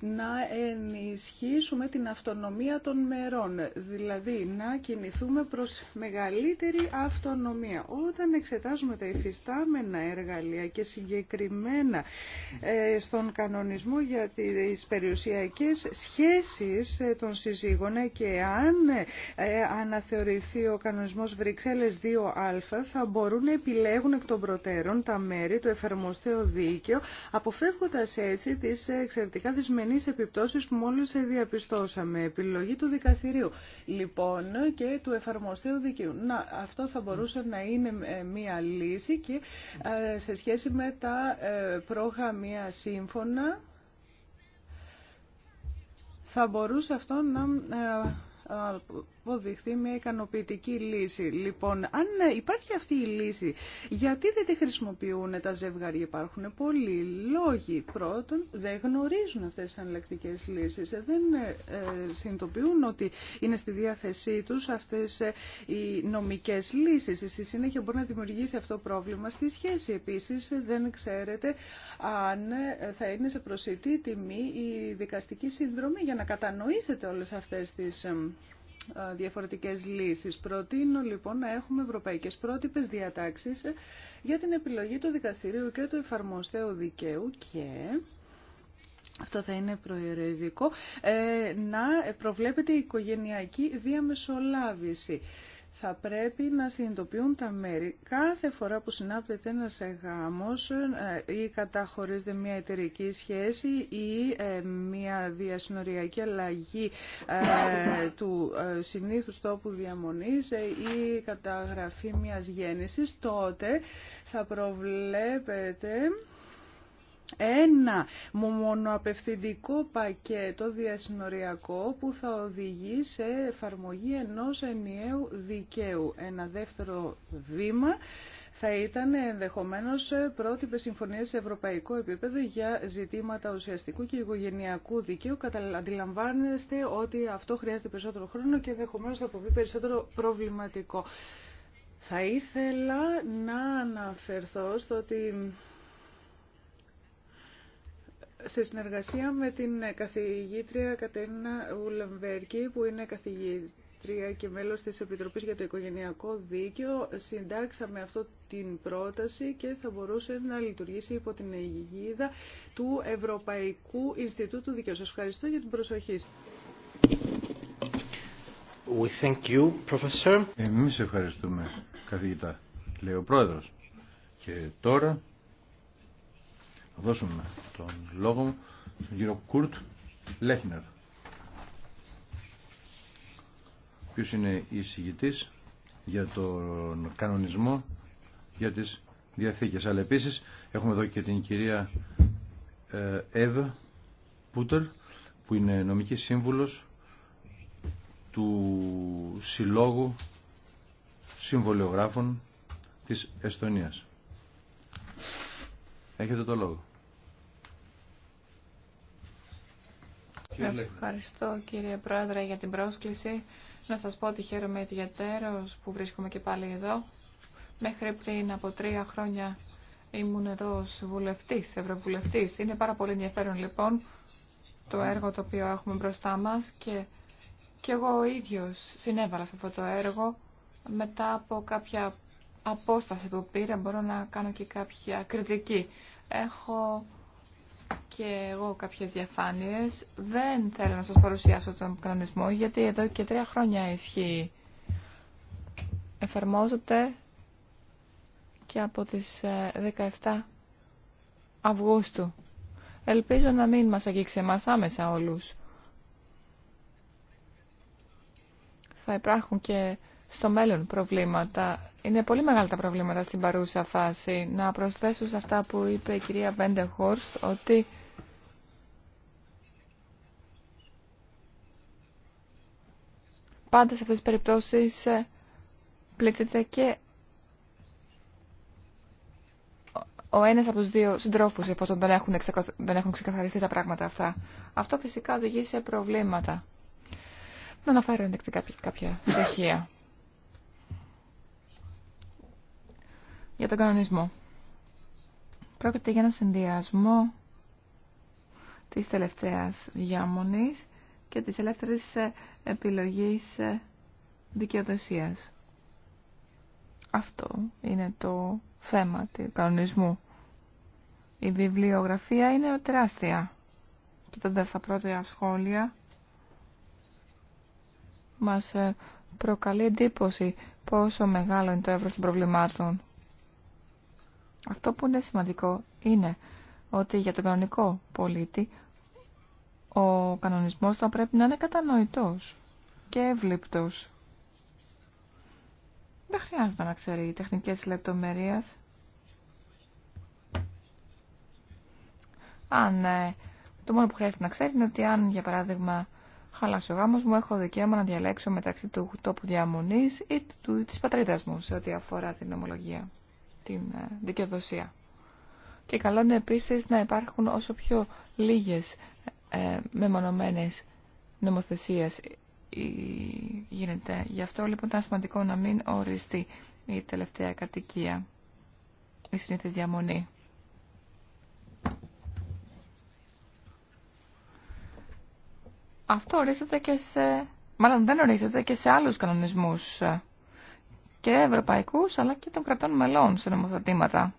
[SPEAKER 3] να ενισχύσουμε την αυτονομία των μερών, δηλαδή να κινηθούμε προς μεγαλύτερη αυτονομία. Όταν εξετάζουμε τα υφιστάμενα εργαλεία και συγκεκριμένα ε, στον κανονισμό για τις περιουσιακές σχέσεις ε, των συζύγων ε, και αν αναθεωρηθεί ο κανονισμός Βρυξέλλες 2α θα μπορούν να επιλέγουν εκ των προτέρων τα μέρη, το εφαρμοστέο δίκαιο, αποφεύγοντας έτσι τις εξαιρετικά δυσμενικές ασθενείς επιπτώσεις που μόλις διαπιστώσαμε. Επιλογή του δικαστηρίου λοιπόν και του εφαρμοστείου δικαίου. Να, αυτό θα μπορούσε να είναι ε, μία λύση και ε, σε σχέση με τα ε, πρόγραμμια σύμφωνα θα μπορούσε αυτό να αποδειχθεί μια ικανοποιητική λύση. Λοιπόν, αν υπάρχει αυτή η λύση, γιατί δεν τη χρησιμοποιούν τα ζευγάρια. Υπάρχουν πολλοί λόγοι. Πρώτον, δεν γνωρίζουν αυτέ τι ανελεκτικέ λύσει. Δεν ε, ε, συνειδητοποιούν ότι είναι στη διάθεσή τους αυτές ε, οι νομικέ λύσει. Στη συνέχεια μπορεί να δημιουργήσει αυτό πρόβλημα στη σχέση. Επίση, δεν ξέρετε αν θα είναι σε προσιτή τιμή η δικαστική συνδρομή για να κατανοήσετε όλες αυτές τις διαφορετικές λύσεις. Προτείνω λοιπόν να έχουμε ευρωπαϊκές πρότυπες διατάξεις ε, για την επιλογή του δικαστηρίου και του εφαρμοστέου δικαίου και... Αυτό θα είναι προαιρετικό. Ε, να προβλέπεται η οικογενειακή διαμεσολάβηση θα πρέπει να συνειδητοποιούν τα μέρη κάθε φορά που συνάπτεται ένας γάμος ε, ή καταχωρίζεται μια εταιρική σχέση ή ε, μια διασυνοριακή αλλαγή ε, του συνήθου τόπου διαμονής ή καταγραφή μιας γέννηση, τότε θα προβλέπετε ένα μονοαπευθυντικό πακέτο διασυνοριακό που θα οδηγεί σε εφαρμογή ενός ενιαίου δικαίου. Ένα δεύτερο βήμα θα ήταν ενδεχομένως πρότυπες συμφωνίες σε ευρωπαϊκό επίπεδο για ζητήματα ουσιαστικού και οικογενειακού δικαίου. Αντιλαμβάνεστε ότι αυτό χρειάζεται περισσότερο χρόνο και ενδεχομένως θα αποβεί περισσότερο προβληματικό. Θα ήθελα να αναφερθώ στο ότι σε συνεργασία με την καθηγήτρια Κατερίνα Ουλαμβέρκη, που είναι καθηγήτρια και μέλος της Επιτροπής για το Οικογενειακό Δίκαιο, συντάξαμε αυτό την πρόταση και θα μπορούσε να λειτουργήσει υπό την αιγίδα του Ευρωπαϊκού Ινστιτούτου Δικαίου. Σας ευχαριστώ για την προσοχή
[SPEAKER 1] We thank you,
[SPEAKER 2] Professor. Εμείς ευχαριστούμε, καθηγητά, λέει Και τώρα δώσουμε τον λόγο στον κύριο Κουρτ Λέχνερ Ποιο είναι εισηγητής για τον κανονισμό για τις διαθήκες αλλά επίσης έχουμε εδώ και την κυρία ε, Εύ Πούτερ που είναι νομική σύμβουλος του Συλλόγου Συμβολιογράφων της Εστονίας. Έχετε το λόγο.
[SPEAKER 4] Ευχαριστώ κύριε Πρόεδρε για την πρόσκληση. Να σας πω ότι χαίρομαι ιδιαίτερος που βρίσκομαι και πάλι εδώ. Μέχρι πριν από τρία χρόνια ήμουν εδώ ως βουλευτής, ευρωβουλευτής. Είναι πάρα πολύ ενδιαφέρον λοιπόν το έργο το οποίο έχουμε μπροστά μας και, και εγώ ο ίδιος συνέβαλα σε αυτό το έργο. Μετά από κάποια απόσταση που πήρα μπορώ να κάνω και κάποια κριτική. Έχω και εγώ κάποιες διαφάνειες. Δεν θέλω να σας παρουσιάσω τον κανονισμό, γιατί εδώ και τρία χρόνια ισχύει. Εφαρμόζεται και από τις 17 ε, Αυγούστου. Ελπίζω να μην μας αγγίξει εμάς άμεσα όλους. Θα υπάρχουν και στο μέλλον προβλήματα. Είναι πολύ μεγάλα τα προβλήματα στην παρούσα φάση. Να προσθέσω σε αυτά που είπε η κυρία Βέντε Χόρστ ότι πάντα σε αυτές τις περιπτώσεις ε, πλήττεται και ο ένας από τους δύο συντρόφους εφόσον δεν έχουν, δεν έχουν ξεκαθαριστεί τα πράγματα αυτά. Αυτό φυσικά οδηγεί σε προβλήματα. Να αναφέρω ενδεικτικά κάποια στοιχεία. για τον κανονισμό. Πρόκειται για ένα συνδυασμό της τελευταίας διάμονης και της ελεύθερης ε, επιλογής ε, δικαιοδοσίας. Αυτό είναι το θέμα του κανονισμού. Η βιβλιογραφία είναι τεράστια. τότε τα πρώτα σχόλια, μας ε, προκαλεί εντύπωση πόσο μεγάλο είναι το εύρος των προβλημάτων. Αυτό που είναι σημαντικό είναι ότι για τον κανονικό πολίτη ο κανονισμός θα πρέπει να είναι κατανοητός και εύληπτος. Δεν χρειάζεται να ξέρει οι τεχνικές λεπτομέρειες. Αν ε, το μόνο που χρειάζεται να ξέρει είναι ότι αν για παράδειγμα χαλάσει ο γάμος μου έχω δικαίωμα να διαλέξω μεταξύ του τόπου διαμονής ή του, της πατρίδας μου σε ό,τι αφορά την ομολογία την ε, δικαιοδοσία. Και καλό είναι επίσης να υπάρχουν όσο πιο λίγες ε, μεμονωμένες νομοθεσίες γίνεται. Γι' αυτό λοιπόν ήταν σημαντικό να μην οριστεί η τελευταία κατοικία, η συνήθις διαμονή. Αυτό ορίζεται και σε... Μάλλον δεν ορίζεται και σε άλλους κανονισμούς και ευρωπαϊκούς αλλά και των κρατών μελών σε νομοθετήματα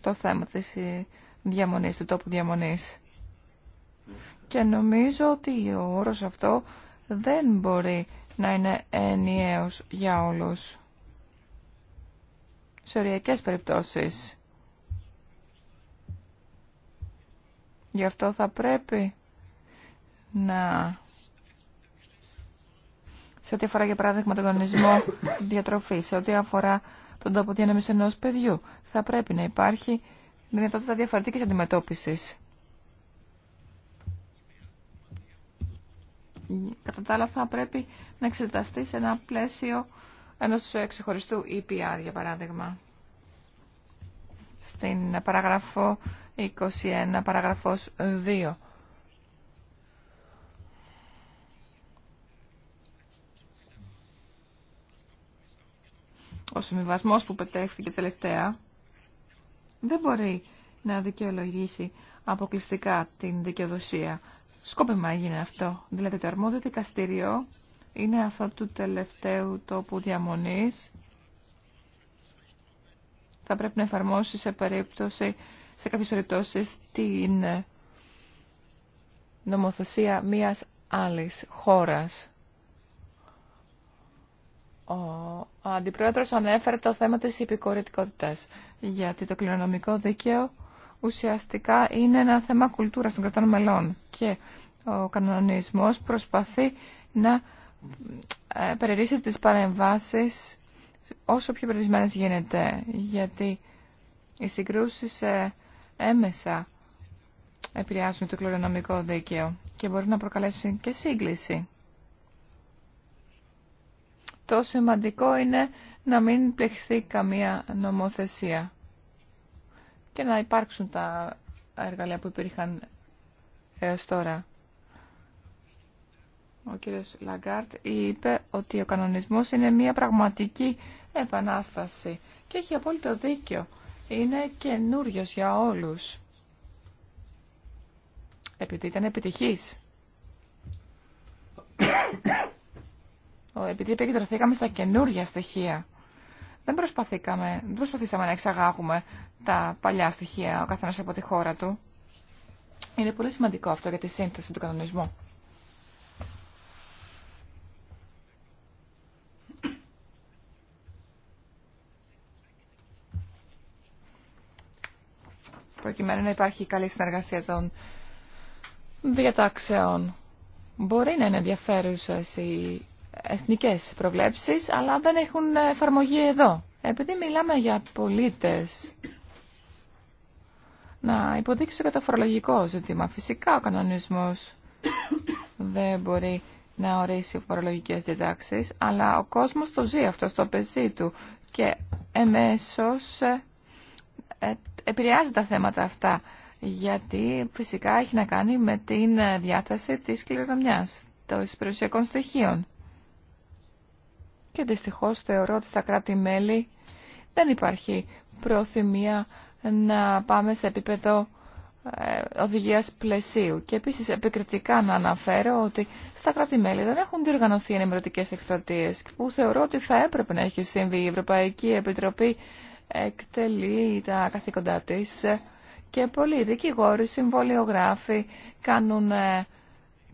[SPEAKER 4] το θέμα της ε, διαμονής, του τόπου διαμονής. Και νομίζω ότι ο όρος αυτό δεν μπορεί να είναι ενιαίος για όλους. Σε οριακές περιπτώσεις. Γι' αυτό θα πρέπει να σε ό,τι αφορά για παράδειγμα τον κανονισμό διατροφή, σε ό,τι αφορά τον τόπο διανομής ενό παιδιού. Θα πρέπει να υπάρχει δυνατότητα διαφορετική αντιμετώπιση. Κατά τα άλλα θα πρέπει να εξεταστεί σε ένα πλαίσιο ενός ξεχωριστού EPR, για παράδειγμα. Στην παράγραφο 21, παράγραφος 2 ο συμβιβασμό που πετέχθηκε τελευταία δεν μπορεί να δικαιολογήσει αποκλειστικά την δικαιοδοσία. Σκόπιμα έγινε αυτό. Δηλαδή το αρμόδιο δικαστήριο είναι αυτό του τελευταίου τόπου διαμονής. Θα πρέπει να εφαρμόσει σε, περίπτωση, σε κάποιες περιπτώσεις την νομοθεσία μιας άλλης χώρας. Ο Αντιπρόεδρος ανέφερε το θέμα της υπηκορητικότητας, γιατί το κληρονομικό δίκαιο ουσιαστικά είναι ένα θέμα κουλτούρας των κρατών μελών και ο κανονισμός προσπαθεί να ε, περιορίσει τις παρεμβάσεις όσο πιο περισμένες γίνεται, γιατί οι συγκρούσεις ε, έμεσα επηρεάζουν το κληρονομικό δίκαιο και μπορεί να προκαλέσουν και σύγκληση το σημαντικό είναι να μην πληχθεί καμία νομοθεσία και να υπάρξουν τα εργαλεία που υπήρχαν έως τώρα. Ο κύριος Λαγκάρτ είπε ότι ο κανονισμός είναι μια πραγματική επανάσταση και έχει απόλυτο δίκιο. Είναι καινούριο για όλους. Επειδή ήταν επιτυχής επειδή επικεντρωθήκαμε στα καινούργια στοιχεία. Δεν, προσπαθήκαμε, δεν προσπαθήσαμε να εξαγάγουμε τα παλιά στοιχεία ο καθένας από τη χώρα του. Είναι πολύ σημαντικό αυτό για τη σύνθεση του κανονισμού. προκειμένου να υπάρχει καλή συνεργασία των διατάξεων. Μπορεί να είναι ενδιαφέρουσε οι εθνικές προβλέψεις, αλλά δεν έχουν εφαρμογή εδώ. Επειδή μιλάμε για πολίτες, να υποδείξω και το φορολογικό ζήτημα. Φυσικά ο κανονισμός δεν μπορεί να ορίσει φορολογικές διατάξεις, αλλά ο κόσμος το ζει αυτό στο πεζί του και εμέσως ε, ε, επηρεάζει τα θέματα αυτά, γιατί φυσικά έχει να κάνει με την ε, διάθεση της κληρονομιάς, των περιουσιακών στοιχείων και δυστυχώς θεωρώ ότι στα κράτη-μέλη δεν υπάρχει προθυμία να πάμε σε επίπεδο ε, οδηγίας πλαισίου. Και επίσης επικριτικά να αναφέρω ότι στα κράτη-μέλη δεν έχουν διοργανωθεί ενημερωτικές εκστρατείες που θεωρώ ότι θα έπρεπε να έχει συμβεί. Η Ευρωπαϊκή Επιτροπή εκτελεί τα καθήκοντά της και πολλοί δικηγόροι, συμβολιογράφοι κάνουν ε,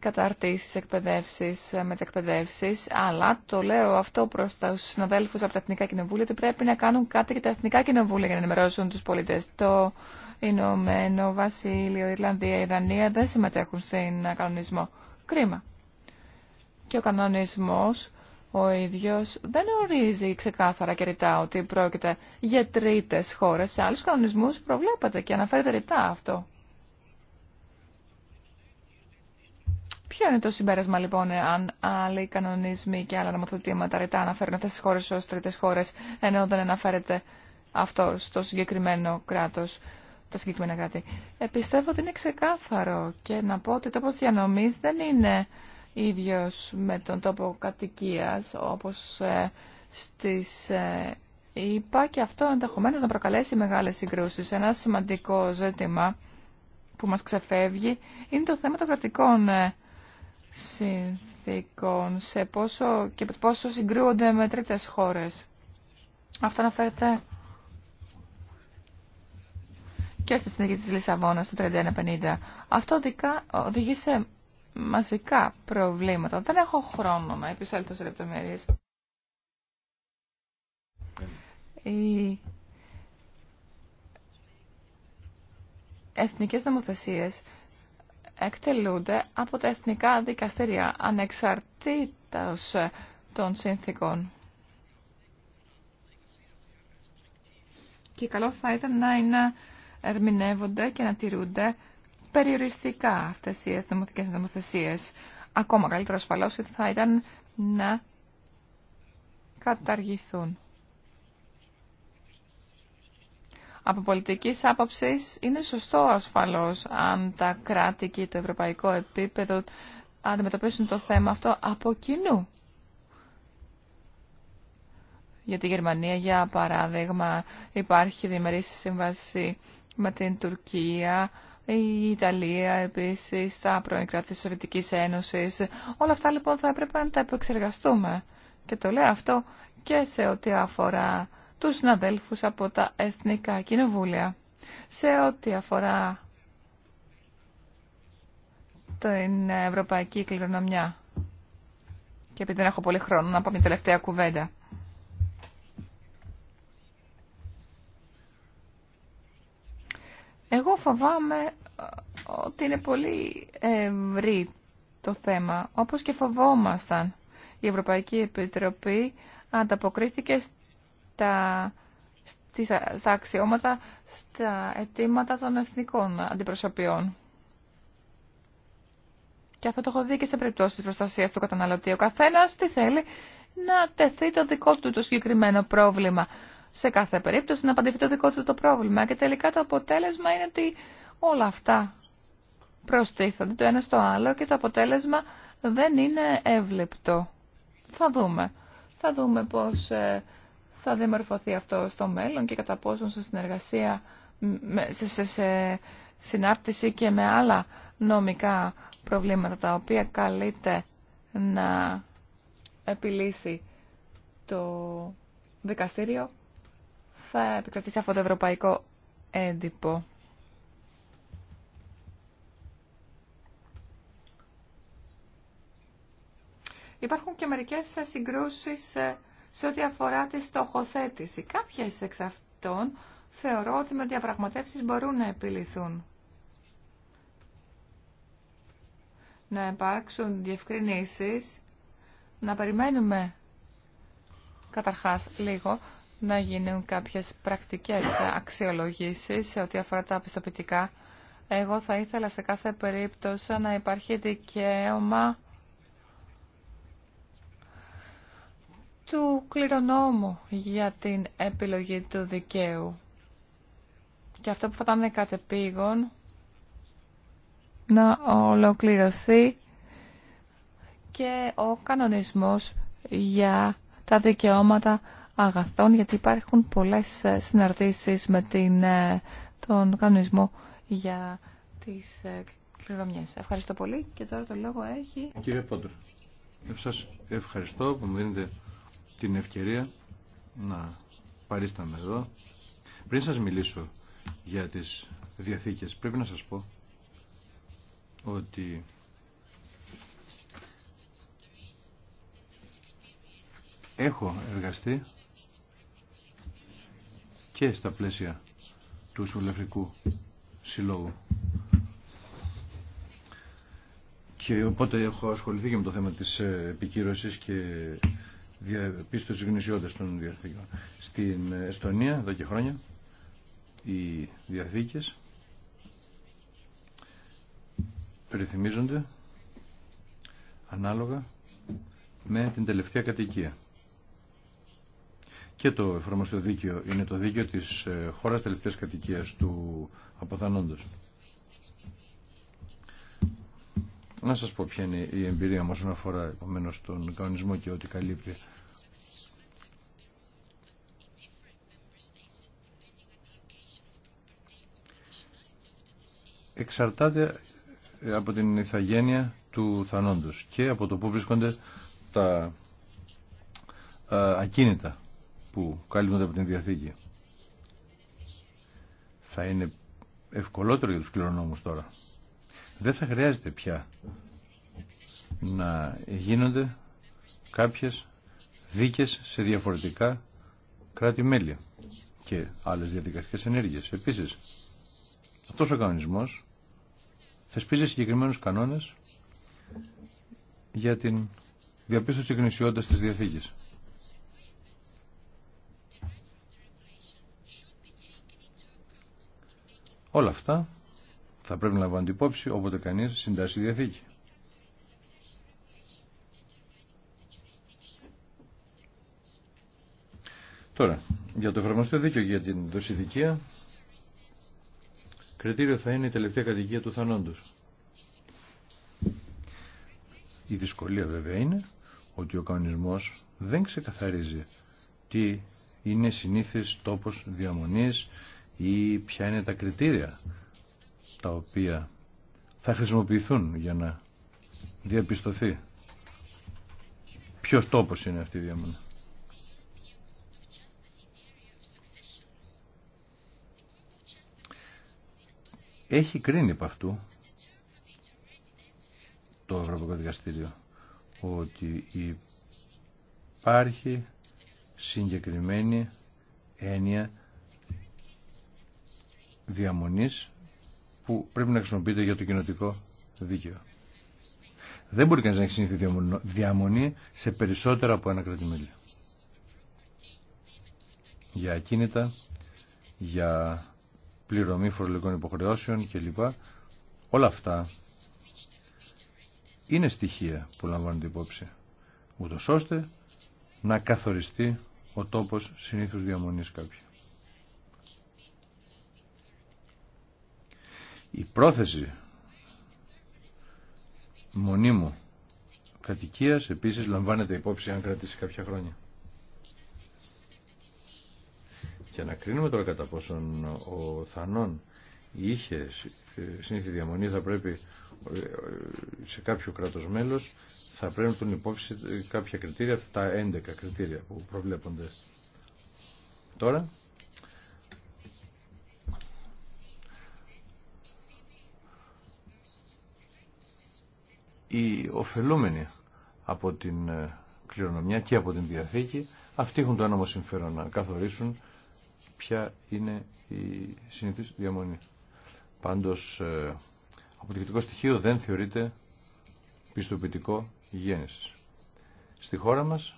[SPEAKER 4] καταρτήσεις, εκπαιδεύσεις, ε, μετεκπαιδεύσεις, αλλά το λέω αυτό προς τους συναδέλφους από τα Εθνικά Κοινοβούλια ότι πρέπει να κάνουν κάτι και τα Εθνικά Κοινοβούλια για να ενημερώσουν τους πολίτες. Το Ηνωμένο Βασίλειο, η Ιρλανδία, η Δανία δεν συμμετέχουν στην ε, κανονισμό. Κρίμα. Και ο κανονισμός ο ίδιος δεν ορίζει ξεκάθαρα και ρητά ότι πρόκειται για τρίτες χώρες. Σε άλλους κανονισμούς προβλέπεται και αναφέρεται ρητά αυτό. Ποιο είναι το συμπέρασμα λοιπόν αν άλλοι κανονισμοί και άλλα νομοθετήματα ρητά αναφέρουν αυτέ τι χώρε ω τρίτε χώρε ενώ δεν αναφέρεται αυτό στο συγκεκριμένο κράτο, τα συγκεκριμένα κράτη. Ε, πιστεύω ότι είναι ξεκάθαρο και να πω ότι ο τόπο δεν είναι ίδιο με τον τόπο κατοικία, όπω ε, στις ε, είπα και αυτό ενδεχομένω να προκαλέσει μεγάλε συγκρούσει. Ένα σημαντικό ζήτημα που μας ξεφεύγει είναι το θέμα των κρατικών ε, συνθήκων, σε πόσο και πόσο συγκρούονται με τρίτες χώρες. Αυτό αναφέρεται και στη συνθήκη της Λισαβόνας του 3150. Αυτό οδηγεί σε μαζικά προβλήματα. Δεν έχω χρόνο να επισέλθω σε λεπτομέρειες. Οι εθνικές νομοθεσίες εκτελούνται από τα εθνικά δικαστήρια ανεξαρτήτως των συνθήκων. Και καλό θα ήταν να είναι ερμηνεύονται και να τηρούνται περιοριστικά αυτές οι εθνομοθετικές νομοθεσίες. Ακόμα καλύτερο ασφαλώς ότι θα ήταν να καταργηθούν. Από πολιτική άποψη είναι σωστό ασφαλώ αν τα κράτη και το ευρωπαϊκό επίπεδο αντιμετωπίσουν το θέμα αυτό από κοινού. Για τη Γερμανία, για παράδειγμα, υπάρχει διμερή σύμβαση με την Τουρκία, η Ιταλία επίση, τα πρώην κράτη της Σοβιτικής Ένωσης. Όλα αυτά λοιπόν θα έπρεπε να τα επεξεργαστούμε. Και το λέω αυτό και σε ό,τι αφορά τους συναδέλφους από τα Εθνικά Κοινοβούλια σε ό,τι αφορά την Ευρωπαϊκή Κληρονομιά. Και επειδή δεν έχω πολύ χρόνο να πω μια τελευταία κουβέντα. Εγώ φοβάμαι ε, ότι είναι πολύ ευρύ το θέμα, όπως και φοβόμασταν. Η Ευρωπαϊκή Επιτροπή ανταποκρίθηκε τα, στα αξιώματα, στα αιτήματα των εθνικών αντιπροσωπιών. Και αυτό το έχω δει και σε τη προστασία του καταναλωτή. Ο καθένα τι θέλει να τεθεί το δικό του το συγκεκριμένο πρόβλημα. Σε κάθε περίπτωση να απαντηθεί το δικό του το πρόβλημα. Και τελικά το αποτέλεσμα είναι ότι όλα αυτά προστίθονται το ένα στο άλλο και το αποτέλεσμα δεν είναι εύληπτο. Θα δούμε. Θα δούμε πώς ε, θα δημορφωθεί αυτό στο μέλλον και κατά πόσον σε συνεργασία, σε, σε, συνάρτηση και με άλλα νομικά προβλήματα τα οποία καλείται να επιλύσει το δικαστήριο θα επικρατήσει αυτό το ευρωπαϊκό έντυπο. Υπάρχουν και μερικές συγκρούσεις ε, σε ό,τι αφορά τη στοχοθέτηση. Κάποιες εξ αυτών θεωρώ ότι με διαπραγματεύσεις μπορούν να επιληθούν. Να υπάρξουν διευκρινήσεις, να περιμένουμε καταρχάς λίγο να γίνουν κάποιες πρακτικές αξιολογήσεις σε ό,τι αφορά τα πιστοποιητικά. Εγώ θα ήθελα σε κάθε περίπτωση να υπάρχει δικαίωμα του κληρονόμου για την επιλογή του δικαίου. Και αυτό που θα ήταν κατεπήγον να ολοκληρωθεί και ο κανονισμός για τα δικαιώματα αγαθών, γιατί υπάρχουν πολλές ε, συναρτήσεις με την, ε, τον κανονισμό για τις ε, κληρονομιές. Ευχαριστώ πολύ και τώρα το λόγο έχει...
[SPEAKER 2] Κύριε Πόντρο, σας ευχαριστώ που μου την ευκαιρία να παρίσταμε εδώ. Πριν σας μιλήσω για τις διαθήκες, πρέπει να σας πω ότι έχω εργαστεί και στα πλαίσια του Σουλευρικού Συλλόγου. Και οπότε έχω ασχοληθεί και με το θέμα της ε, επικύρωσης και πίστος γνησιότητας των διαθήκων. Στην Εστονία, εδώ και χρόνια, οι διαθήκες περιθυμίζονται ανάλογα με την τελευταία κατοικία. Και το εφαρμοστείο δίκαιο είναι το δίκαιο της ε, χώρας τελευταίας κατοικίας του αποθανόντος. Να σας πω ποια είναι η εμπειρία μας όσον αφορά επομένως τον κανονισμό και ό,τι καλύπτει εξαρτάται ε, από την ηθαγένεια του θανόντος και από το που βρίσκονται τα ε, ακίνητα που καλύπτονται από την Διαθήκη. Θα είναι ευκολότερο για τους κληρονόμους τώρα. Δεν θα χρειάζεται πια να γίνονται κάποιες δίκες σε διαφορετικά κράτη-μέλη και άλλες διαδικαστικές ενέργειες. Επίσης, αυτός ο κανονισμός θεσπίζει συγκεκριμένου κανόνες για την διαπίστωση γνησιότητα τη διαθήκη. Όλα αυτά θα πρέπει να λαμβάνουν υπόψη όποτε κανείς συντάσσει Διαθήκη. Τώρα, για το εφαρμοστείο δίκαιο για την δοσηδικία κριτήριο θα είναι η τελευταία κατοικία του θανόντος. Η δυσκολία βέβαια είναι ότι ο κανονισμός δεν ξεκαθαρίζει τι είναι συνήθις τόπος διαμονής ή ποια είναι τα κριτήρια τα οποία θα χρησιμοποιηθούν για να διαπιστωθεί ποιος τόπος είναι αυτή η διαμονή. έχει κρίνει από αυτού το Ευρωπαϊκό Δικαστήριο ότι υπάρχει συγκεκριμένη έννοια διαμονής που πρέπει να χρησιμοποιείται για το κοινοτικό δίκαιο. Δεν μπορεί κανείς να έχει συνήθει διαμονή σε περισσότερα από ένα κρατημέλιο. Για ακίνητα, για πληρωμή φορολογικών υποχρεώσεων κλπ. Όλα αυτά είναι στοιχεία που λαμβάνονται υπόψη, ούτω ώστε να καθοριστεί ο τόπος συνήθους διαμονής κάποιου. Η πρόθεση μονίμου κατοικίας επίσης λαμβάνεται υπόψη αν κρατήσει κάποια χρόνια. Και να κρίνουμε τώρα κατά πόσον ο Θανόν είχε σύνθη ε, διαμονή θα πρέπει ε, ε, σε κάποιο κράτος μέλος θα πρέπει να τον υπόψη κάποια κριτήρια, τα 11 κριτήρια που προβλέπονται. Τώρα οι ωφελούμενοι από την κληρονομιά και από την Διαθήκη αυτοί έχουν το άνομο συμφέρον να καθορίσουν ποια είναι η συνηθής διαμονή. Πάντως, ε, αποδεικτικό στοιχείο δεν θεωρείται πιστοποιητικό γέννησης. Στη χώρα μας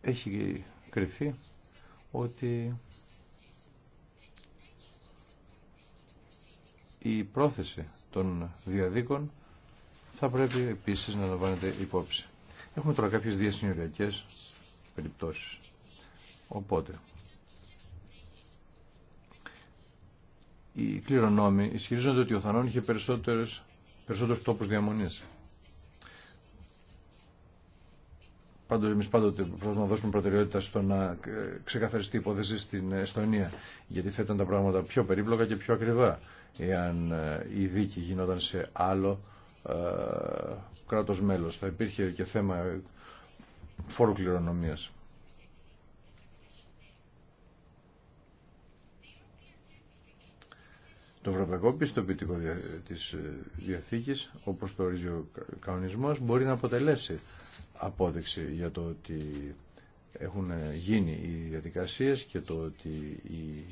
[SPEAKER 2] έχει κρυφεί ότι η πρόθεση των διαδίκων θα πρέπει επίσης να λαμβάνεται υπόψη. Έχουμε τώρα κάποιες διασυνοριακές περιπτώσεις. Οπότε, οι κληρονόμοι ισχυρίζονται ότι ο Θανόν είχε περισσότερες, περισσότερους τόπους διαμονής. Πάντως, εμείς πάντοτε προσπαθούμε να δώσουμε προτεραιότητα στο να ε, ξεκαθαριστεί η υπόθεση στην Εστονία, γιατί θα ήταν τα πράγματα πιο περίπλοκα και πιο ακριβά, εάν ε, η δίκη γινόταν σε άλλο ε, κράτος μέλος. Θα υπήρχε και θέμα φόρου κληρονομίας. Το ευρωπαϊκό πιστοποιητικό της ε, Διαθήκης, όπως το ορίζει ο κανονισμός, μπορεί να αποτελέσει απόδειξη για το ότι έχουν ε, γίνει οι διαδικασίες και το ότι οι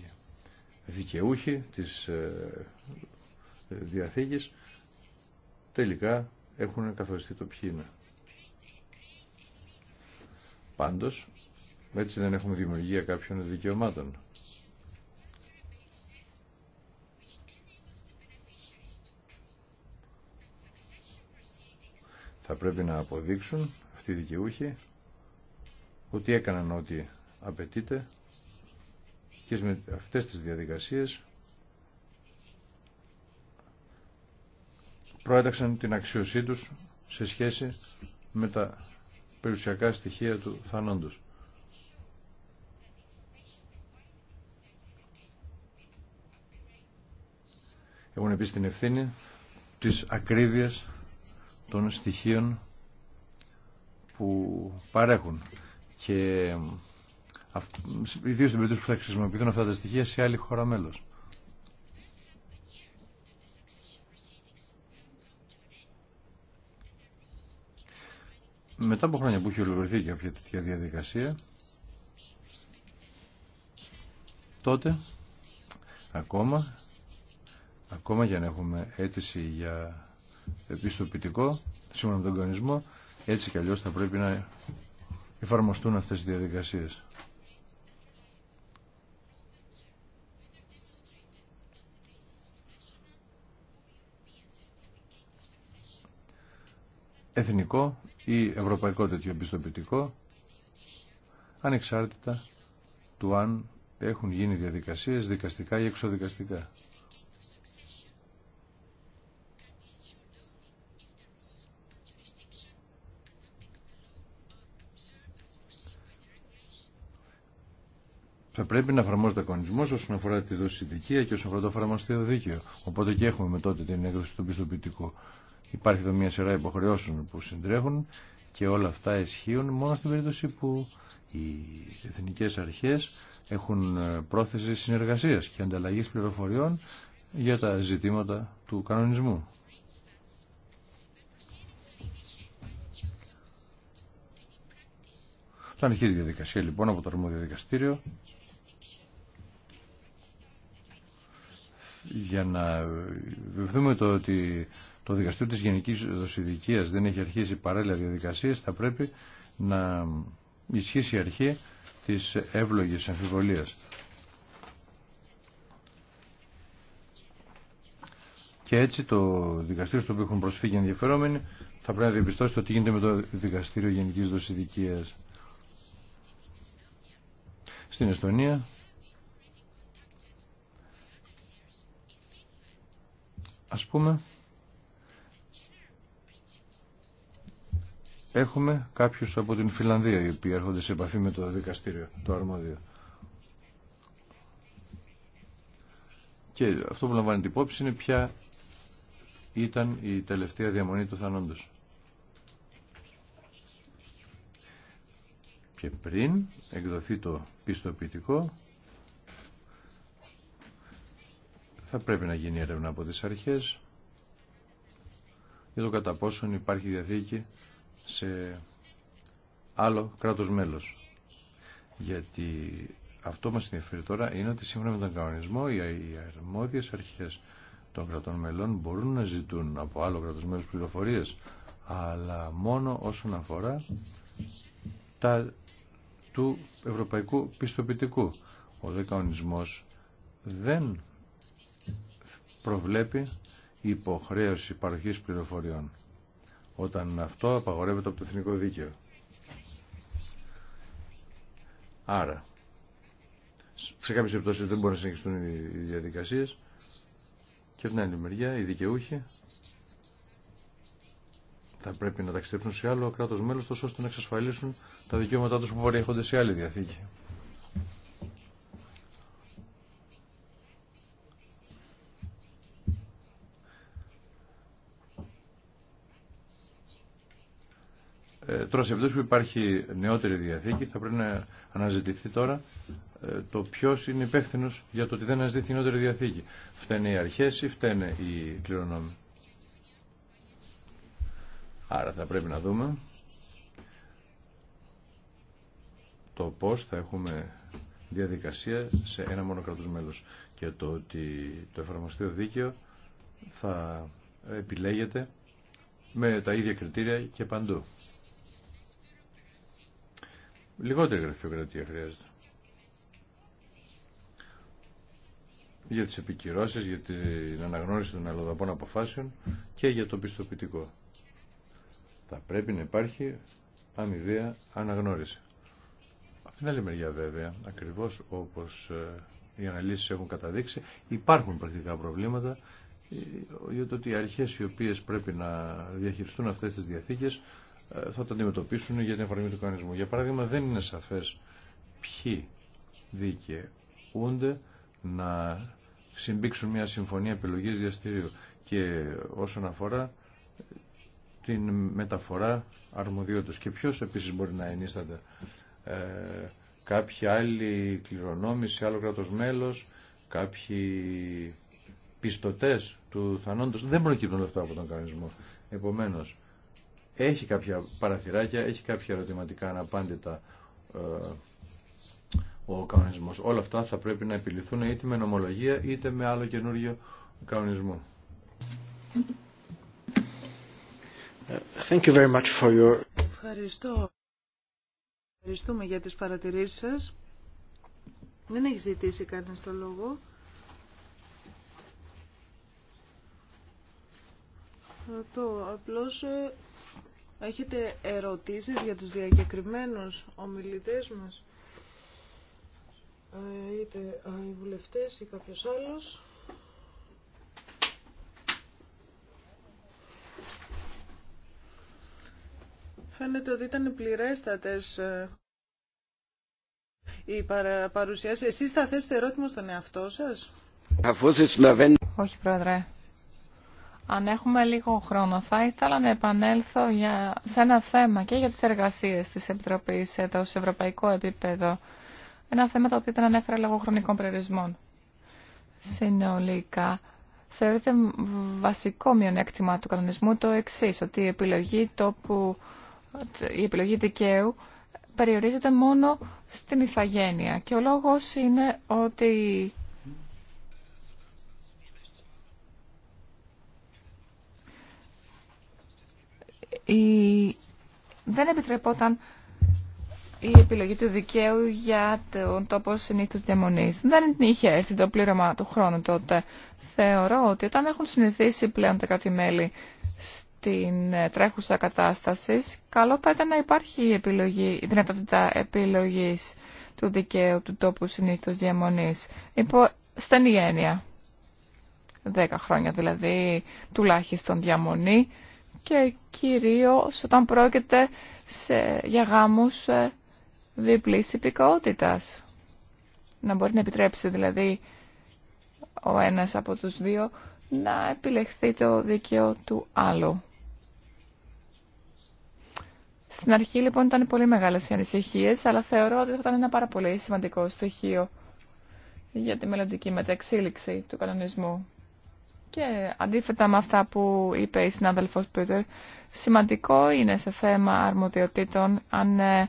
[SPEAKER 2] δικαιούχοι της ε, Διαθήκης τελικά έχουν καθοριστεί το ποιοι είναι. Πάντως, έτσι δεν έχουμε δημιουργία κάποιων δικαιωμάτων. Θα πρέπει να αποδείξουν αυτοί οι δικαιούχοι ότι έκαναν ό,τι απαιτείται και με αυτές τις διαδικασίες προέταξαν την αξίωσή τους σε σχέση με τα περιουσιακά στοιχεία του θανόντος. Έχουν επίσης την ευθύνη της ακρίβειας των στοιχείων που παρέχουν. Και ιδίω στην περίπτωση που θα χρησιμοποιηθούν αυτά τα στοιχεία σε άλλη χώρα μέλος. Μετά από χρόνια που έχει ολοκληρωθεί και αυτή τη διαδικασία, τότε ακόμα, ακόμα για να έχουμε αίτηση για επιστοποιητικό σύμφωνα με τον κανονισμό. Έτσι κι αλλιώς θα πρέπει να εφαρμοστούν αυτές οι διαδικασίες. Εθνικό ή ευρωπαϊκό τέτοιο επιστοποιητικό, ανεξάρτητα του αν έχουν γίνει διαδικασίες δικαστικά ή εξοδικαστικά. θα πρέπει να εφαρμόζεται ο κανονισμό όσον αφορά τη δόση δικαία και όσον αφορά το φαρμαστείο δίκαιο. Οπότε και έχουμε με τότε την έκδοση του πιστοποιητικού. Υπάρχει εδώ μια σειρά υποχρεώσεων που συντρέχουν και όλα αυτά ισχύουν μόνο στην περίπτωση που οι εθνικέ αρχέ έχουν ε, πρόθεση συνεργασία και ανταλλαγή πληροφοριών για τα ζητήματα του κανονισμού. Θα αρχίσει η διαδικασία λοιπόν από το αρμόδιο δικαστήριο για να βεβαιωθούμε το ότι το δικαστήριο της Γενικής Δοσηδικίας δεν έχει αρχίσει παράλληλα διαδικασίες, θα πρέπει να ισχύσει η αρχή της εύλογης αμφιβολίας. Και έτσι το δικαστήριο στο οποίο έχουν προσφύγει ενδιαφερόμενοι θα πρέπει να διαπιστώσει το τι γίνεται με το δικαστήριο Γενικής Δοσηδικίας Στην Εστονία Ας πούμε, έχουμε κάποιους από την Φιλανδία οι οποίοι έρχονται σε επαφή με το δικαστήριο, το αρμόδιο. Και αυτό που λαμβάνει την υπόψη είναι ποια ήταν η τελευταία διαμονή του θανόντος. Και πριν εκδοθεί το πιστοποιητικό, θα πρέπει να γίνει έρευνα από τις αρχές για το κατά πόσον υπάρχει διαθήκη σε άλλο κράτος μέλος. Γιατί αυτό μας ενδιαφέρει τώρα είναι ότι σύμφωνα με τον κανονισμό οι αρμόδιες αρχές των κρατών μελών μπορούν να ζητούν από άλλο κράτος μέλος πληροφορίες αλλά μόνο όσον αφορά τα του ευρωπαϊκού πιστοποιητικού. Ο δε κανονισμός δεν προβλέπει υποχρέωση παροχής πληροφοριών όταν αυτό απαγορεύεται από το εθνικό δίκαιο. Άρα, σε κάποιες επιπτώσεις δεν μπορούν να συνεχιστούν οι διαδικασίες και από την άλλη μεριά οι δικαιούχοι θα πρέπει να ταξιδέψουν σε άλλο κράτος μέλος τόσο ώστε να εξασφαλίσουν τα δικαιώματά τους που παρέχονται σε άλλη διαθήκη. Ε, τώρα σε που υπάρχει νεότερη διαθήκη θα πρέπει να αναζητηθεί τώρα ε, το ποιο είναι υπεύθυνο για το ότι δεν αναζητηθεί η νεότερη διαθήκη. Φταίνε οι αρχέ ή φταίνε οι κληρονόμοι. Άρα θα πρέπει να δούμε το πώς θα έχουμε διαδικασία σε ένα μόνο κράτος μέλος και το ότι το εφαρμοστείο δίκαιο θα επιλέγεται με τα ίδια κριτήρια και παντού. Λιγότερη γραφειοκρατία χρειάζεται. Για τις επικυρώσεις, για την αναγνώριση των αλλοδαπών αποφάσεων και για το πιστοποιητικό. Θα πρέπει να υπάρχει αμοιβαία αναγνώριση. Από την άλλη μεριά βέβαια, ακριβώς όπως ε, οι αναλύσεις έχουν καταδείξει, υπάρχουν πρακτικά προβλήματα ε, για το ότι οι αρχές οι οποίες πρέπει να διαχειριστούν αυτές τις διαθήκες ε, θα τα αντιμετωπίσουν για την εφαρμογή του κανονισμού. Για παράδειγμα, δεν είναι σαφές ποιοι δικαιούνται να συμπήξουν μια συμφωνία επιλογής διαστηρίου και όσον αφορά την μεταφορά αρμοδιότητας και ποιος επίσης μπορεί να ενίσταται ε, άλλοι άλλη σε άλλο κράτος μέλος, κάποιοι πιστωτές του θανόντος. Δεν προκύπτουν αυτά από τον κανονισμό. Επομένως, έχει κάποια παραθυράκια, έχει κάποια ερωτηματικά αναπάντητα ε, ο κανονισμός. Όλα αυτά θα πρέπει να επιληθούν είτε με νομολογία είτε με άλλο καινούργιο κανονισμό.
[SPEAKER 1] Thank you very much for your...
[SPEAKER 3] Ευχαριστώ. Ευχαριστούμε για τις παρατηρήσεις σας. Δεν έχει ζητήσει κανείς το λόγο. Ρωτώ απλώς ε, Έχετε ερωτήσεις για τους διακεκριμένους ομιλητές μας, ε, είτε ε, οι βουλευτές ή κάποιος άλλος. Φαίνεται ότι ήταν πληρέστατες ε, οι παρουσιάσεις. Εσείς θα θέσετε ερώτημα στον εαυτό σας.
[SPEAKER 4] Όχι, Πρόεδρε. Αν έχουμε λίγο χρόνο, θα ήθελα να επανέλθω για, σε ένα θέμα και για τις εργασίες της Επιτροπής εδώ σε ευρωπαϊκό επίπεδο. Ένα θέμα το οποίο δεν ανέφερα λόγω χρονικών περιορισμών. Συνολικά, θεωρείται βασικό μειονέκτημα του κανονισμού το εξή ότι η επιλογή, τόπου, η επιλογή δικαίου περιορίζεται μόνο στην ηθαγένεια. Και ο λόγος είναι ότι δεν επιτρεπόταν η επιλογή του δικαίου για τον τόπο συνήθω διαμονή. Δεν είχε έρθει το πλήρωμα του χρόνου τότε. Θεωρώ ότι όταν έχουν συνηθίσει πλέον τα κράτη-μέλη στην ε, τρέχουσα κατάσταση, καλό θα ήταν να υπάρχει η, επιλογή, η δυνατότητα επιλογή του δικαίου του τόπου συνήθω διαμονή. Υπό στενή έννοια. Δέκα χρόνια δηλαδή τουλάχιστον διαμονή και κυρίως όταν πρόκειται σε, για γάμους ε, διπλής υπηκότητας. Να μπορεί να επιτρέψει δηλαδή ο ένας από τους δύο να επιλεχθεί το δίκαιο του άλλου. Στην αρχή λοιπόν ήταν πολύ μεγάλες οι ανησυχίες, αλλά θεωρώ ότι θα ήταν ένα πάρα πολύ σημαντικό στοιχείο για τη μελλοντική μεταξύλιξη του κανονισμού. Και αντίθετα με αυτά που είπε η συνάδελφος Πίτερ, σημαντικό είναι σε θέμα αρμοδιοτήτων αν ε,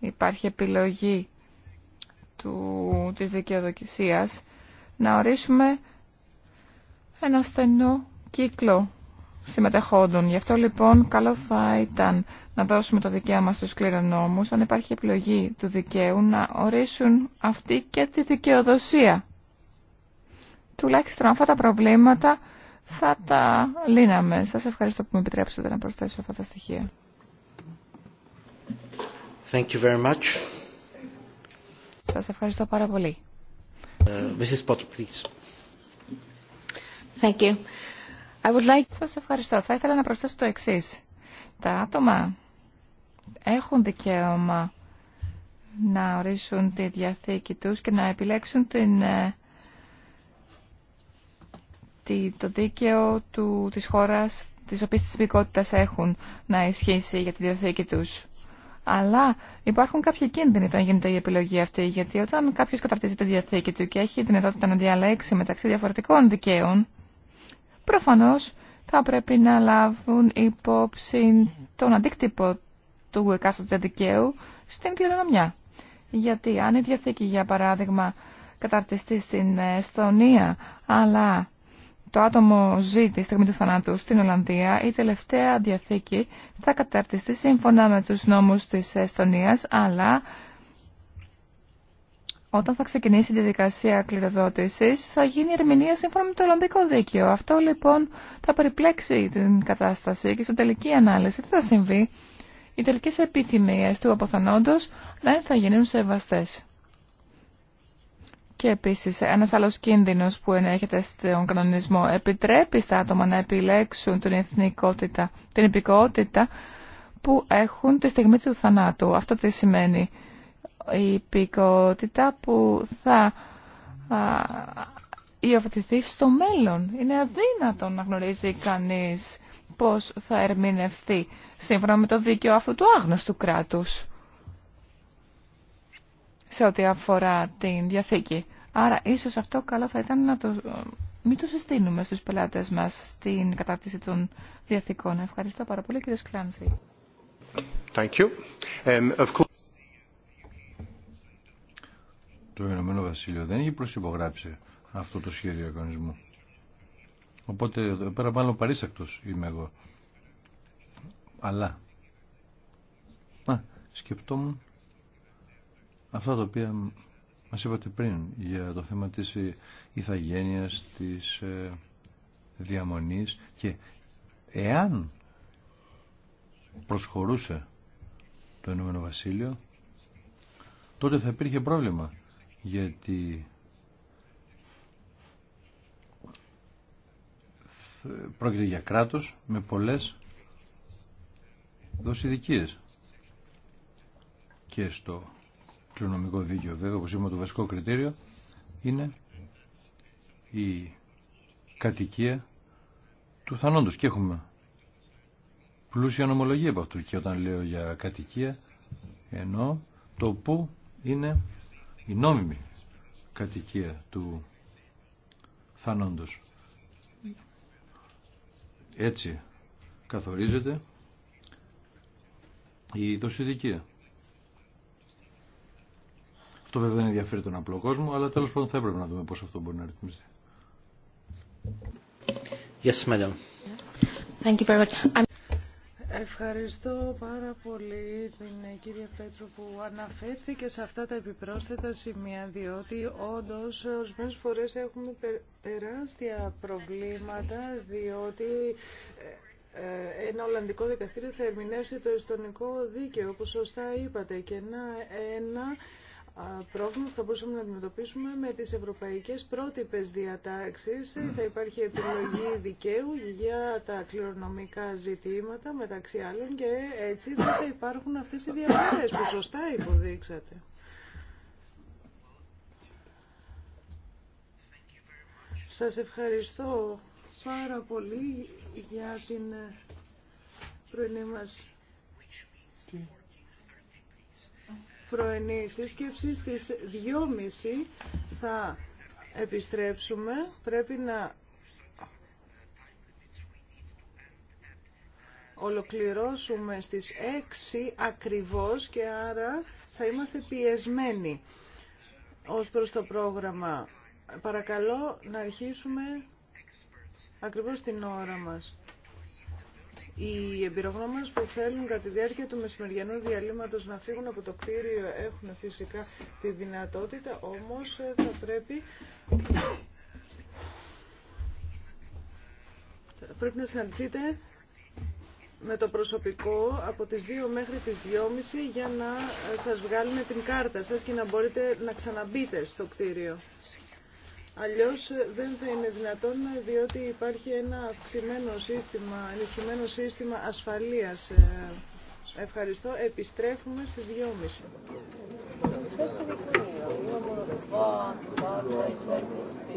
[SPEAKER 4] υπάρχει επιλογή του, της δικαιοδοκησίας να ορίσουμε ένα στενό κύκλο συμμετεχόντων. Γι' αυτό λοιπόν καλό θα ήταν να δώσουμε το δικαίωμα στους κληρονόμους αν υπάρχει επιλογή του δικαίου να ορίσουν αυτοί και τη δικαιοδοσία τουλάχιστον αυτά τα προβλήματα θα τα λύναμε. Σας ευχαριστώ που με επιτρέψατε να προσθέσω αυτά τα στοιχεία.
[SPEAKER 1] Thank you very much.
[SPEAKER 4] Σας ευχαριστώ πάρα πολύ.
[SPEAKER 1] Uh, Mrs. Potter, please.
[SPEAKER 4] Thank you. I would like... Σας ευχαριστώ. Θα ήθελα να προσθέσω το εξή. Τα άτομα έχουν δικαίωμα να ορίσουν τη διαθήκη τους και να επιλέξουν την ε, ότι το δίκαιο του, της χώρας της οποίας τις υπηκότητας έχουν να ισχύσει για τη διαθήκη τους. Αλλά υπάρχουν κάποιοι κίνδυνοι όταν γίνεται η επιλογή αυτή, γιατί όταν κάποιο καταρτίζει τη διαθήκη του και έχει δυνατότητα να διαλέξει μεταξύ διαφορετικών δικαίων, προφανώ θα πρέπει να λάβουν υπόψη τον αντίκτυπο του εκάστοτε δικαίου στην κληρονομιά. Γιατί αν η διαθήκη, για παράδειγμα, καταρτιστεί στην Εστονία, αλλά το άτομο ζει τη στιγμή του θανάτου στην Ολλανδία, η τελευταία διαθήκη θα καταρτιστεί σύμφωνα με τους νόμους της Εστονίας, αλλά όταν θα ξεκινήσει η διαδικασία κληροδότησης θα γίνει ερμηνεία σύμφωνα με το Ολλανδικό Δίκαιο. Αυτό λοιπόν θα περιπλέξει την κατάσταση και στην τελική ανάλυση τι θα συμβεί. Οι τελικές επιθυμίες του αποθανόντος δεν θα γίνουν σεβαστές. Και επίση, ένα άλλο κίνδυνο που ενέχεται στον κανονισμό επιτρέπει στα άτομα να επιλέξουν την εθνικότητα, την υπηκότητα που έχουν τη στιγμή του θανάτου. Αυτό τι σημαίνει η υπηκότητα που θα υιοθετηθεί στο μέλλον. Είναι αδύνατο να γνωρίζει κανείς πώς θα ερμηνευθεί σύμφωνα με το δίκαιο αυτού του άγνωστου κράτους σε ό,τι αφορά την Διαθήκη. Άρα ίσως αυτό καλό θα ήταν να το... Μην το συστήνουμε στους πελάτες μας στην κατάρτιση των διαθήκων. Ευχαριστώ πάρα πολύ κύριε Σκλάνση.
[SPEAKER 1] Thank you. Um, of course...
[SPEAKER 2] Το Ηνωμένο Βασίλειο δεν έχει προσυπογράψει αυτό το σχέδιο οργανισμού. Οπότε πέρα μάλλον παρήσακτος είμαι εγώ. Αλλά, α, σκεπτόμουν αυτά τα οποία μας είπατε πριν για το θέμα της ε, ηθαγένειας, της ε, διαμονής και εάν προσχωρούσε το Ηνωμένο Βασίλειο τότε θα υπήρχε πρόβλημα γιατί πρόκειται για κράτος με πολλές δοσιδικίες και στο κληρονομικό δίκαιο. Βέβαια, όπως είπαμε, το βασικό κριτήριο είναι η κατοικία του θανόντος. Και έχουμε πλούσια νομολογία από αυτού. Και όταν λέω για κατοικία, ενώ το που είναι η νόμιμη κατοικία του θανόντος. Έτσι καθορίζεται η δοσηδικία. Αυτό βέβαια δεν ενδιαφέρει τον απλό κόσμο, αλλά τέλος πάντων θα έπρεπε να δούμε πώς αυτό μπορεί να ρυθμιστεί.
[SPEAKER 1] Yes, madam.
[SPEAKER 4] Thank
[SPEAKER 3] Ευχαριστώ πάρα πολύ την ε, κυρία Πέτρου που αναφέρθηκε σε αυτά τα επιπρόσθετα σημεία, διότι όντως ε, ορισμένε φορές έχουμε τεράστια προβλήματα, διότι ε, ένα Ολλανδικό δικαστήριο θα ερμηνεύσει το ιστονικό δίκαιο, όπως σωστά είπατε, και ένα, ένα πρόβλημα που θα μπορούσαμε να αντιμετωπίσουμε με τις ευρωπαϊκές πρότυπες διατάξεις. Θα υπάρχει επιλογή δικαίου για τα κληρονομικά ζητήματα μεταξύ άλλων και έτσι δεν θα υπάρχουν αυτές οι διαφορές που σωστά υποδείξατε. Σας ευχαριστώ πάρα πολύ για την πρωινή μας πρωινή σύσκεψη στις 2.30 θα επιστρέψουμε. Πρέπει να ολοκληρώσουμε στις 6 ακριβώς και άρα θα είμαστε πιεσμένοι ως προς το πρόγραμμα. Παρακαλώ να αρχίσουμε ακριβώς την ώρα μας. Οι εμπειρογνώμονες που θέλουν κατά τη διάρκεια του μεσημεριανού διαλύματος να φύγουν από το κτίριο έχουν φυσικά τη δυνατότητα, όμως ε, θα πρέπει... Θα πρέπει να συναντηθείτε με το προσωπικό από τις 2 μέχρι τις 2.30 για να ε, σας βγάλουμε την κάρτα σας και να μπορείτε να ξαναμπείτε στο κτίριο. Αλλιώς ε, δεν θα είναι δυνατόν διότι υπάρχει ένα αυξημένο σύστημα, ενισχυμένο σύστημα ασφαλείας. Ε, ευχαριστώ. Επιστρέφουμε στις 2.30.